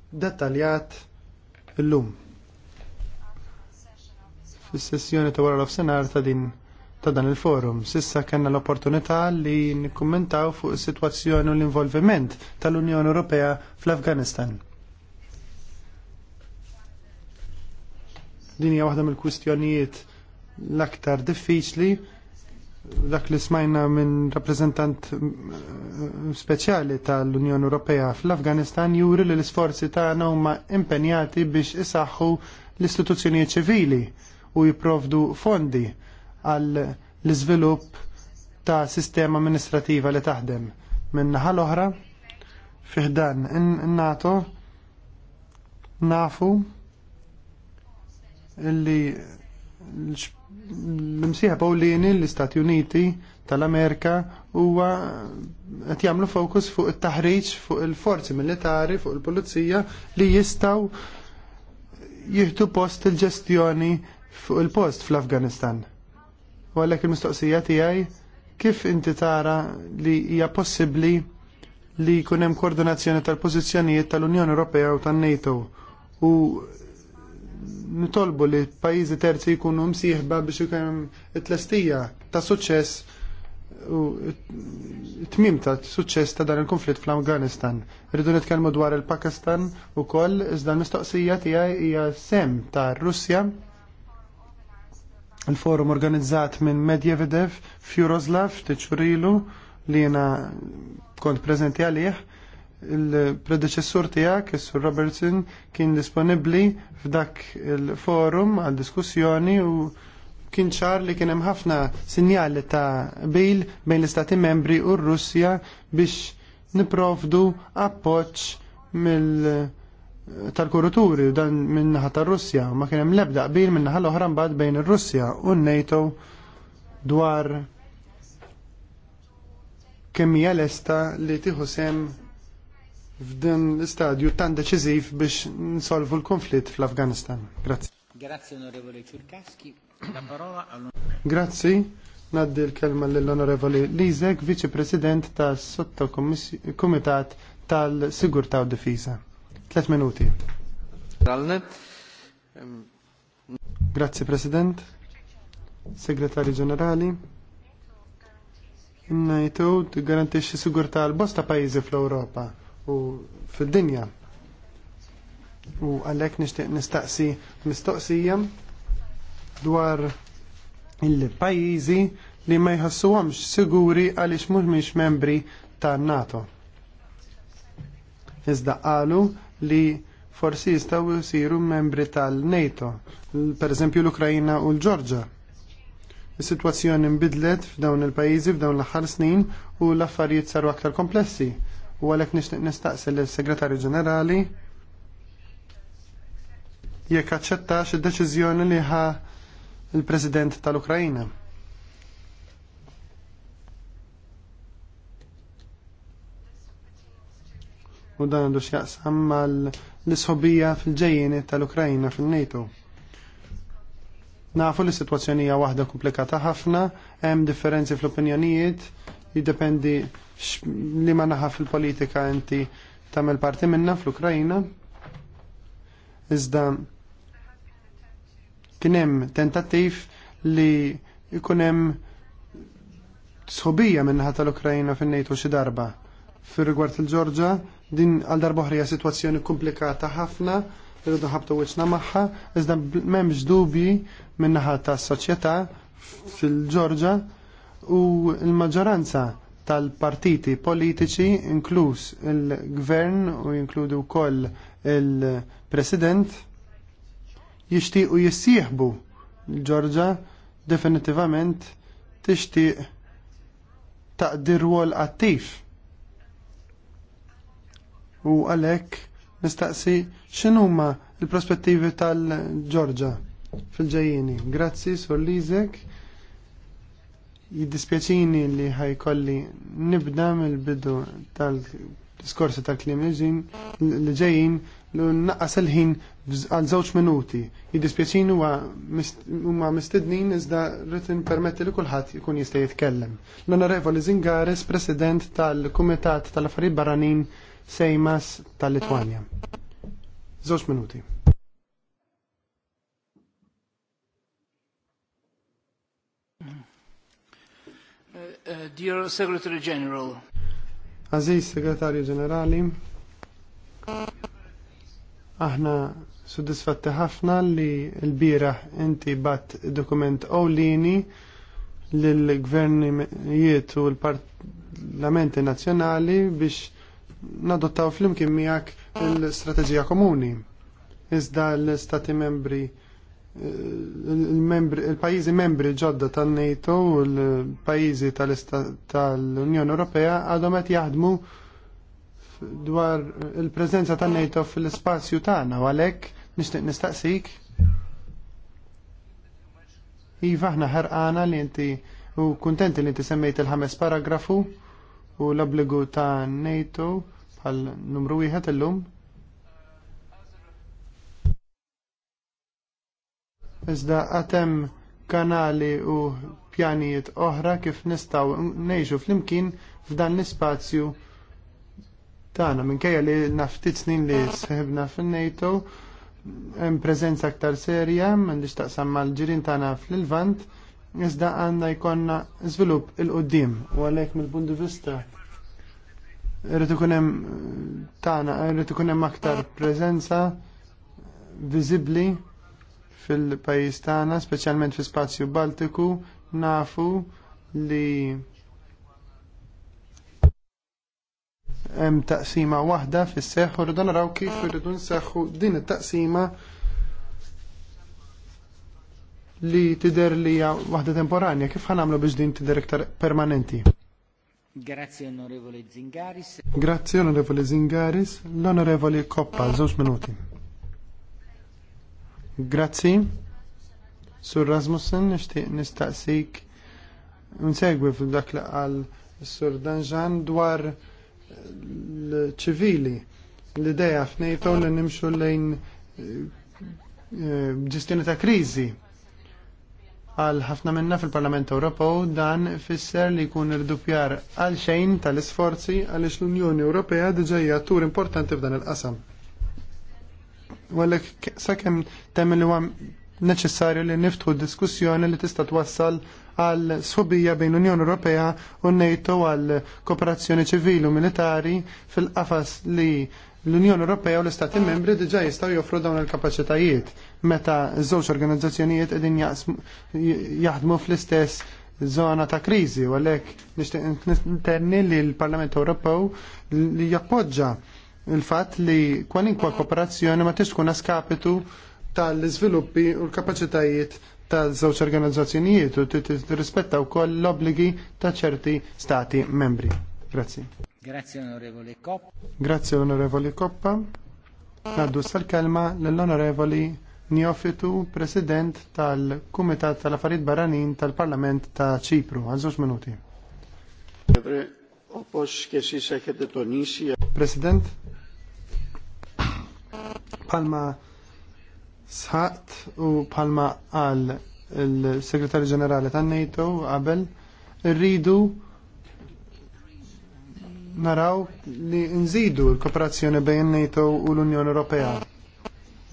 dettaljat l-lum. Fis-sessjoni ta' wara l-offsenar ta' din ta' dan il-forum. Sissa kellna l-opportunità li nikkumentaw fuq is-sitwazzjoni u l-involviment tal-Unjoni Ewropea fl-Afganistan. Din hija waħda mill-kwistjonijiet l-aktar diffiċli dak li smajna minn rappresentant eh, speċjali tal-Unjoni Ewropea fl-Afganistan juri li l-isforzi tagħna huma impenjati biex isaħħu l-istituzzjonijiet ċivili u jipprovdu fondi għal l-iżvilupp ta' sistema amministrativa li taħdem. Minnaħa l-oħra, fiħdan in-NATO nafu li l msiħa Paulini l-Istati Uniti tal-Amerika huwa qed jagħmlu fokus fuq it-taħriġ fuq il-forzi militari, fuq il-pulizija li jistgħu jieħdu post il-ġestjoni fuq il-post fl-Afganistan. U għallek il-mistoqsija tiegħi kif inti tara li hija possibbli li jkun hemm koordinazzjoni tal-pożizzjonijiet tal-Unjoni Ewropea u tan-NATO u nitolbu li pajjiżi terzi jkunu msieħba biex ikun hemm it-tlestija ta' suċċess u tmim ta' suċċess ta' dan il-konflitt fl-Afganistan. Rridu nitkellmu dwar il-Pakistan u koll, iżda l-mistoqsija tiegħi hija sem ta' Russja il-forum organizzat minn Medjevedev f'Juroslav Teċurilu li jena kont prezenti għalih il-predeċessur tijak, il-sur Robertson, kien disponibli f'dak il-forum għal diskussjoni u kien ċar li kien hemm ħafna sinjali ta' bil bejn l-Istati membri u r-Russja biex niprofdu appoġġ mill- tal-kuruturi dan minnaħa tar-Russja ma kien hemm l-ebda qbil minnaħa l-oħra bejn ir-Russja u n-NATO dwar kemm hija lesta li tiħu sem f'din l-istadju tan deċiżiv biex nsolvu l-konflitt fl-Afganistan. Grazzi. Grazie onorevole Ciurkaschi. La parola Grazzi. Naddi l-kelma l-onorevoli Lizek, viċi-president tas sottokomitat tal-Sigurta u Difiża. Tlet minuti. Grazie President, Segretari Ġenerali. Najtu garantixxi sigurtà għal bosta pajjiżi fl-Ewropa u fid-dinja. U għalhekk nixtieq nistaqsi mistoqsija dwar il-pajjiżi li ma jħassuhomx siguri għaliex mhumiex membri ta' nato Iżda għalu li forsi jistgħu jsiru membri tal-NATO, pereżempju l ukrajina u l-Ġorġa. Is-sitwazzjoni nbidlet f'dawn il-pajjiżi f'dawn l-aħħar snin u l-affarijiet saru aktar komplessi. U għalhekk nixtieq nistaqsi lill-Segretarju Ġenerali jekk aċċettax id-deċiżjoni li ħa il-President tal ukrajina u dan għandu x'jaqsam mal-isħobija fil-ġejjeni tal ukrajina fil-NATO. Nafu li situazzjonija hija waħda komplikata ħafna, hemm differenzi fl-opinjonijiet, jiddependi li ma naħa fil-politika inti tagħmel parti minna fl ukrajina Iżda kien hemm tentattiv li jkun hemm sħobija minnaħa tal ukrajina fin-NATO xi darba. Fir rigward il-Ġorġa Din għal darboħrija situazzjoni komplikata ħafna, rridu ħabtu weċna maħħa, iżda memx dubji minnaħa ta' soċjetà fil-ġorġa u l-maġġoranza tal-partiti politiċi, inkluż il-gvern u jinkludu wkoll il-president, jixtiequ jissieħbu l-ġorġa definitivament tixtieq taqdir rwol attiv u għalhekk nistaqsi x'inhuma l-prospettivi tal-Ġorġa fil ġajjini Grazzi sorlizek. Jiddispjaċini li ħajkolli nibda mill-bidu tal-diskorsi tal Klimiġin li ġejjin l naqqas il-ħin għal żewġ minuti. Jiddispjaċin huma mistednin iżda rrid permetti li kulħadd ikun jista' jitkellem. L-Onorevoli Zingares, President tal-Kumitat tal-Affarijiet Barranin Sejmas tal-Litwanja. Żewġ minuti. Uh, uh, dear Secretary General. Aziz Segretarju Ġenerali, aħna suddisfatti ħafna li l-biraħ inti bat dokument ewlieni lill-gvernijiet u l-parlamenti nazzjonali biex nadottaw flimkien miegħek il-strateġija komuni. Iżda l-istati membri eh, il-pajizi membri ġodda tan-NATO u l-pajizi tal-Unjoni Ewropea għadhom qed jaħdmu dwar il-preżenza tan-NATO fl-ispazju tagħna u għalhekk nixtieq nistaqsik. Iva aħna ħerqana li inti u kuntenti li inti semmejt il-ħames paragrafu u l-obbligu ta' NATO bħal numru wieħed illum. Iżda għatem kanali u pjanijiet oħra kif nistaw ngħixu fl-imkien f'dan l-ispazju tagħna minkejja li naftit snin li sħibna fin-NATO hemm preżenza aktar serja m'għandix taqsam mal-ġirien tagħna fl-Lvant. fl lvant iżda għandna jkollna żvilupp il-qoddim u għalhekk mill-punt di vista irrid ikun hemm tagħna irrid aktar prezenza viżibbli fil-pajjiż tagħna, speċjalment fil spazju Baltiku, nafu li hemm taqsima waħda fis-seħħ u rridu naraw kif irridu nseħħu din it-taqsima li tider li waħda temporanja, kif ħanamlu biex din tider iktar permanenti? Grazie onorevole Zingaris. Grazie onorevole Zingaris. L'onorevole Coppa, zoċ minuti. Grazie. Sur Rasmussen, nishtiq nistaqsik nsegwi f'dak li qal Sur Danjan dwar l-ċivili. L-ideja f'nejtu li nimxu lejn eh, ġestjoni ta' krizi Għal ħafna minna fil-Parlament Ewropew dan fisser li jkun irdupjar għal xejn tal-isforzi għaliex l-Unjoni Ewropea diġà hija tur importanti f'dan il-qasam. Għalek sakemm temm li neċessarju li niftħu diskussjoni li tista' twassal għal sħubija bejn l-Unjoni Ewropea u NATO għal kooperazzjoni ċivili u militari fil-qafas li L-Unjoni Ewropea u l-Istati Membri diġà jistgħu joffru dawn il-kapaċitajiet meta żewġ organizzazzjonijiet qegħdin jaħdmu fl-istess zona ta' kriżi u għalhekk nixtieq intenni li l-Parlament Ewropew li jappoġġa il-fatt li kwalinkwa kooperazzjoni ma tix tkun skapitu tal-iżviluppi u l-kapaċitajiet tal-żewġ organizzazzjonijiet u tirrispetta wkoll l-obbligi ta' ċerti stati membri. Grazzi. Grazie onorevoli Coppa. Grazie onorevoli Coppa. Naddu sal-kelma l-onorevoli Njofitu, president tal-Kumitat tal affarid Barranin tal-Parlament ta' Ċipru. Għal minuti. President, palma sħat u palma għal il-Segretarju Ġenerali tan NATO Abel. Rridu naraw li nżidu l-kooperazzjoni bejn NATO u l-Unjoni Ewropea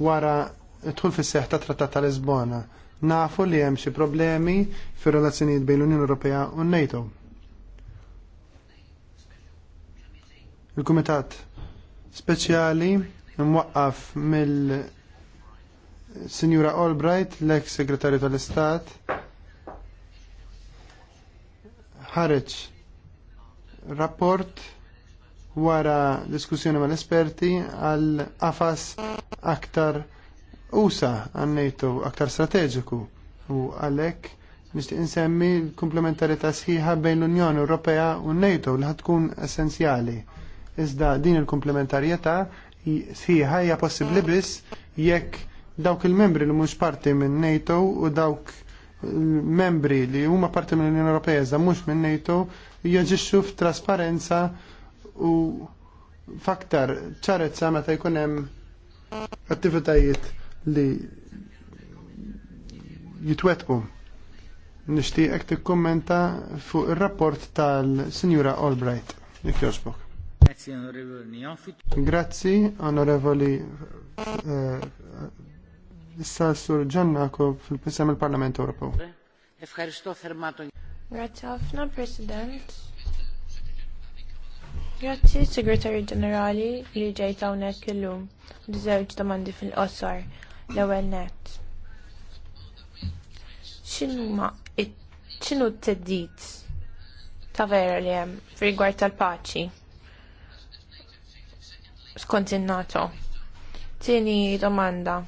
wara dħul fis seħħ ta' Trattat ta' Lisbona. Nafu li hemm xi problemi fir-relazzjonijiet bejn l-Unjoni Ewropea u NATO. Il-Kumitat Speċjali mwaqqaf mill-Sinjura Albright, l-ex segretarju tal-Istat, ħareġ rapport wara diskussjoni mal esperti għal qafas aktar usa għannejtu aktar strateġiku u għalhekk nixtieq insemmi l-komplementarità sħiħa bejn l-Unjoni Ewropea u NATO li ħatkun essenzjali. Iżda din il-komplementarjetà sħiħa hija possibbli biss jekk dawk il-membri li mhux parti minn NATO u dawk membri li huma parti mill-Unjoni Ewropea iżda mhux minn NATO f-trasparenza u faktar ċarezza ma ta' jkunem attivitajiet li jitwetqu. ekti kommenta fuq il rapport tal signora Albright. Jekk jogħġbok. Grazie onorevoli Neofit. Eh, Grazie onorevoli Sassur Giannaco fil-Pisem il parlamento Europeo. Grazie ħafna, President. Grazzi, Segretarju Ġenerali, li ġej hawnhekk illum. Żewġ domandi fil-qosor l-ewwel nett. x'inhu t-teddit ta' vera li hemm rigward tal-paċi skont in-NATO. Tieni domanda.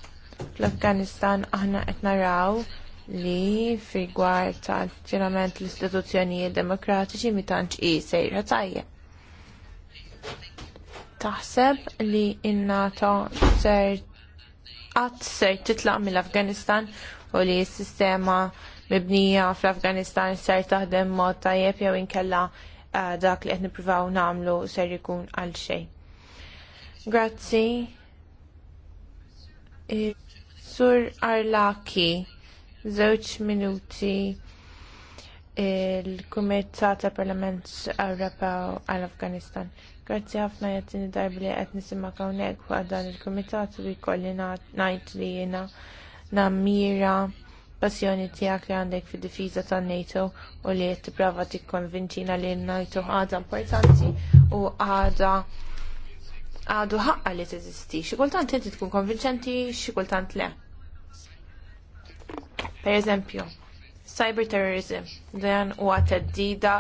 Fl-Afganistan aħna qed naraw li fil-gwar ġenament l-istituzzjonijiet demokratiċi mi tantx i sejra tajjeb. Taħseb li in-NATO ser qatt ser titlaq mill-Afganistan u li s-sistema mibnija fl-Afganistan ser taħdem mod tajjeb jew inkella eh, dak li qed nippruvaw nagħmlu ser ikun għal xejn. Grazzi. Eh, Sur Arlaki żewġ minuti il-Kumitat tal-Parlament Ewropew għall-Afganistan. Grazzi ħafna jattini darbi li qed nisimma' hawnhekk fuq dan il-Kumitat u jkolli najt li na mira passjoni tiegħek li għandek fid difiża tan-NATO u li qed tipprova tikkonvinċina li n-NATO għada importanti u għada għadu ħaqqa li teżisti. Xi kultant inti tkun konvinċenti, xi kultant le. Per eżempju, cyber terrorism, dan huwa għateddida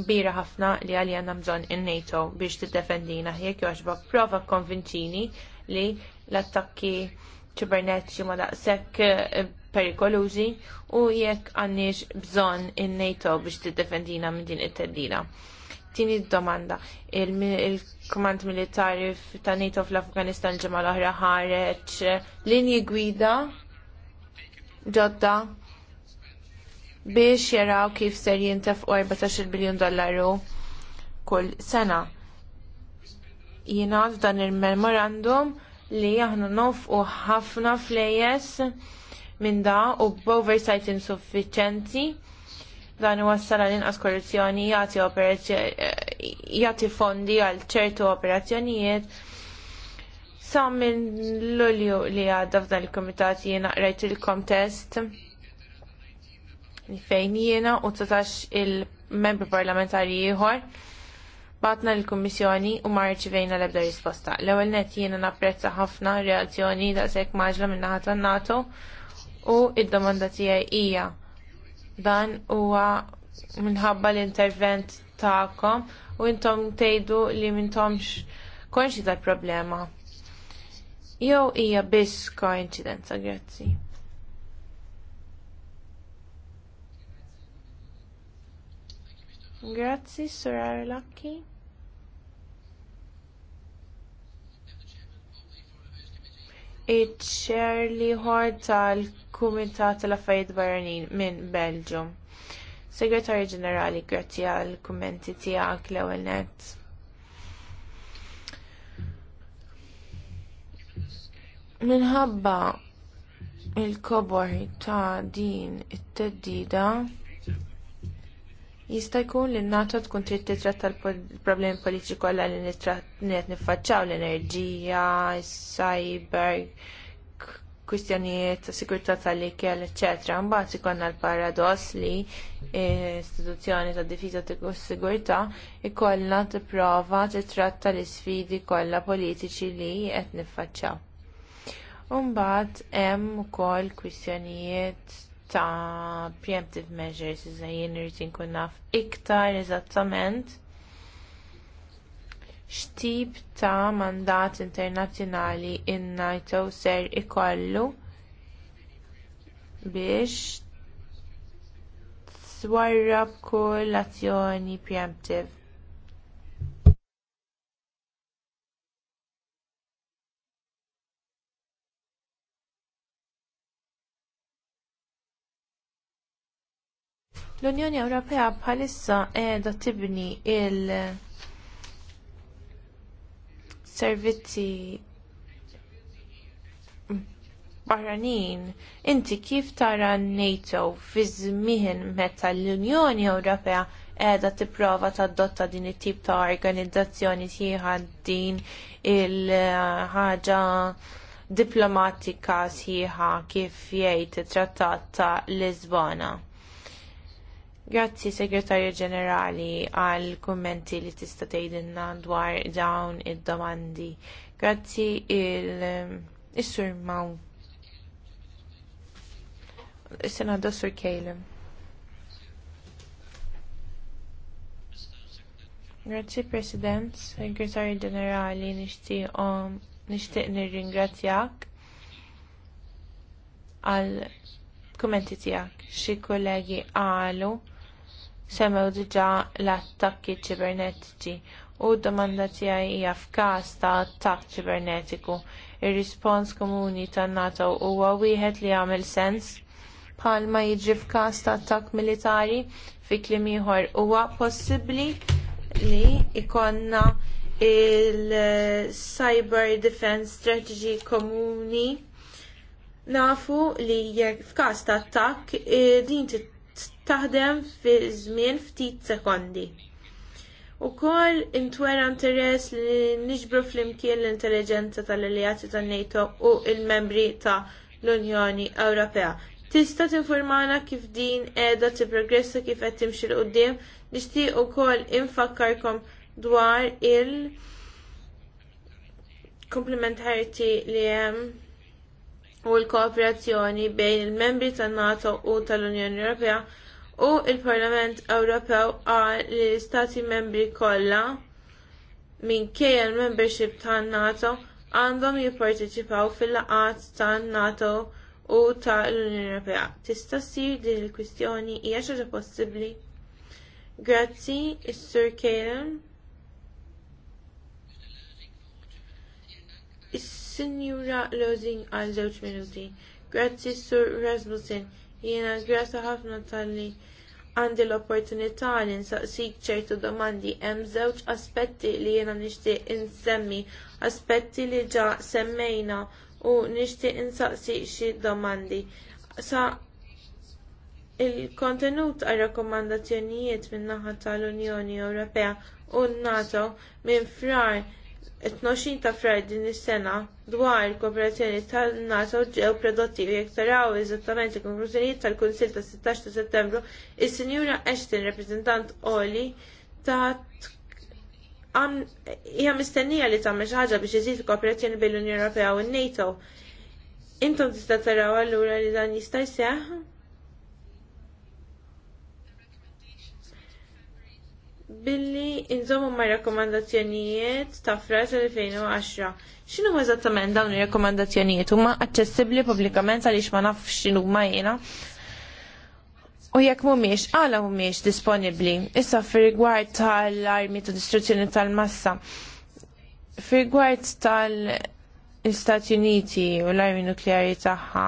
kbira ħafna li għalli għanna mżon in-NATO biex tiddefendina jekk joħġba prova konvinċini li l-attakki ċibernetiċi ma daqshekk eh, perikolużi u jekk għandniex bżon in-NATO biex tiddefendina minn din it teddina Tini domanda, il-Komand Militari ta' NATO fl-Afganistan ġemma l-oħra ħareċ linji gwida ġodda biex jaraw kif ser jintef 14 biljun dollaru kull sena. Jingħad f'dan il-memorandum li aħna nofqu ħafna flejes minn da u b'oversight insuffiċenti dan iwassal għal inqas korruzzjoni jagħti fondi għal ċertu operazzjonijiet Sa minn l-ulju li għadda f'dan il-komitat jiena rajt il-kontest fejn jiena u t-tax il-membri parlamentari ieħor batna l-Kummissjoni u ma rċivejna l-ebda risposta. L-ewwel net jiena napprezza ħafna reazzjoni da sekk maġla minn naħa nato u id-domanda tiegħi hija dan huwa minħabba l-intervent tagħkom u intom tgħidu li tomx konxi tal-problema Jo hija biss koincidenza, grazzi. Grazzi, Sir Arlacchi. Iċ-ċer liħor l kumitat tal-Affarijiet Barranin minn Belġum. Segretarju Ġenerali, grazzi għal kummenti tiegħek l-ewwel net. Minħabba il-kobor ta' din it-teddida Jista' jkun li n nata tkun trid titratta l-problemi politiċi kollha li nitrat niffaċċaw l-enerġija, is-cyber, kwistjonijiet ta' sikurtà tal-ikel, eċetera. Mbagħad ikollna l-paradoss li istituzzjoni ta' difiża u sigurtà ikollna tipprova titratta l-isfidi kollha politiċi li qed niffaċċaw. Umbat hemm ukoll kwistjonijiet ta' preemptive measures iżda jien irid inkun naf iktar eżattament x'tip ta' mandat internazzjonali in-NATO ser ikollu biex twarrab kull azzjoni preemptive. L-Unjoni Ewropea bħalissa qiegħda tibni il servizzi barranin. Inti kif tara NATO fi żmien meta l-Unjoni Ewropea qiegħda tipprova tadotta din it-tip ta' organizzazzjoni sieħa din il-ħaġa diplomatika sħiħa kif jgħid it-trattat ta' Lisbona. Grazzi Segretarju Ġenerali għal kummenti li tista' tgħidilna dwar dawn id-domandi. Grazzi il-Sur Mawn. Sena Sur Kalem. Grazzi President, Segretarju Ġenerali, nixtieq nirringrazzjak għal kummenti tiegħek. Xi kollegi qalu semmew diġà l-attakki ċibernetiċi u d domanda tiegħi hija f'każ ta' attakk ċibernetiku. Ir-rispons komuni tan-NATO huwa wieħed li jagħmel sens bħalma jiġi f'każ ta' attakk militari fi kliem ieħor huwa possibbli li ikonna il-Cyber Defense Strategy komuni nafu li jekk f'każ ta' attakk eh, din taħdem fi żmien ftit sekondi. U kol intwera interess li niġbru flimkien l-intelligenza tal aljati tan-NATO u il-membri ta' l-Unjoni Ewropea. Tista' tinformana kif din qiegħda tipprogressa kif qed timxi l-qudiem, nixtieq ukoll infakkarkom dwar il- komplementarity li hemm u l-kooperazzjoni bejn il-membri tan-NATO u tal-Unjoni Ewropea u l parlament Ewropew għal li istati membri kollha minkejja l-membership tan-NATO għandhom jipparteċipaw fil-laqat tan-NATO u tal-Unjoni Ewropea. Tista' ssir din il-kwistjoni hija xi ħaġa possibbli. Grazzi, is-Sur Kejlem. Sinjura Losing għal żewġ minuti. Grazzi Sur Rasmussen, jiena grasa ħafna tal-li għandi l-opportunità li nsaqsik ċertu domandi hemm żewġ aspetti li jiena nixtieq insemmi, aspetti li ġa semmejna u nixtieq insaqsi xi domandi. Sa il-kontenut għal rakkomandazzjonijiet min-naħa tal-Unjoni Ewropea u n NATO minn frar 12 ta' frar din is-sena dwar il-kooperazzjoni tan-NATO ġew prodotti u jekk taraw eżattament il-konklużjonijiet tal-Kunsill ta' 16 ta' Settembru, is-Sinjura Ashton, rappreżentant Oli, ta' hija mistennija li tagħmel xi ħaġa biex iżid kooperazzjoni bejn l-Unjoni Ewropea u n-NATO. Intom tista' taraw allura li dan jista' jseħħ? billi inżomu ma' rakkomandazzjonijiet ta' fras 2010. ma' eżattament dawn ir-rakkomandazzjonijiet huma aċċessibbli pubblikament għaliex ma nafx xinu ma jena? U jekk mhumiex għala mhumiex disponibbli. Issa fir-rigward tal-armi ta' distruzzjoni tal-massa. Fir-rigward tal-Istati Uniti u l-armi nukleari tagħha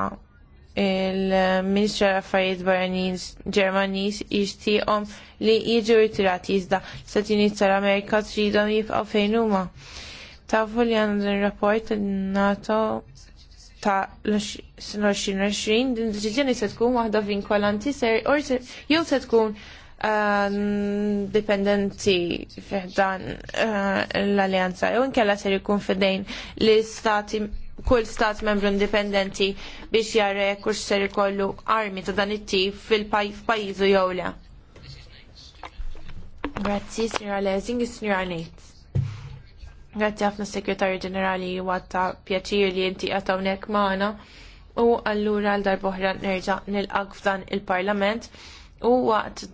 il-Ministra Affarijiet Barranin Ġermanis jixtieqhom li jiġu ritirati iżda Stati Uniti tal-Amerika tridom jibqaw fejn huma. Tafu li għandu rapport NATO ta' l-2020 din deċiżjoni se tkun waħda vinkolanti ser or jew se tkun ehm, dipendenti fiħdan eh, l-Alleanza jew inkella ser jkun fidejn l-istati kull stat membru indipendenti biex jara jekk ser ikollu armi ta' dan it-tip fil-pajjiżu jew le. Grazzi, Sinjora Lezing, Sinjora Nate. Grazzi ħafna Segretarju Ġenerali għatta pjaċir li inti għatawnek maħna u allura l darbohra nerġa nil-qag f'dan il-parlament u waqt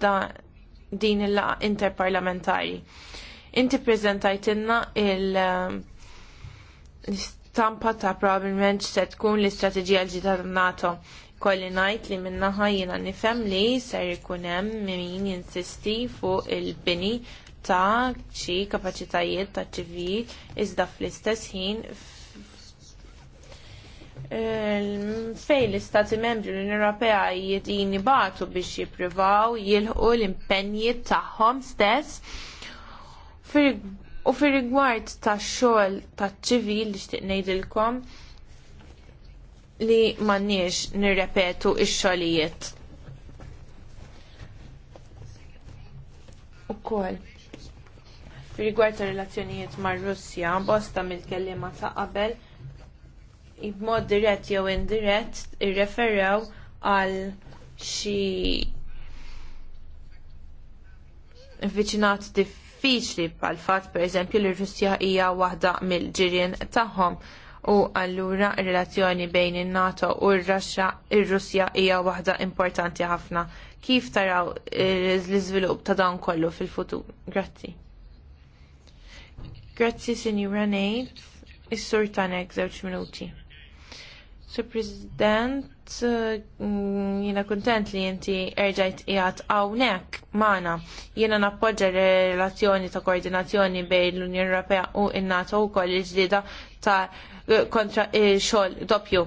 din il-laqa interparlamentari. Inti prezentajtinna il- stampa ta' probabbilment se tkun l-istrateġija l-ġita NATO. Kolli ngħid li min-naħa jiena nifhem li ser ikun hemm min jinsisti fuq il-bini ta' xi kapaċitajiet ta' ċivili iżda fl-istess ħin fej l-Istati Membri l-Unjoni Ewropea jitini batu biex jippruvaw jilħqu l-impenji tagħhom stess U fir rigward tax xogħol taċ ċivil li xtieq ngħidilkom li m'għandniex nirrepetu x-xogħlijiet. Ukoll. Fir rigward ta' relazzjonijiet mar Russja, bosta mill-kelliema ta' qabel b'mod dirett jew indirett irreferew għal xi vicinat differenti diffiċli bħal fatt pereżempju li russja hija waħda mill-ġirien tagħhom u allura r-relazzjoni bejn in-NATO u r-Russja hija waħda importanti ħafna. Kif taraw eh, l-iżvilupp ta' dawn kollu fil-futur? Grazzi. Grazzi, Sinjura Nate. Is-sur tanek żewġ minuti. Sir President, eh, jina kontent li jinti erġajt jgħat għawnek maħna. Jina nappoġġa relazzjoni ta' koordinazzjoni bejn l-Unjoni Ewropea u n-NATO u koll il-ġdida ta' eh, kontra xol doppju.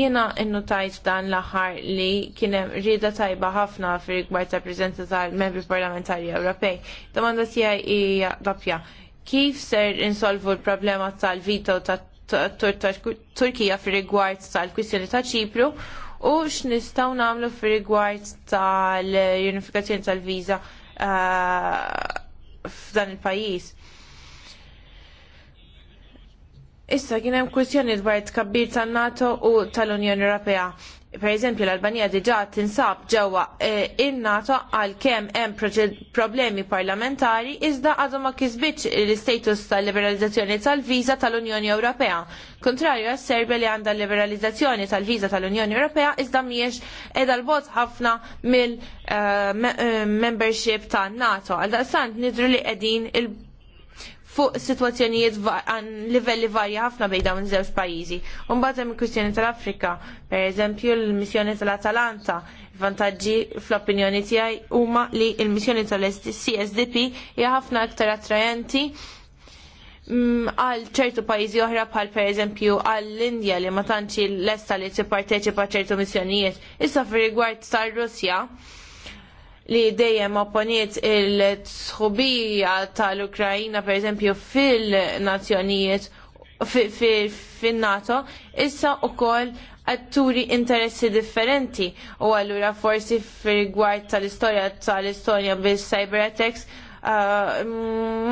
Jiena innotajt dan l-aħħar li kienem rida tajba ħafna fir gbar ta' prezenza tal-membri parlamentari Ewropej. Domanda tiegħi hija doppja. Kif ser insolvu l-problema tal-vito ta' Turkija fir rigward tal-kwistjoni ta' Ċipru u x'nistgħu nagħmlu fir rigward tal-unifikazzjoni tal-viża uh, f'dan il-pajjiż. Issa kien hemm kwistjoni dwar tkabbir tan-NATO u tal-Unjoni Ewropea per eżempju l-Albanija diġa tinsab ġewwa e, in-NATO għal kemm hemm problemi parlamentari iżda għadhom ma kisbitx l-istatus tal-liberalizzazzjoni tal-viża tal-Unjoni Ewropea. Kontrarju għas serbja li għandha liberalizzazzjoni tal-viża tal-Unjoni Ewropea iżda mhijiex edha l-bot ħafna mill-membership e, e, tan-NATO. Għal daqstant nidru li qegħdin il fuq situazzjonijiet għan livelli varji ħafna bejn dawn iż-żewġ pajjiżi. Imbagħad hemm il-kwistjoni tal-Afrika, pereżempju l-missjoni tal-Atalanta, vantaġġi fl-opinjoni tiegħi huma li l-missjoni tal-CSDP hija ħafna aktar attrajenti mm, għal ċertu pajjiżi oħra bħal pereżempju għall indja li ma tantx lesta li tipparteċipa ċertu missjonijiet. Issa fir rigward sar Russja, li dejjem opponiet il tħubija tal-Ukrajina pereżempju fil-nazzjonijiet fin-NATO issa wkoll atturi interessi differenti u allura forsi fil-gwart tal-istorja tal-Estonja bil-cyber attacks uh,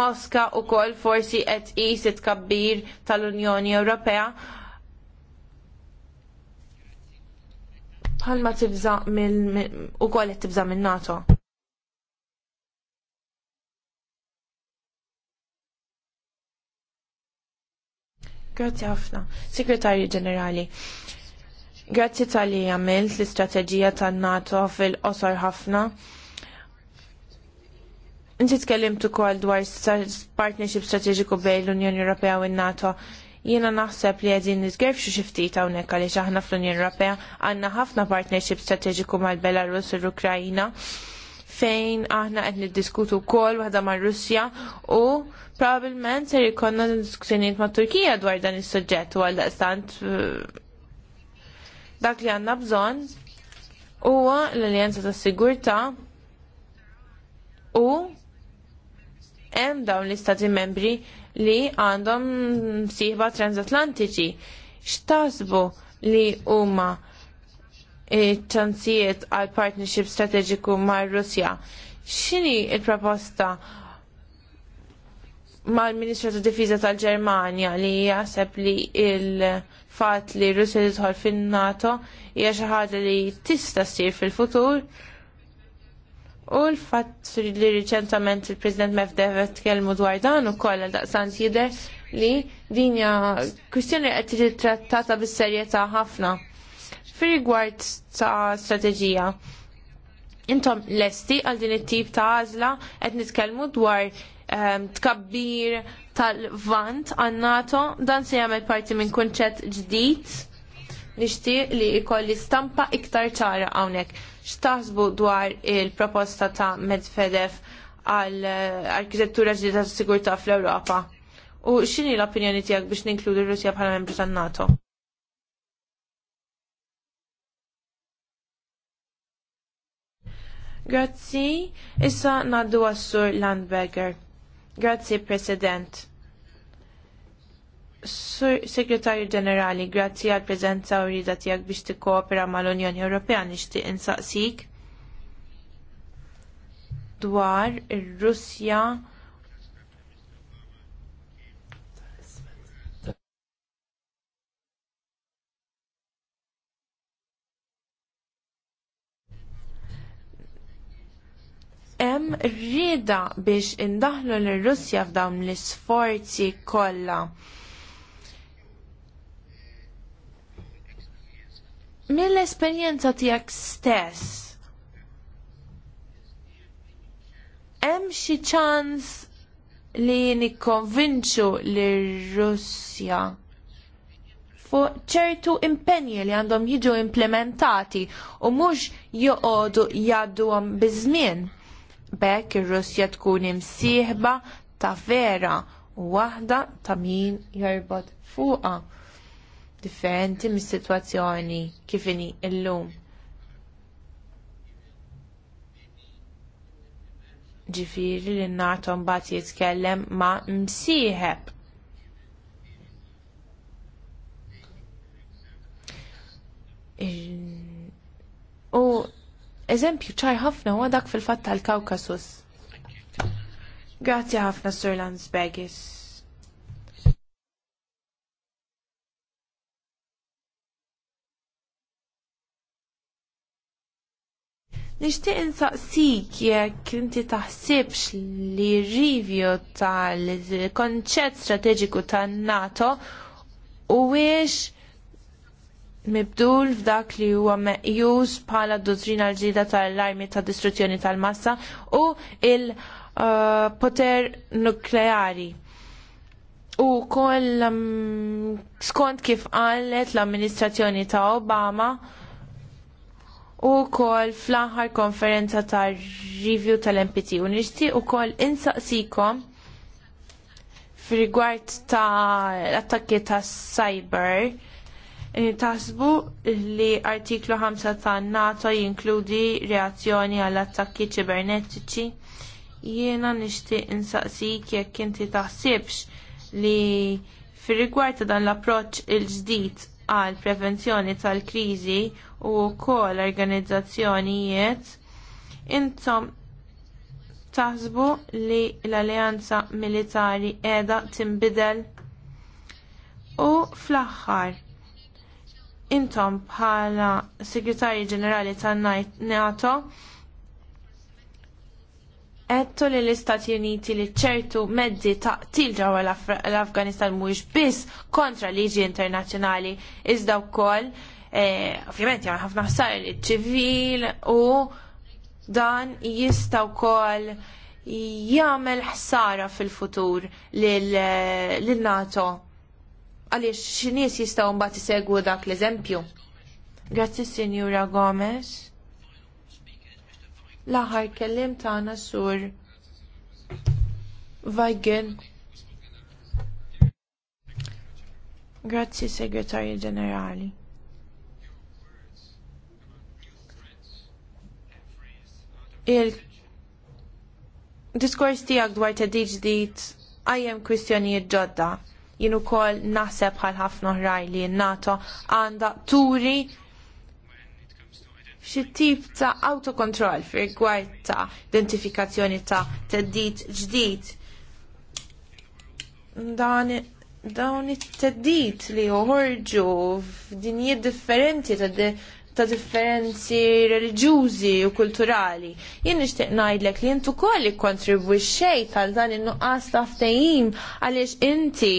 Moska wkoll forsi qed qis it tal-Unjoni Ewropea bħalma tibza mill u qed tibza minn NATO. Grazzi ħafna. Segretarju Ġenerali, grazzi tal-li għamilt l-istrateġija tan-NATO fil-qosor ħafna. Inti tkellimt ukoll dwar partnership strateġiku bejn l-Unjoni Ewropea u n-NATO. Jiena naħseb li għedin nizgerf xi ftit hawnhekk għaliex aħna fl-Unjoni Ewropea għandna ħafna partnership strateġiku mal-Belarus u l-Ukrajina fejn aħna qed niddiskutu wkoll waħda mar-Russja u probabbilment se ikollna diskussjonijiet mat-Turkija dwar dan is-suġġett u għaldaqstant eh, dak li għandna bżonn huwa l-Alleanza tas-Sigurtà u hemm dawn l-istati membri li għandhom siħba transatlantiċi. X'tasbu li huma t-tanzijiet għal partnership strateġiku mar Russja. X'inhi l proposta mal-Ministru ta' Difiża tal-Ġermanja li jaħseb li il-fat li Russja tidħol fin-NATO hija xi ħaġa li tista' ssir fil-futur? U l-fatt li riċentament il-President Mefdev tkellmu dwar dan ukoll għal daqsant jidher li dinja kwistjoni qed tiġi trattata bis-serjetà ħafna. Fir-rigward ta' strateġija, intom lesti għal din it-tip ta' għażla qed nitkellmu dwar ehm, tkabbir tal-vant għan NATO dan se jagħmel parti minn kunċett ġdid nixtieq li jkolli stampa iktar ċara hawnhekk. X'taħsbu dwar il-proposta ta' Medvedev għal eh, arkitettura ġdida ta' sigurtà fl-Ewropa? U x'inhi l-opinjoni tiegħek biex ninkludu r-Russja bħala membru tan-NATO? Grazzi, issa naddu għas-Sur Landberger. Grazzi, President. Segretarju Ġenerali, grazzi għal prezenza u rida tiegħek biex tikkoopera mal-Unjoni Ewropea nixtieq insaqsik dwar il russja Em rieda biex indaħlu l russja f'dawn l-isforzi kollha mill-esperjenza tiegħek stess hemm xi ċans li nikkonvinċu li Russja fuq ċertu impenji li għandhom jiġu implementati u mhux joqogħdu jgħadduhom biżmien. Bekk ir-Russja tkun imsieħba ta' vera u waħda ta' min jarbod fuqha differenti mis-sitwazzjoni kif inhi llum. Ġifieri li nagħtu mbagħad jitkellem ma' msiħeb. U eżempju ċaj ħafna u dak fil fat tal-Kawkasus. Grazzi ħafna Sir Landsbergis. Nixtieq insaqsik jekk inti taħsibx li review tal-konċett strateġiku tan-NATO u wiex mibdul f'dak li huwa meqjus bħala d dottrina l-ġdida tal-armi ta' distruzzjoni tal-massa u il-poter uh, nukleari. U koll um, skont kif qalet l-amministrazzjoni ta' Obama u kol fl-aħħar konferenza ta' review tal-MPT u nixti u kol insaqsikom fil gwart ta' l-attakki ta' cyber eh, tasbu li artiklu 5 ta' NATO jinkludi reazzjoni għall attakki ċibernetiċi jiena nixti insaqsik jekk inti taħsibx li fil-rigward ta' dan l-approċ il-ġdid għal prevenzjoni tal-kriżi u wkoll organizzazzjonijiet intom taħsbu li l-alleanza militari qiegħda tinbidel u fl-aħħar intom bħala segretarji ġenerali tan NATO għettu li l-Istati Uniti li ċertu mezzi ta' tilġaw l-Afganistan mux biss kontra liġi internazjonali iżda u koll, eh, ovvijament jgħan ħafna ħsar ċivil u dan jista u koll jgħamil ħsara fil-futur l-NATO għaliex x'nies jistgħu mbagħad isegwu dak l-eżempju. Grazzi Sinjura Gomez l kellim tagħna sur Vajgen. Grazzi Segretarju Ġenerali. il diskors tijak dwar ta' diġdijt għajem kwistjonijiet ġodda. Jien ukoll naħseb bħal ħafna oħraj li n-NATO għandha turi xi tip ta' autokontroll fi rigward ta' identifikazzjoni ta' teddit ġdid. dawn it-teddit li joħorġu f'dinjiet differenti ta' ta' differenzi reliġjużi u kulturali. Jien nixtieq ngħidlek li intu koll ikkontribwixxejt għal dan in-nuqqas ta' ftehim għaliex inti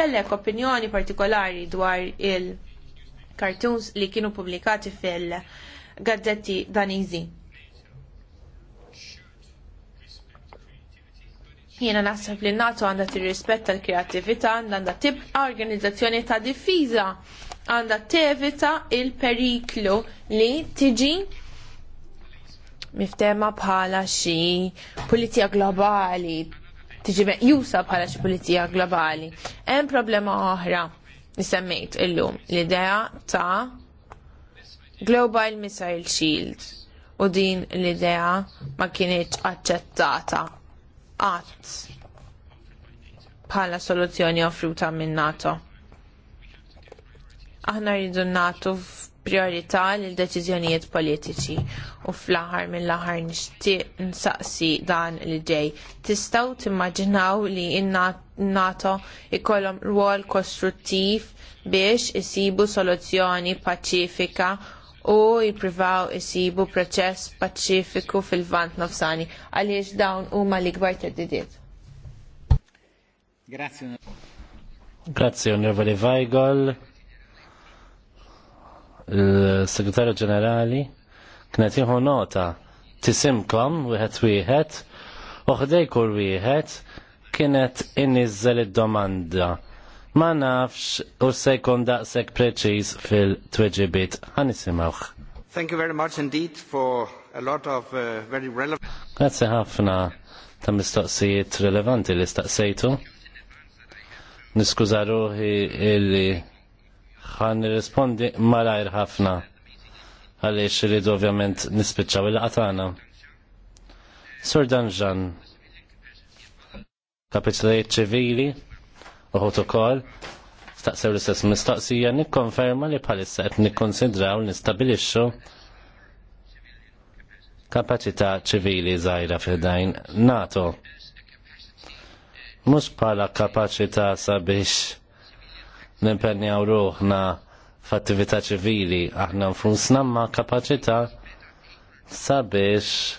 kellek opinjoni partikolari dwar il- cartoons li kienu pubblikati fil-gazzetti daniżi. Jiena naħseb li NATO għandha tirrispetta tal kreattività għandha tibqa' organizzazzjoni ta' diffiża, għandha tevita il-periklu li tiġi miftema bħala xi pulizija globali, tiġi meqjusa bħala xi pulizija globali. Hemm problema oħra nisemmejt illum l-idea ta' Global Missile Shield u din l-idea ma kienieċ aċċettata għat bħala soluzzjoni offruta minn NATO. Aħna rridu NATO priorità lil deċiżjonijiet politiċi u fl-aħħar mill-aħħar nixtieq nsaqsi dan li ġej. Tistgħu timmaġinaw li n-NATO ikollhom rwol kostruttiv biex isibu soluzzjoni paċifika u jippruvaw isibu proċess paċifiku fil-vant nofsani għaliex dawn huma l-ikbar teddidiet. Grazie. Grazie, onorevole Weigel il-Segretarju Ġenerali kienet jieħu nota tisimkom wieħed wieħed u ħdej kull wieħed kienet inniżżel id-domanda. Ma nafx u se jkun daqshekk preċiż fil-tweġibiet. Ħanisimgħuh. Thank you very much indeed for a lot of uh, very relevant. Grazie ħafna ta' mistoqsijiet relevanti li staqsejtu. Niskuża ruħi illi ħan rispondi malajr ħafna għaliex irridu ovvjament nispiċċaw il-qatana. Sur Danġan, kapitlajiet ċivili, uħut ukoll, staqsew l-istess mistoqsija nikkonferma li bħalissa qed nikkonsidraw nistabilixxu kapaċità ċivili zaħira fil-dajn NATO. Mhux bħala kapaċità sabiex nimpenjaw ruħna f'attività ċivili aħna nfrusna ma' kapaċità sabiex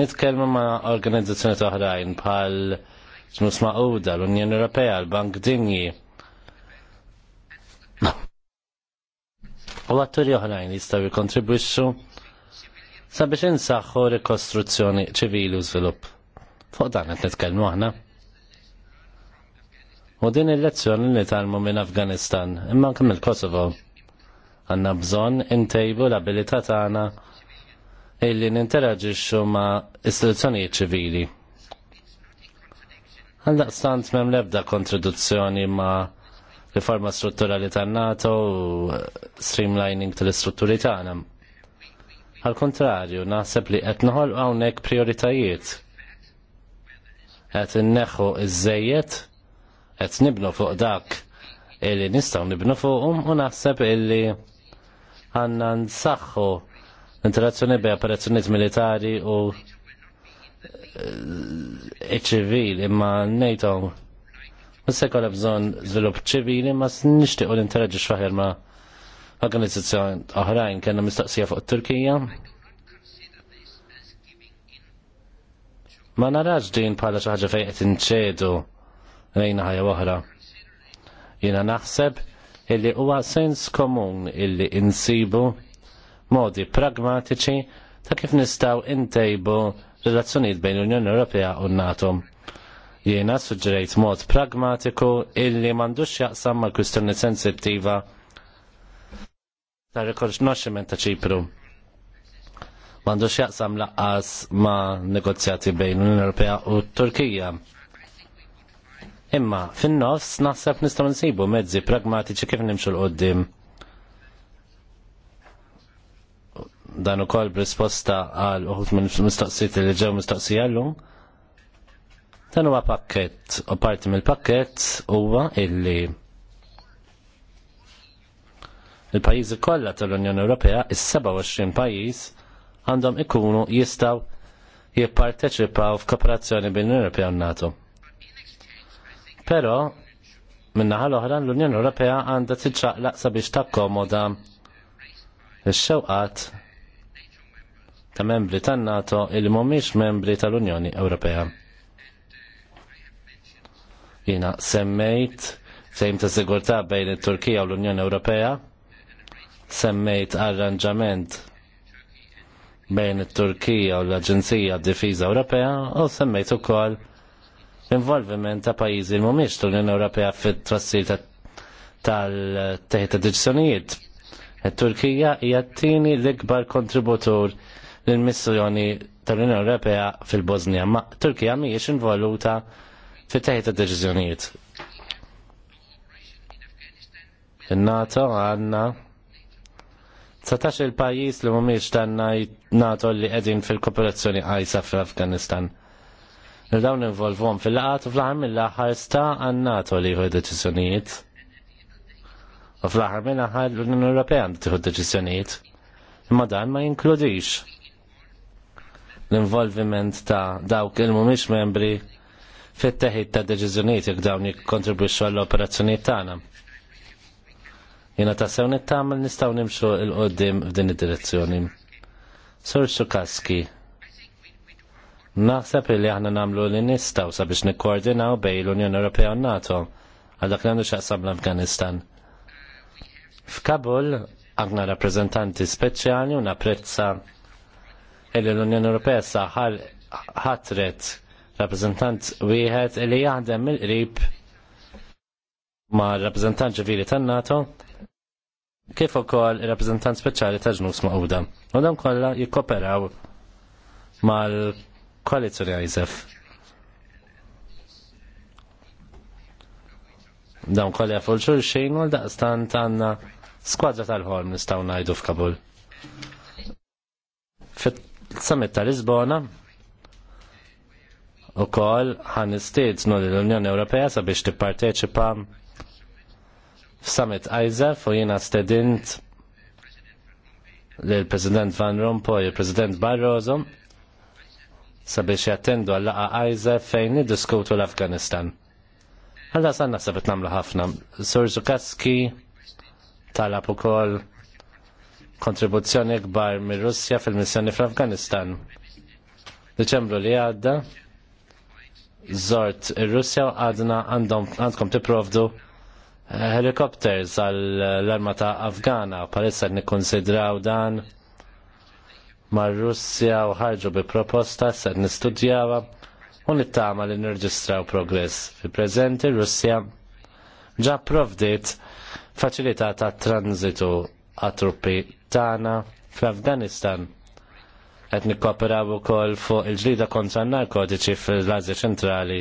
nitkellmu ma' organizzazzjoni oħrajn bħal Ġmus Mauda, l-Unjoni Ewropea, l-Bank Dinji. U atturi oħrajn jistaw jikkontribwixxu sabiex insaħħu rikostruzzjoni ċivili u żvilupp. Fuq dan qed nitkellmu aħna. U din il-lezzjoni li talmu minn Afganistan, imma kemm il-Kosovo. Għanna bżon intejbu l abilitat tagħna illi ninteraġixxu ma' istituzzjonijiet ċivili. Għandaq stant mem lebda kontraduzzjoni ma' riforma strutturali tan-NATO u streamlining tal-istrutturi tagħna. għal kontrarju, naħseb li qed noħolqu hawnhekk prioritajiet. n inneħħu iż-żejjed qed nibnu fuq dak illi nistgħu nibnu fuqhom u naħseb illi għandna nsaħħu interazzjoni bej operazzjonijiet militari u eh, ċivil imma ngħidhom ma se kolla bżonn żvilupp ċivili, ma nixtiequ l-interagġi xfaħir ma organizzazzjoni oħrajn kellna mistaqsija fuq it Turkija. Ma narax din bħala xi ħaġa fejn qed inċedu rejna ħajja oħra. Jiena naħseb illi huwa sens komun illi insibu modi pragmatiċi ta' kif nistaw intejbu relazzjonijiet bejn l-Unjoni Ewropea u NATO. Jiena suġġerejt mod pragmatiku illi m'għandux jaqsam mal kwistjoni sensittiva ta' rikonoxximent ta' ċipru. M'għandux jaqsam laqqas ma' negozjati bejn l-Unjoni Ewropea u t Turkija. Imma fin-nofs naħseb nistgħu nsibu mezzi pragmatiċi kif nimxu l-qoddim. Dan ukoll b'risposta għal uħut minn mistoqsijiet li ġew mistoqsija llum. Dan huwa pakkett u parti mill-pakkett huwa illi il-pajjiżi kollha tal-Unjoni Ewropea, is-27 pajjiż għandhom ikunu jistgħu jipparteċipaw f'kooperazzjoni bejn unjoni Ewropea u NATO. Pero, minnaħa l-oħra l-Unjoni Ewropea għandha tiċċaqlaq sabiex takkomoda ix-xewqat ta' membri tan-NATO il mhumiex membri tal-Unjoni Ewropea. Jiena semmejt fejn ta' sigurtà bejn it-Turkija u l-Unjoni Ewropea, semmejt arranġament bejn it-Turkija u l-Aġenzija d-Difiża Ewropea u semmejt ukoll l-involviment ta' pajjiżi li mhumiex l-Unjoni Ewropea fit-twassil tal-teħid ta' deċiżjonijiet. Turkija hija t-tieni l-ikbar kontributur lill-missjoni tal-Unjoni Ewropea fil-Bosnija, ma Turkija mhijiex involuta fit-teħid ta' deċizjonijiet. Il-NATO għanna 19 il-pajis li mumiex tanna NATO li qegħdin fil-kooperazzjoni qajsa fl-Afganistan li dawn involvom fil-laqat u fl-ħar mill-ħar sta għannato li jħu deċizjonijiet. U fl-ħar mill laħar l-Unjoni Ewropea għandu d deċizjonijiet. Imma dan ma jinkludix l-involviment ta' dawk il-mumiex membri fit-teħid ta' deċiżjonijiet jekk dawn jikkontribwixxu għall-operazzjonijiet tagħna. Jiena ta' sew nittamel nistgħu nimxu il qoddim f'din id-direzzjoni. Sur Sukaski, Naħseb li aħna namlu li nistaw sabiex nikkoordinaw bej l-Unjoni Ewropea u NATO għal dak li għandu xaqsam l-Afganistan. F'Kabul għandna rappreżentanti speċjali u napprezza li l-Unjoni Ewropea saħal ħatret rappreżentant wieħed li jaħdem mill-qrib ma' rappreżentant ġivili tan-NATO kif ukoll ir-rappreżentant speċjali ta' ġnus Mauda. U dan kollha jikkoperaw mal koalizzjoni ISF. Dawn kolli għafol xejn u l-daqstan tanna skwadra tal-ħolm nistaw najdu f'Kabul. Fit-summit tal-Lisbona u kol ħan istednu l-Unjoni Ewropea sabiex t-parteċipa f-summit ISF e u jina stedint l-President Van Rompuy, l president Barroso, sabiex jattendu għallaqa għajza fejn niddiskutu l-Afganistan. Għalla sanna sabit namlu ħafna. Sur Zukaski talab ukoll kontribuzzjoni kbar mir russja fil-missjoni fl-Afganistan. Deċembru li għadda, zort il-Russja u għadna għandkom tiprovdu eh, helikopters għall-armata afgana palissa nikkonsidraw dan mar Russja u ħarġu bi proposta se nistudjawa u nittama li nirġistraw progress. Fi preżenti Russja ġa provdit faċilità ta' tranzitu għat-truppi tagħna fl-Afganistan. Qed nikkoperaw ukoll fuq il-ġlida kontra n narkotiċi fl-Azja ċentrali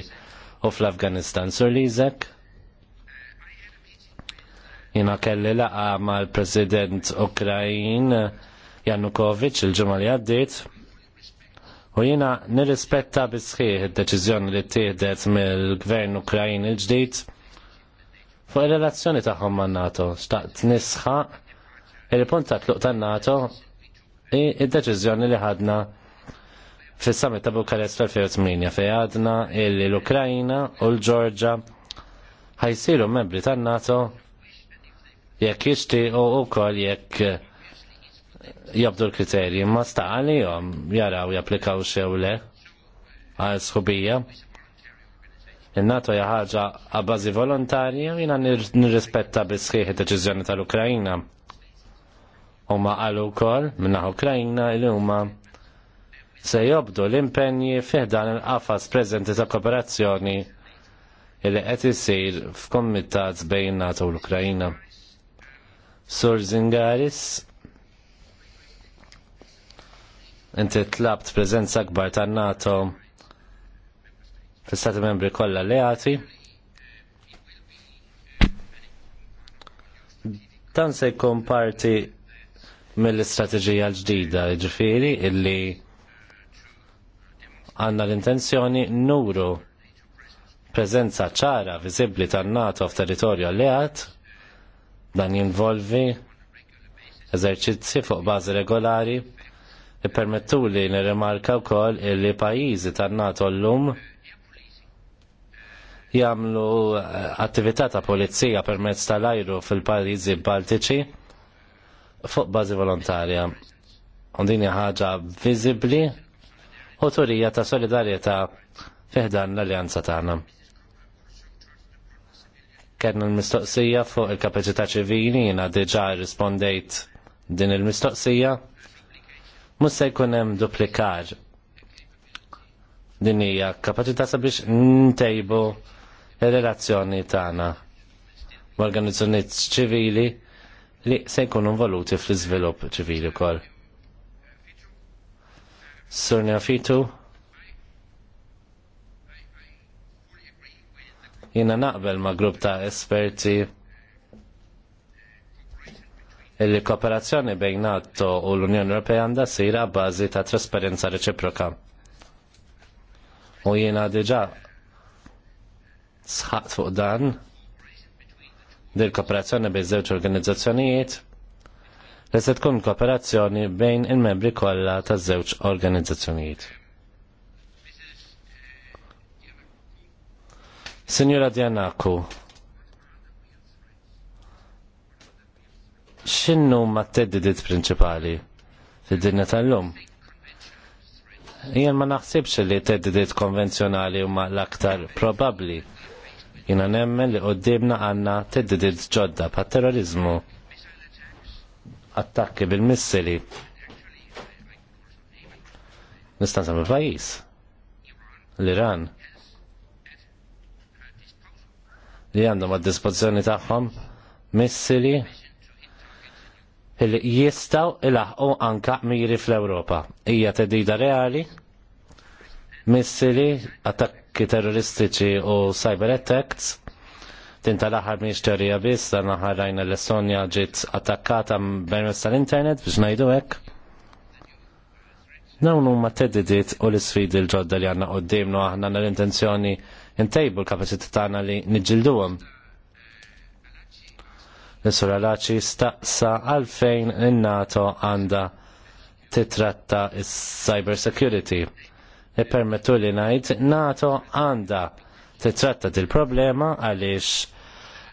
u fl-Afganistan. Sur Lizek, jina kelli laqa mal-President Ukrajin Janukovic il-ġumma li għaddit u jina nirrispetta bisħiħ id-deċizjoni li tieħdet mill-gvern Ukrajin il-ġdid fuq il-relazzjoni tagħhom man NATO. Xtaqt nisħa il-punt ta' tluq tan NATO il deċizjoni li ħadna fis-summit ta' Bukarest fl-2008 fejn għadna illi l ukrajina u l-Ġorġa ħajsiru membri tan-NATO jekk jixtiequ wkoll jekk jabdu l-kriterji, ma sta għalihom jaraw japplikaw xew le għal sħubija. Il-NATO jaħħaġa għabbażi volontarja jina nirrispetta bisħiħi deċiżjoni tal-Ukrajina. Huma qalu wkoll minnaħ Ukrajina li huma se jobdu l-impenji fih dan il-qafas preżenti ta' kooperazzjoni li qed isir f'kommitat bejn NATO u l-Ukrajina. Sur Zingaris Inti tlabt preżenza akbar tan NATO fis-Stati membri kollha alleati. Dan se jkun parti mill-istrateġija l-ġdida, ġifiri, illi għanna l-intenzjoni nuru prezenza ċara, viżibbli tan-NATO f'territorju alleat, dan jinvolvi eżerċizzi fuq bażi regolari Permettu li nirrimarka wkoll li pajjiżi tan-NATO llum jagħmlu eh, attività ta' pulizija permezz tal-ajru fil-pajjiżi Baltiċi fuq bażi volontarja. U din ħaġa viżibbli u turija ta' solidarjetà fiħdan l-Alleanza tagħna. Kenna l-mistoqsija fuq il-kapacità ċivili jina diġà rispondejt din il-mistoqsija. Mus se jkun hemm duplikar. Din hija kapaċità sabiex ntejbu ir-relazzjoni tagħna b'organizzazzjonijiet ċivili li se jkunu involuti fl-iżvilupp ċivili wkoll. Sur fitu, jina naqbel ma' grupp ta' esperti il-kooperazzjoni bejn NATO u l-Unjoni Ewropea għandha sira bażi ta' trasparenza reċiproka. U jiena diġà sħaqt fuq dan dil kooperazzjoni bejn żewġ organizzazzjonijiet li se tkun kooperazzjoni bejn il-membri kollha taż żewġ organizzazzjonijiet. Signora Dianaku, xinnu ma t teddidit prinċipali fid-dinja tal-lum. Jien ma naħsibx li t teddidit konvenzjonali huma l-aktar probabbli. Jiena nemmen li qoddimna għandna t teddidit ġodda pa' terrorizmu attakki bil-missili. Nista' nsemmi pajjiż. L-Iran. Li għandhom għad-dispożizzjoni tagħhom missili il jistaw il-ħu anka miri fl-Europa. Ija t-dida reali, missili, attakki terroristiċi u cyber attacks, tinta laħar miex teorija biss, dan laħar rajna l-Estonja ġiet attakkata permezz tal-internet biex ngħidu hekk. Dawn huma teddidiet u l-isfidi l-ġodda li għandna qoddimnu aħna l-intenzjoni ntejbu l-kapaċità tagħna li niġġilduhom. Nisura Laċi staqsa għalfejn il-NATO għanda titratta s cyber security. Ipermetu li najt, NATO għanda titratta il-problema għalix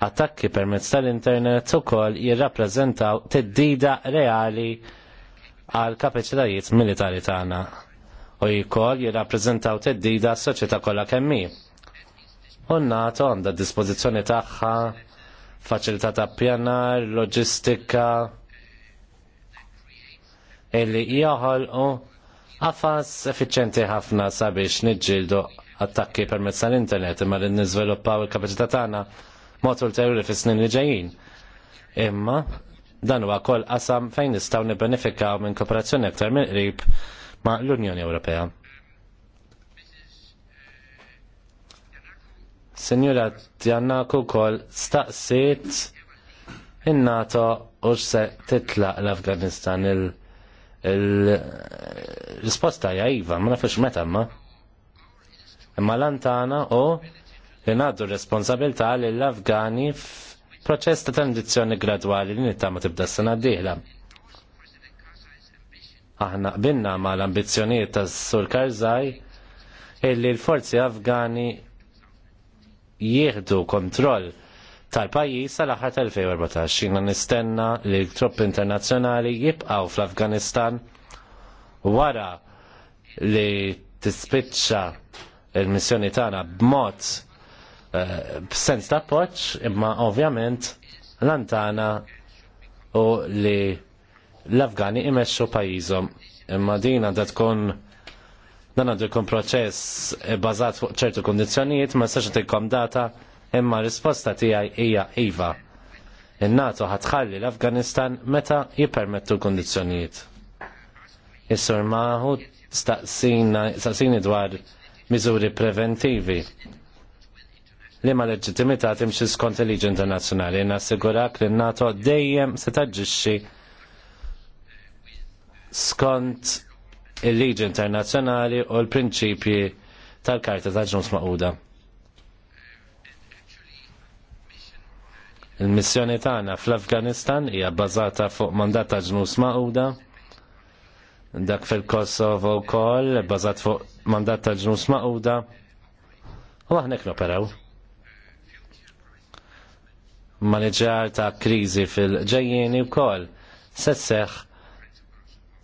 attakki permezz tal-internet u jirrappreżentaw jirrapprezentaw teddida reali għal kapaċitajiet militari tagħna u jkoll jirrappreżentaw teddida s-soċjetà kollha kemm hi. U NATO għandha dispożizzjoni tagħha faċilità ta' pjanar, loġistika, illi joħolqu għafas effiċenti ħafna sabiex nġildu attakki permezz tal-internet imma li nizviluppaw il-kapacità tagħna mod ulterjuri fis-snin li ġejjin. Imma dan huwa kol qasam fejn nistgħu nibbenefikaw minn kooperazzjoni aktar mill qrib ma' l-Unjoni Ewropea. Senjura Tjannaku Kukol staqsit in-NATO u se titlaq l-Afganistan il-risposta il, jajva, ma nafux meta ma. Imma lantana u li naddu responsabilta li l-Afgani f'proċess ta' tranzizzjoni gradwali li nittama tibda s-sena d-dihla. Aħna qbinna ma l-ambizjoniet ta' Sur Karzaj illi l-forzi Afgani jieħdu kontroll tal-pajis għal aħħar tal-2014. Jina nistenna li l-trupp internazzjonali jibqaw fl-Afganistan wara li tispiċċa il-missjoni tagħna b'mod eh, b'sens ta' appoġġ, imma ovvjament lantana u li l-Afgani imexxu pajjiżhom. Imma din għandha tkun Dan għandu jkun proċess eh, bazat fuq ċertu kondizjonijiet, ma sax tikom data, imma risposta tiegħi hija iva. Il-NATO ħatħalli l-Afganistan meta jippermettu kondizjonijiet. Is-sur maħu staqsini dwar miżuri preventivi li ma leġitimità timxi skont il-liġi internazzjonali nassigurak li n-NATO dejjem se taġġixxi skont il-liġi internazzjonali u l-prinċipji tal-karta ta' ġnus maquda. Il-missjoni tagħna fl-Afganistan hija bbażata fuq mandat ta' ġnus maquda dak fil-Kosovo wkoll bbażat fuq mandat ta' ġnus maquda u aħna operaw. Maneġar ta' kriżi fil-ġejjeni wkoll se seħħ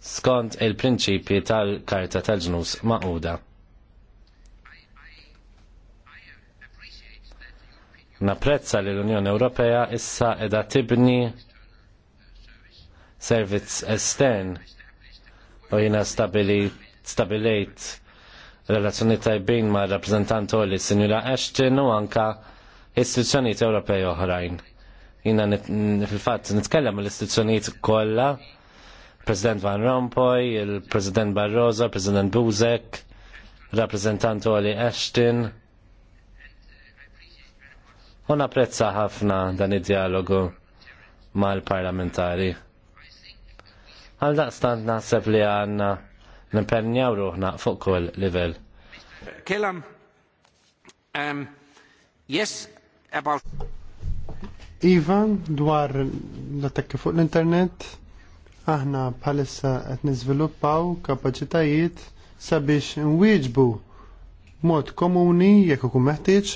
skont il-prinċipji tal-Karta tal-Ġnus Maquda. Napprezza li l-Unjoni Ewropea issa edha tibni servizz estern u jina stabilejt relazzjoni tajbin ma' rappresentant li sinjura Ashton u anka istituzzjonijiet Ewropej oħrajn. Jina fil-fatt nitkellem l-istituzzjonijiet kollha President Van Rompuy, il-President Barroso, President Buzek, rappresentant Oli Ashton. U napprezza ħafna dan id-dialogu mal-parlamentari. Għal daqstant naħseb li għanna nimpernjaw ruħna fuq kull livell. Kellam, um, yes, about... Ivan, dwar l-attakki fuq l-internet, aħna bħalissa qed niżviluppaw kapaċitajiet sabiex nwieġbu mod komuni jekk ikun meħtieġ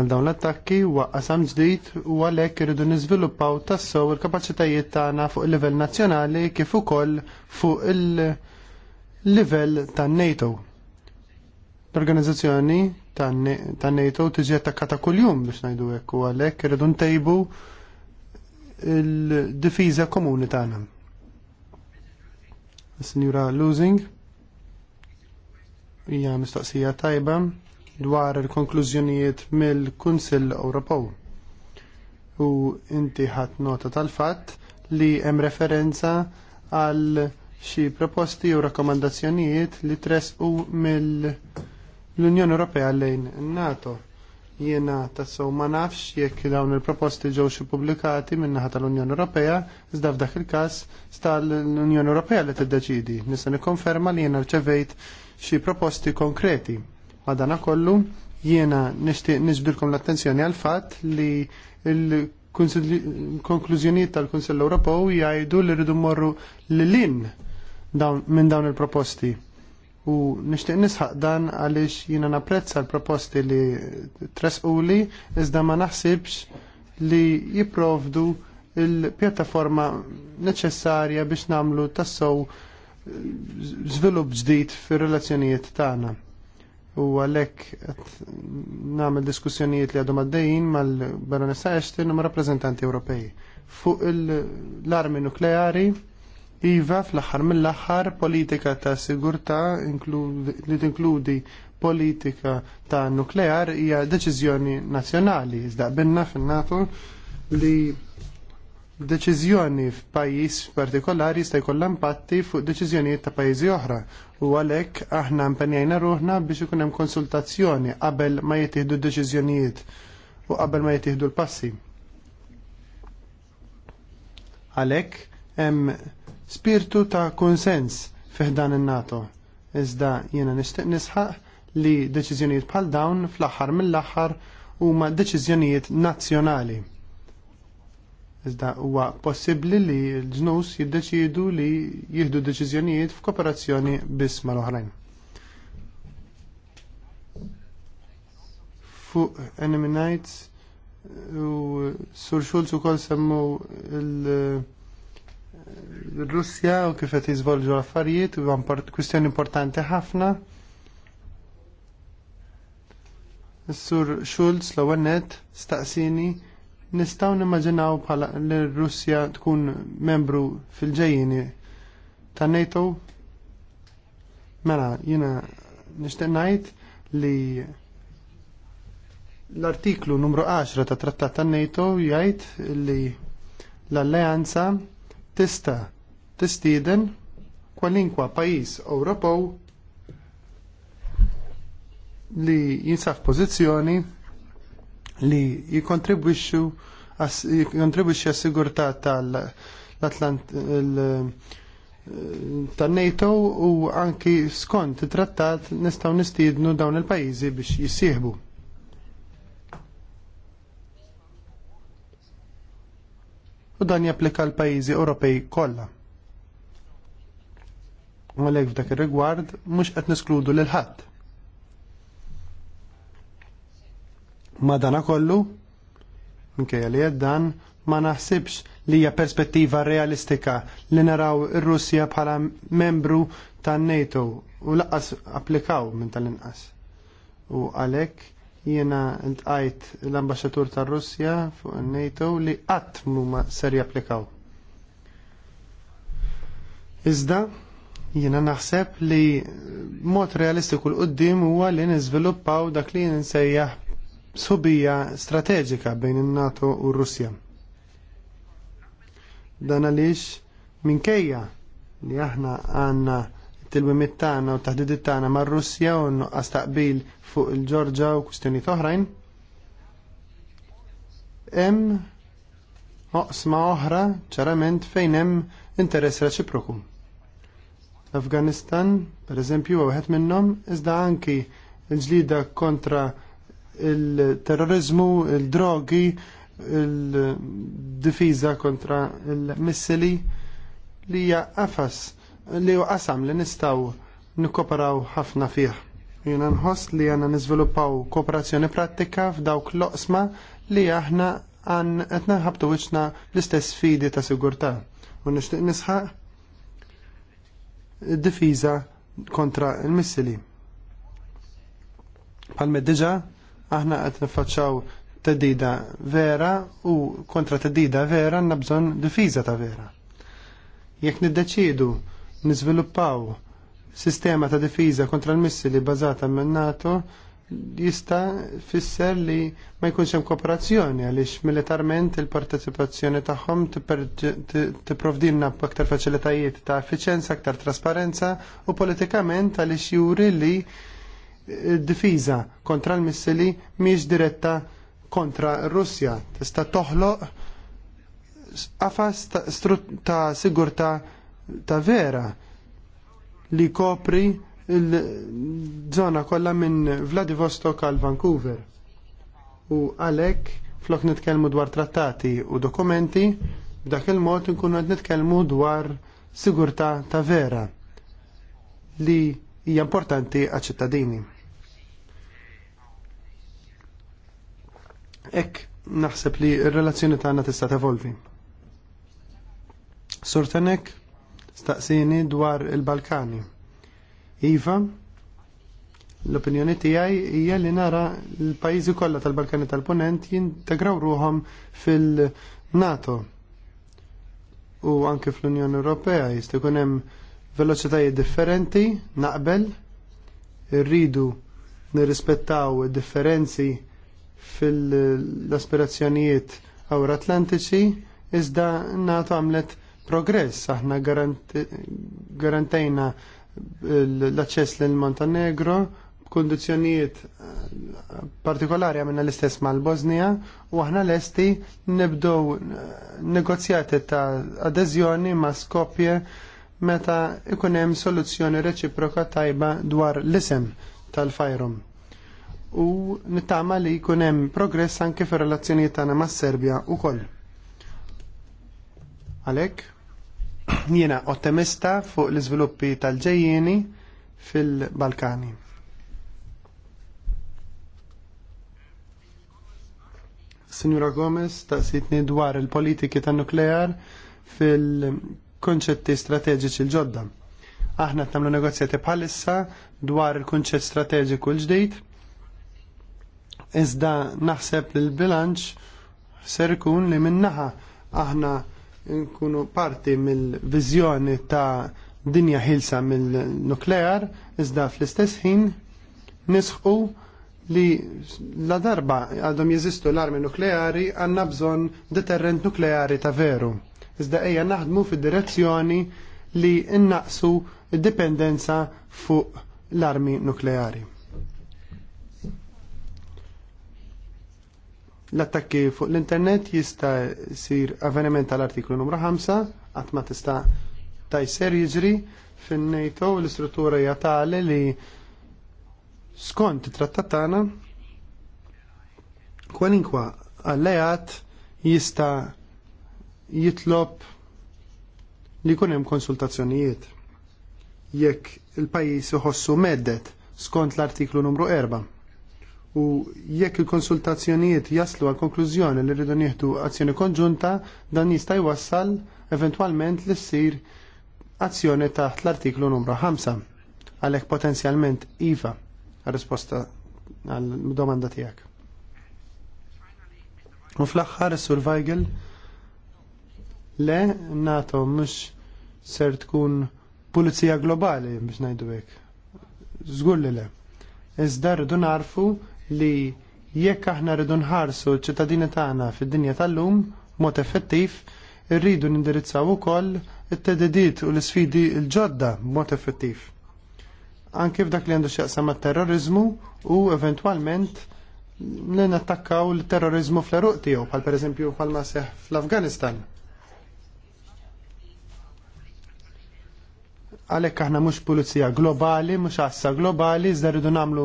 għal dawn l-attakki waqqasam ġdid u għalhekk irridu niżviluppaw tassew il-kapaċitajiet tagħna fuq il-livell nazzjonali kif ukoll fuq il-livell tan-NATO. L-organizzazzjoni tan-NATO tiġi attakkata kuljum biex ngħidu hekk u għalhekk iridu ntejbu il-difiża komuni tagħna. Signora Losing hija mistoqsija tajba dwar il-konklużjonijiet mill-Kunsill Ewropew. U inti ħadd nota tal-fatt li hemm referenza għal xi proposti u rakkomandazzjonijiet li tresqu mill-Unjoni Ewropea lejn NATO Jiena tassew ma nafx jekk dawn il-proposti ġew xi pubblikati min-naħa tal-Unjoni Ewropea, iżda f'dak il-każ sta l-Unjoni Ewropea li tiddeċidi. Nista' nikkonferma li jiena rċevejt xi proposti konkreti. Madanakollu jiena nixtieq niġbdilkom l-attenzjoni għal fatt li l konklużjonijiet tal-Kunsell Ewropew jgħidu li rridu mmorru lil lin minn dawn il-proposti u nixtieq nisħaq dan għaliex jiena napprezza l-proposti li tresquli iżda ma naħsibx li jipprovdu il-pjattaforma neċessarja biex namlu tassow żvilupp ġdid fir-relazzjonijiet tagħna. U għalhekk qed nagħmel diskussjonijiet li għadhom għaddejjin mal-Baronessa Ashton u mar rappreżentanti Ewropej. Fuq l-armi nukleari Iva fl-aħħar mill-aħħar politika ta' sigurtà li tinkludi politika ta' nuklear hija deċiżjoni nazzjonali. Iżda binna fin-NATO li deċiżjoni f'pajjiż partikolari jista' jkollha impatti fuq deċiżjonijiet ta' pajjiżi oħra u għalhekk aħna mpenjajna ruħna biex ikun hemm konsultazzjoni qabel ma jittieħdu d-deċiżjonijiet u qabel ma jittieħdu l-passi. Għalhekk hemm spirtu ta' konsens fiħdan il-NATO. Iżda jena nishtiq nisħaq li deċiżjonijiet bħal dawn fl-aħħar mill-aħħar huma deċiżjonijiet nazzjonali. Iżda huwa possibbli li l-ġnus jiddeċidu li jieħdu deċiżjonijiet f'kooperazzjoni biss mal-oħrajn. Fuq Enemy Nights u Sur Schulz kol semmu l- Russja u kif qed jiżvolġu l-affarijiet huwa kwistjoni importanti ħafna. Is-sur Schulz l-ewwel net staqsini nistgħu nimmaġinaw bħala li Russja tkun membru fil-ġejjini ta' NATO. Mela, jiena nixtieq ngħid li l-artiklu numru 10 ta' trattat ta' NATO jgħid li l-alleanza tista' tistieden kwalinkwa pajjiż Ewropew li jinsab pożizzjoni li jikontribwixxu għas-sigurtà tal tan-NATO u anki skont it-trattat nistgħu nistiednu dawn il-pajjiżi biex jissieħbu. u dan japplika l-pajjiżi Ewropej kollha. U għalhekk f'dak ir-rigward mhux qed niskludu lil ħadd. Madanakollu, kollu, minkejja li dan ma naħsibx li hija perspettiva realistika li naraw ir-Russja bħala membru tan-NATO u laqas applikaw minn tal-inqas. U għalhekk Jiena ntqajt l ambasġatur tar Russja fuq NATO li qatt huma ser japplikaw. Iżda, jiena naħseb li mod realistiku l-qoddim huwa li niżviluppaw dak li nsejjaħ subija strateġika bejn in-NATO u r-Russja. Dan għaliex minkejja li aħna għandna til-wimit tagħna u taħdidit tagħna mar-Russja u nuqqas taqbil fuq il-Ġorġa u kwistjonijiet oħrajn. Hemm oqsma oħra ċarament fejn hemm interess reċiproku. L-Afganistan, pereżempju, huwa wieħed minnhom iżda anki l-ġlida kontra il-terrorizmu, il-drogi, il-difiża kontra il-missili li hija qafas li ju qasam li nistaw nikoperaw ħafna fih. Jena nħoss li għanna nizviluppaw kooperazzjoni pratika f'dawk l-oqsma li aħna għan etna ħabtu wiċna l-istess fidi ta' sigurta. U nishtiq nisħaq difiża kontra il-missili. Palme diġa, aħna qed niffaċċaw tedida vera u kontra tedida vera nabżon difiza ta' vera. Jekk niddeċidu niżviluppaw sistema ta' difiża kontra l-missili bażata minn NATO jista fisser li ma jkunx hemm kooperazzjoni għaliex militarment il-parteċipazzjoni tagħhom tipprovdilna b'aktar faċilitajiet ta' effiċenza, aktar trasparenza u politikament għaliex juri li difiża kontra l-missili mhijiex diretta kontra r-Russja. Tista' toħloq qafas ta' sigurtà ta' vera li kopri il-żona kollha minn Vladivostok għal Vancouver. U għalhekk flok nitkellmu dwar trattati u dokumenti, b'dak il-mod nkunu qed nitkellmu dwar sigurtà ta' vera li hija importanti għal ċittadini Ek naħseb li r-relazzjoni tagħna tista' tevolvi. Sur Tenek staqsini dwar il-Balkani. Iva, l-opinjoni tiegħi hija li nara l-pajjiżi kollha tal-Balkani tal-Punent jintegraw ruhom fil-NATO u anke fl-Unjoni Ewropea jista' jkun hemm veloċitajiet differenti naqbel irridu nirrispettaw id differenzi fil-aspirazzjonijiet awra atlantiċi iżda NATO għamlet progress. Aħna garantajna l-aċċess lil Montenegro b'kundizzjonijiet eh, partikolari għamilna l-istess mal-Bosnija u aħna lesti nibdow eh, negozjati ta' adeżjoni ma' Skopje meta jkun hemm soluzzjoni reċiproka tajba dwar l-isem tal-fajrum u nittama li jkun hemm progress anke fir-relazzjonijiet tagħna mas-Serbja wkoll. Għalek, (clears throat) jiena ottimista fuq l-iżviluppi tal-ġejjieni fil-Balkani. Signora Gomez sitni dwar il-politiki tan nuklear fil-konċetti strateġiċi l-ġodda. Aħna tamlu negozjati bħalissa dwar il-konċett strateġiku l-ġdejt. Iżda naħseb l-bilanċ ser ikun li minnaħa aħna nkunu parti mill-viżjoni ta' dinja ħilsa mill-nuklear, iżda fl-istess ħin nisħu li la darba għadhom jeżistu l-armi nukleari għanna bżon deterrent nukleari ta' veru. Iżda eja naħdmu fid-direzzjoni li innaqsu dipendenza fuq l-armi nukleari. L-attakki fuq l-internet jista' sir avveniment tal-artiklu numru 5 qatt ma tista' tajser jiġri fin-NATO l-istruttura hija tali li skont it-trattat tagħna kwalinkwa alleat jista' jitlob li jkun hemm konsultazzjonijiet. Jekk il-pajjiż iħossu meddet skont l-artiklu numru 4 u jekk il-konsultazzjonijiet jaslu għal konklużjoni li rridu nieħdu azzjoni konġunta, dan jista' jwassal eventwalment li ssir azzjoni taħt l-artiklu numru 5 għalhekk potenzjalment iva għal risposta għal domanda tiegħek. U fl-aħħar is-Sur Weigel le NATO mhux ser tkun pulizija globali biex ngħidu hekk. Żgur li le. Iżda rridu narfu li jekk aħna rridu nħarsu ċ-ċittadini tagħna fid-dinja tal-lum mod effettiv, irridu nindirizzaw ukoll it-tedidiet u l-isfidi l-ġodda mod effettiv. Anke f'dak li għandu x'jaqsam mat-terrorizmu u eventwalment li nattakkaw l-terrorizmu fl-eruq tiegħu bħal pereżempju bħal seħ fl-Afganistan. Għalhekk aħna mhux pulizija globali, mhux għassa globali, iżda rridu nagħmlu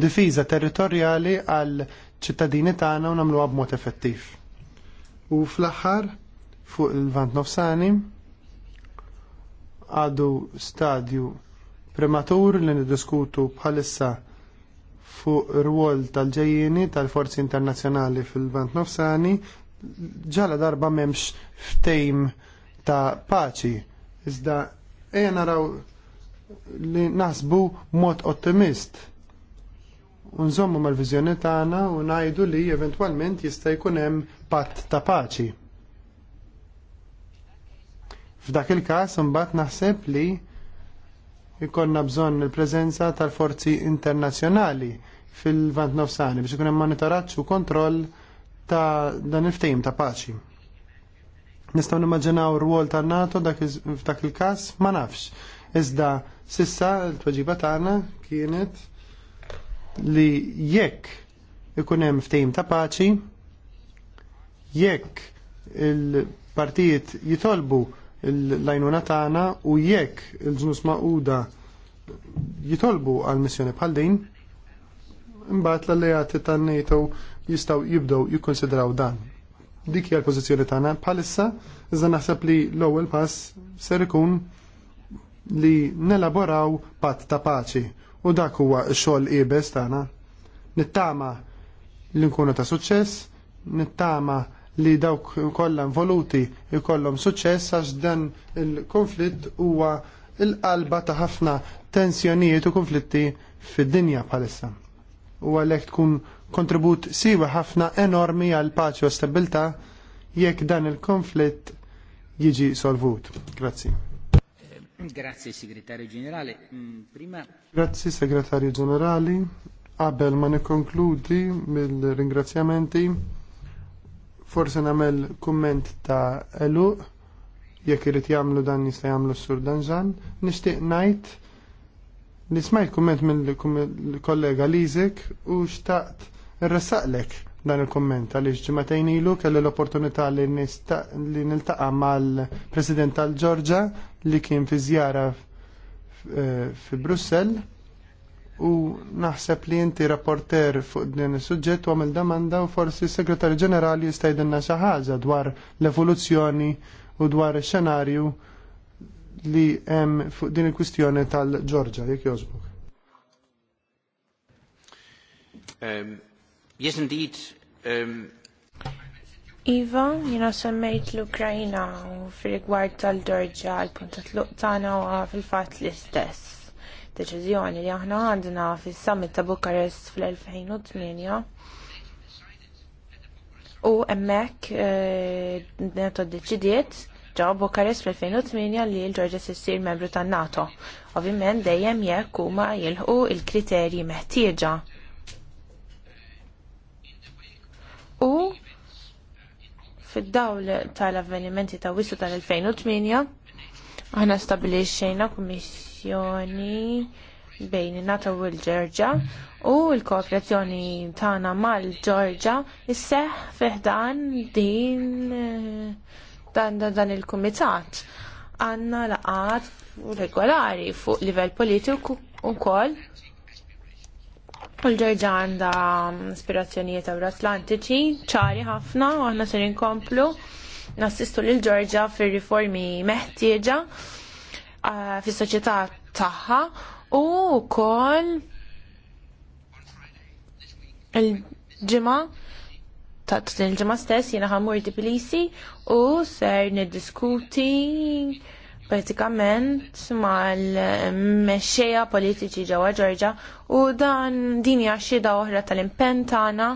difiża territorjali għal ċittadini tagħna u nagħmluha b'mod effettiv. U fl-aħħar fuq il-Vant Nofsani għadu stadju prematur li niddiskutu bħalissa fuq ir-rwol tal-ġejjieni tal-forzi internazzjonali fil-Vant Nofsani ġala darba memx ftejm ta' paċi. Iżda, ejja naraw li nasbu mod ottimist unżommu mal-vizjoni tagħna u ngħidu li eventwalment jista' jkun hemm patt ta' paċi. F'dak il-każ imbagħad naħseb li jkollna bżonn il-preżenza tal-forzi internazzjonali fil-vant nofsani biex ikun hemm monitoraġġ u kontroll ta' dan il-ftehim ta' paċi. Nistgħu nimmaġinaw rwol tan NATO f'dak il-każ ma nafx. Iżda sissa l-tweġiba tagħna kienet li jekk ikun hemm ftehim ta' paċi, jekk il-partijiet jitolbu l-lajnuna tagħna u jekk il-ġnus maquda jitolbu għal missjoni bħal din, imbagħad l-alleati tan-NATO jistgħu jibdew jikkonsidraw dan. Dik hija l-pożizzjoni tagħna bħalissa iżda naħseb li l-ewwel pass ser ikun li nelaboraw patt ta' paċi u dak huwa xogħol qiebes tagħna. Nittama li nkunu ta' suċċess, nittama li dawk kollha involuti jkollhom suċċess għax dan il-konflitt huwa il-qalba ta' ħafna tensjonijiet u konflitti fid-dinja bħalissa. U għalhekk tkun kontribut siwa ħafna enormi għal paċi u stabilta jekk dan il-konflitt jiġi solvut. Grazzi. Grazie Segretario Generale. Mm, prima... Grazie Segretario Generali. Qabel ma nikkonkludi mill-ringrazzjamenti, forse namel kumment ta' elu, jekk irid jagħmlu dan jista' jagħmlu s-sur Danġan, nixtieq ngħid li smajt kumment mill-kollega Lizek u xtaqt irressaqlek dan il-komment għaliex ġimatejn ilu kelli l-opportunità li niltaqa mal-President tal-Ġorġa li kien fi żjara eh, fi Brussell u naħseb li inti rapporter fuq din is-suġġett u għamil domanda u forsi s-Segretarju Ġenerali jista' xaħġa xi ħaġa dwar l-evoluzzjoni u dwar ix-xenarju li hemm fuq din il-kwistjoni tal-Ġorġa jekk jogħġbok. Yes, indeed. Um... Iva, jina semmejt l ukrajina u fil gwart tal-Dorġa l-punta tluqtana u fil-fat l-istess. Deċizjoni li aħna għandna fil-summit ta' Bukarest fil-2008 u emmek eh, neto deċidiet ġo Bukarest fil-2008 li l dorġa s-sir membru tan NATO. Ovvijament dejjem jekk huma jilħu il-kriterji meħtieġa u fid-dawl tal-avvenimenti ta' wisu tal-2008 aħna stabilixxejna kummissjoni bejn in-NATO u l-Ġerġa u l-kooperazzjoni tagħna mal-Ġorġa isseħ fiħdan din dan dan il-kumitat għandna laqat regolari fuq livell politiku wkoll Kull ġorġa għanda ispirazzjonijiet Atlantiċi, ċari ħafna, u għahna ser inkomplu nassistu lil ġorġa fir riformi meħtieġa uh, fis soċjetà tagħha u kol il-ġimgħa ta' il-ġimgħa stess jiena ħamur di u ser niddiskuti pratikament mal-mexxejja politiċi ġewwa Ġorġa u dan din hija xhieda oħra tal-impenn tagħna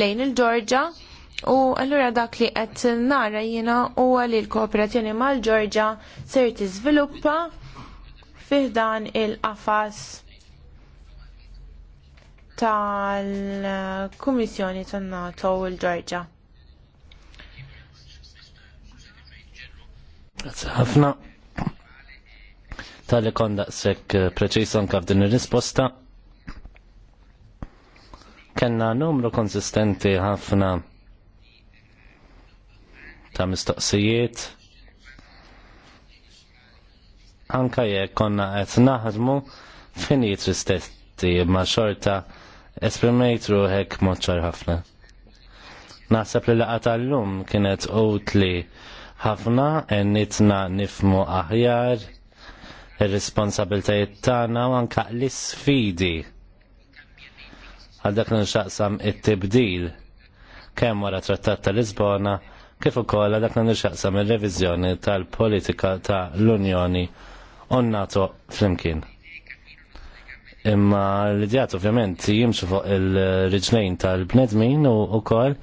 lejn il-Ġorġa u allura dak li qed nara jiena huwa li l-kooperazzjoni mal-Ġorġa ser tiżviluppa fih dan il-qafas tal-Kummissjoni tan-NATO u l-Ġorġa. Grazie ħafna tal-li kondaqsek eh, preċisan kaf din il risposta Kenna numru konsistenti ħafna ta' mistoqsijiet. Anka jekk konna qed naħdmu finijiet ristesti ma' xorta esprimejt ruħek moċċar ħafna. Naħseb li laqa tal-lum kienet utli ħafna ennitna nifmu aħjar ir-responsabiltajiet tagħna u anke l-isfidi għal dak li nxaqsam it-tibdil kemm wara trattat tal Lisbona kif ukoll għal dak li nxaqsam ir-reviżjoni tal-politika ta' l-Unjoni u NATO flimkien. Imma l-idjat ovvjament jimxu fuq il-riġnejn tal-bnedmin u ukoll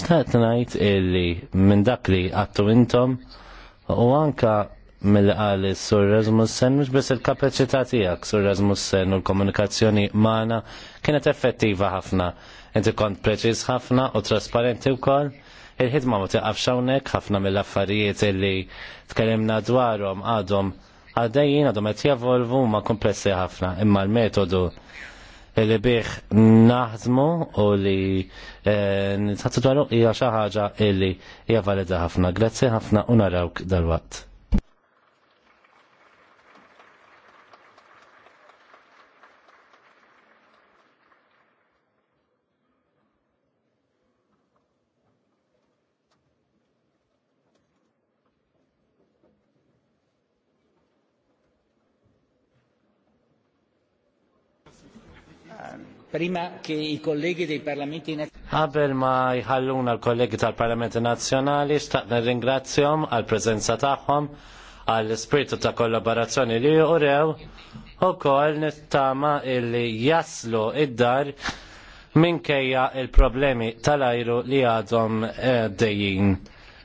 stat ngħid illi minn dak li għattu intom u anka mill għali sur Rasmussen, mux bis il-kapacità tijak sur Rasmussen u l-komunikazzjoni maħna kienet effettiva ħafna. Inti kont preċiż ħafna u trasparenti u koll. Il-ħidma ma tiqaf ħafna mill-affarijiet illi tkellimna dwarhom għadhom għaddejjien għadhom qed jevolvu ma komplessi ħafna imma l-metodu illi bih naħdmu u li eh, nitħattu dwaru hija xi ħaġa illi hija valida ħafna. Grazzi ħafna u narawk dal-watt. prima che i colleghi dei parlamenti nazionali. Qabel ma jħalluna l-kollegi tal-Parlamenti Nazzjonali, staqna ringrazzjom għal-prezenza tagħhom, għall-spiritu ta' kollaborazzjoni li jurew, u kol nittama illi jaslu id-dar minkejja il-problemi tal-ajru li għadhom eh, dejjin.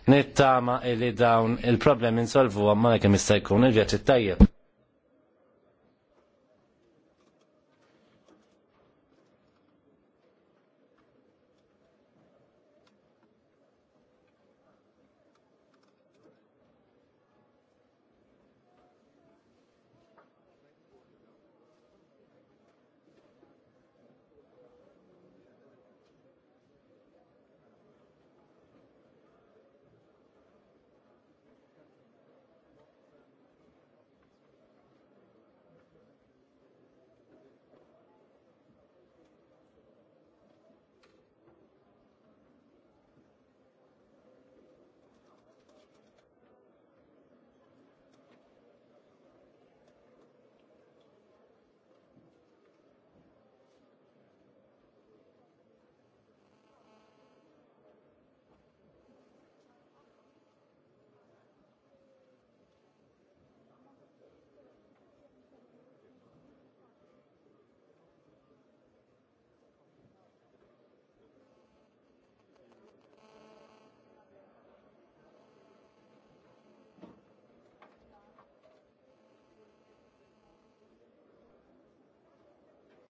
Nittama illi dawn il-problemi nsolvu għamma kemm jista' jkun il-vjaġġi tajjeb.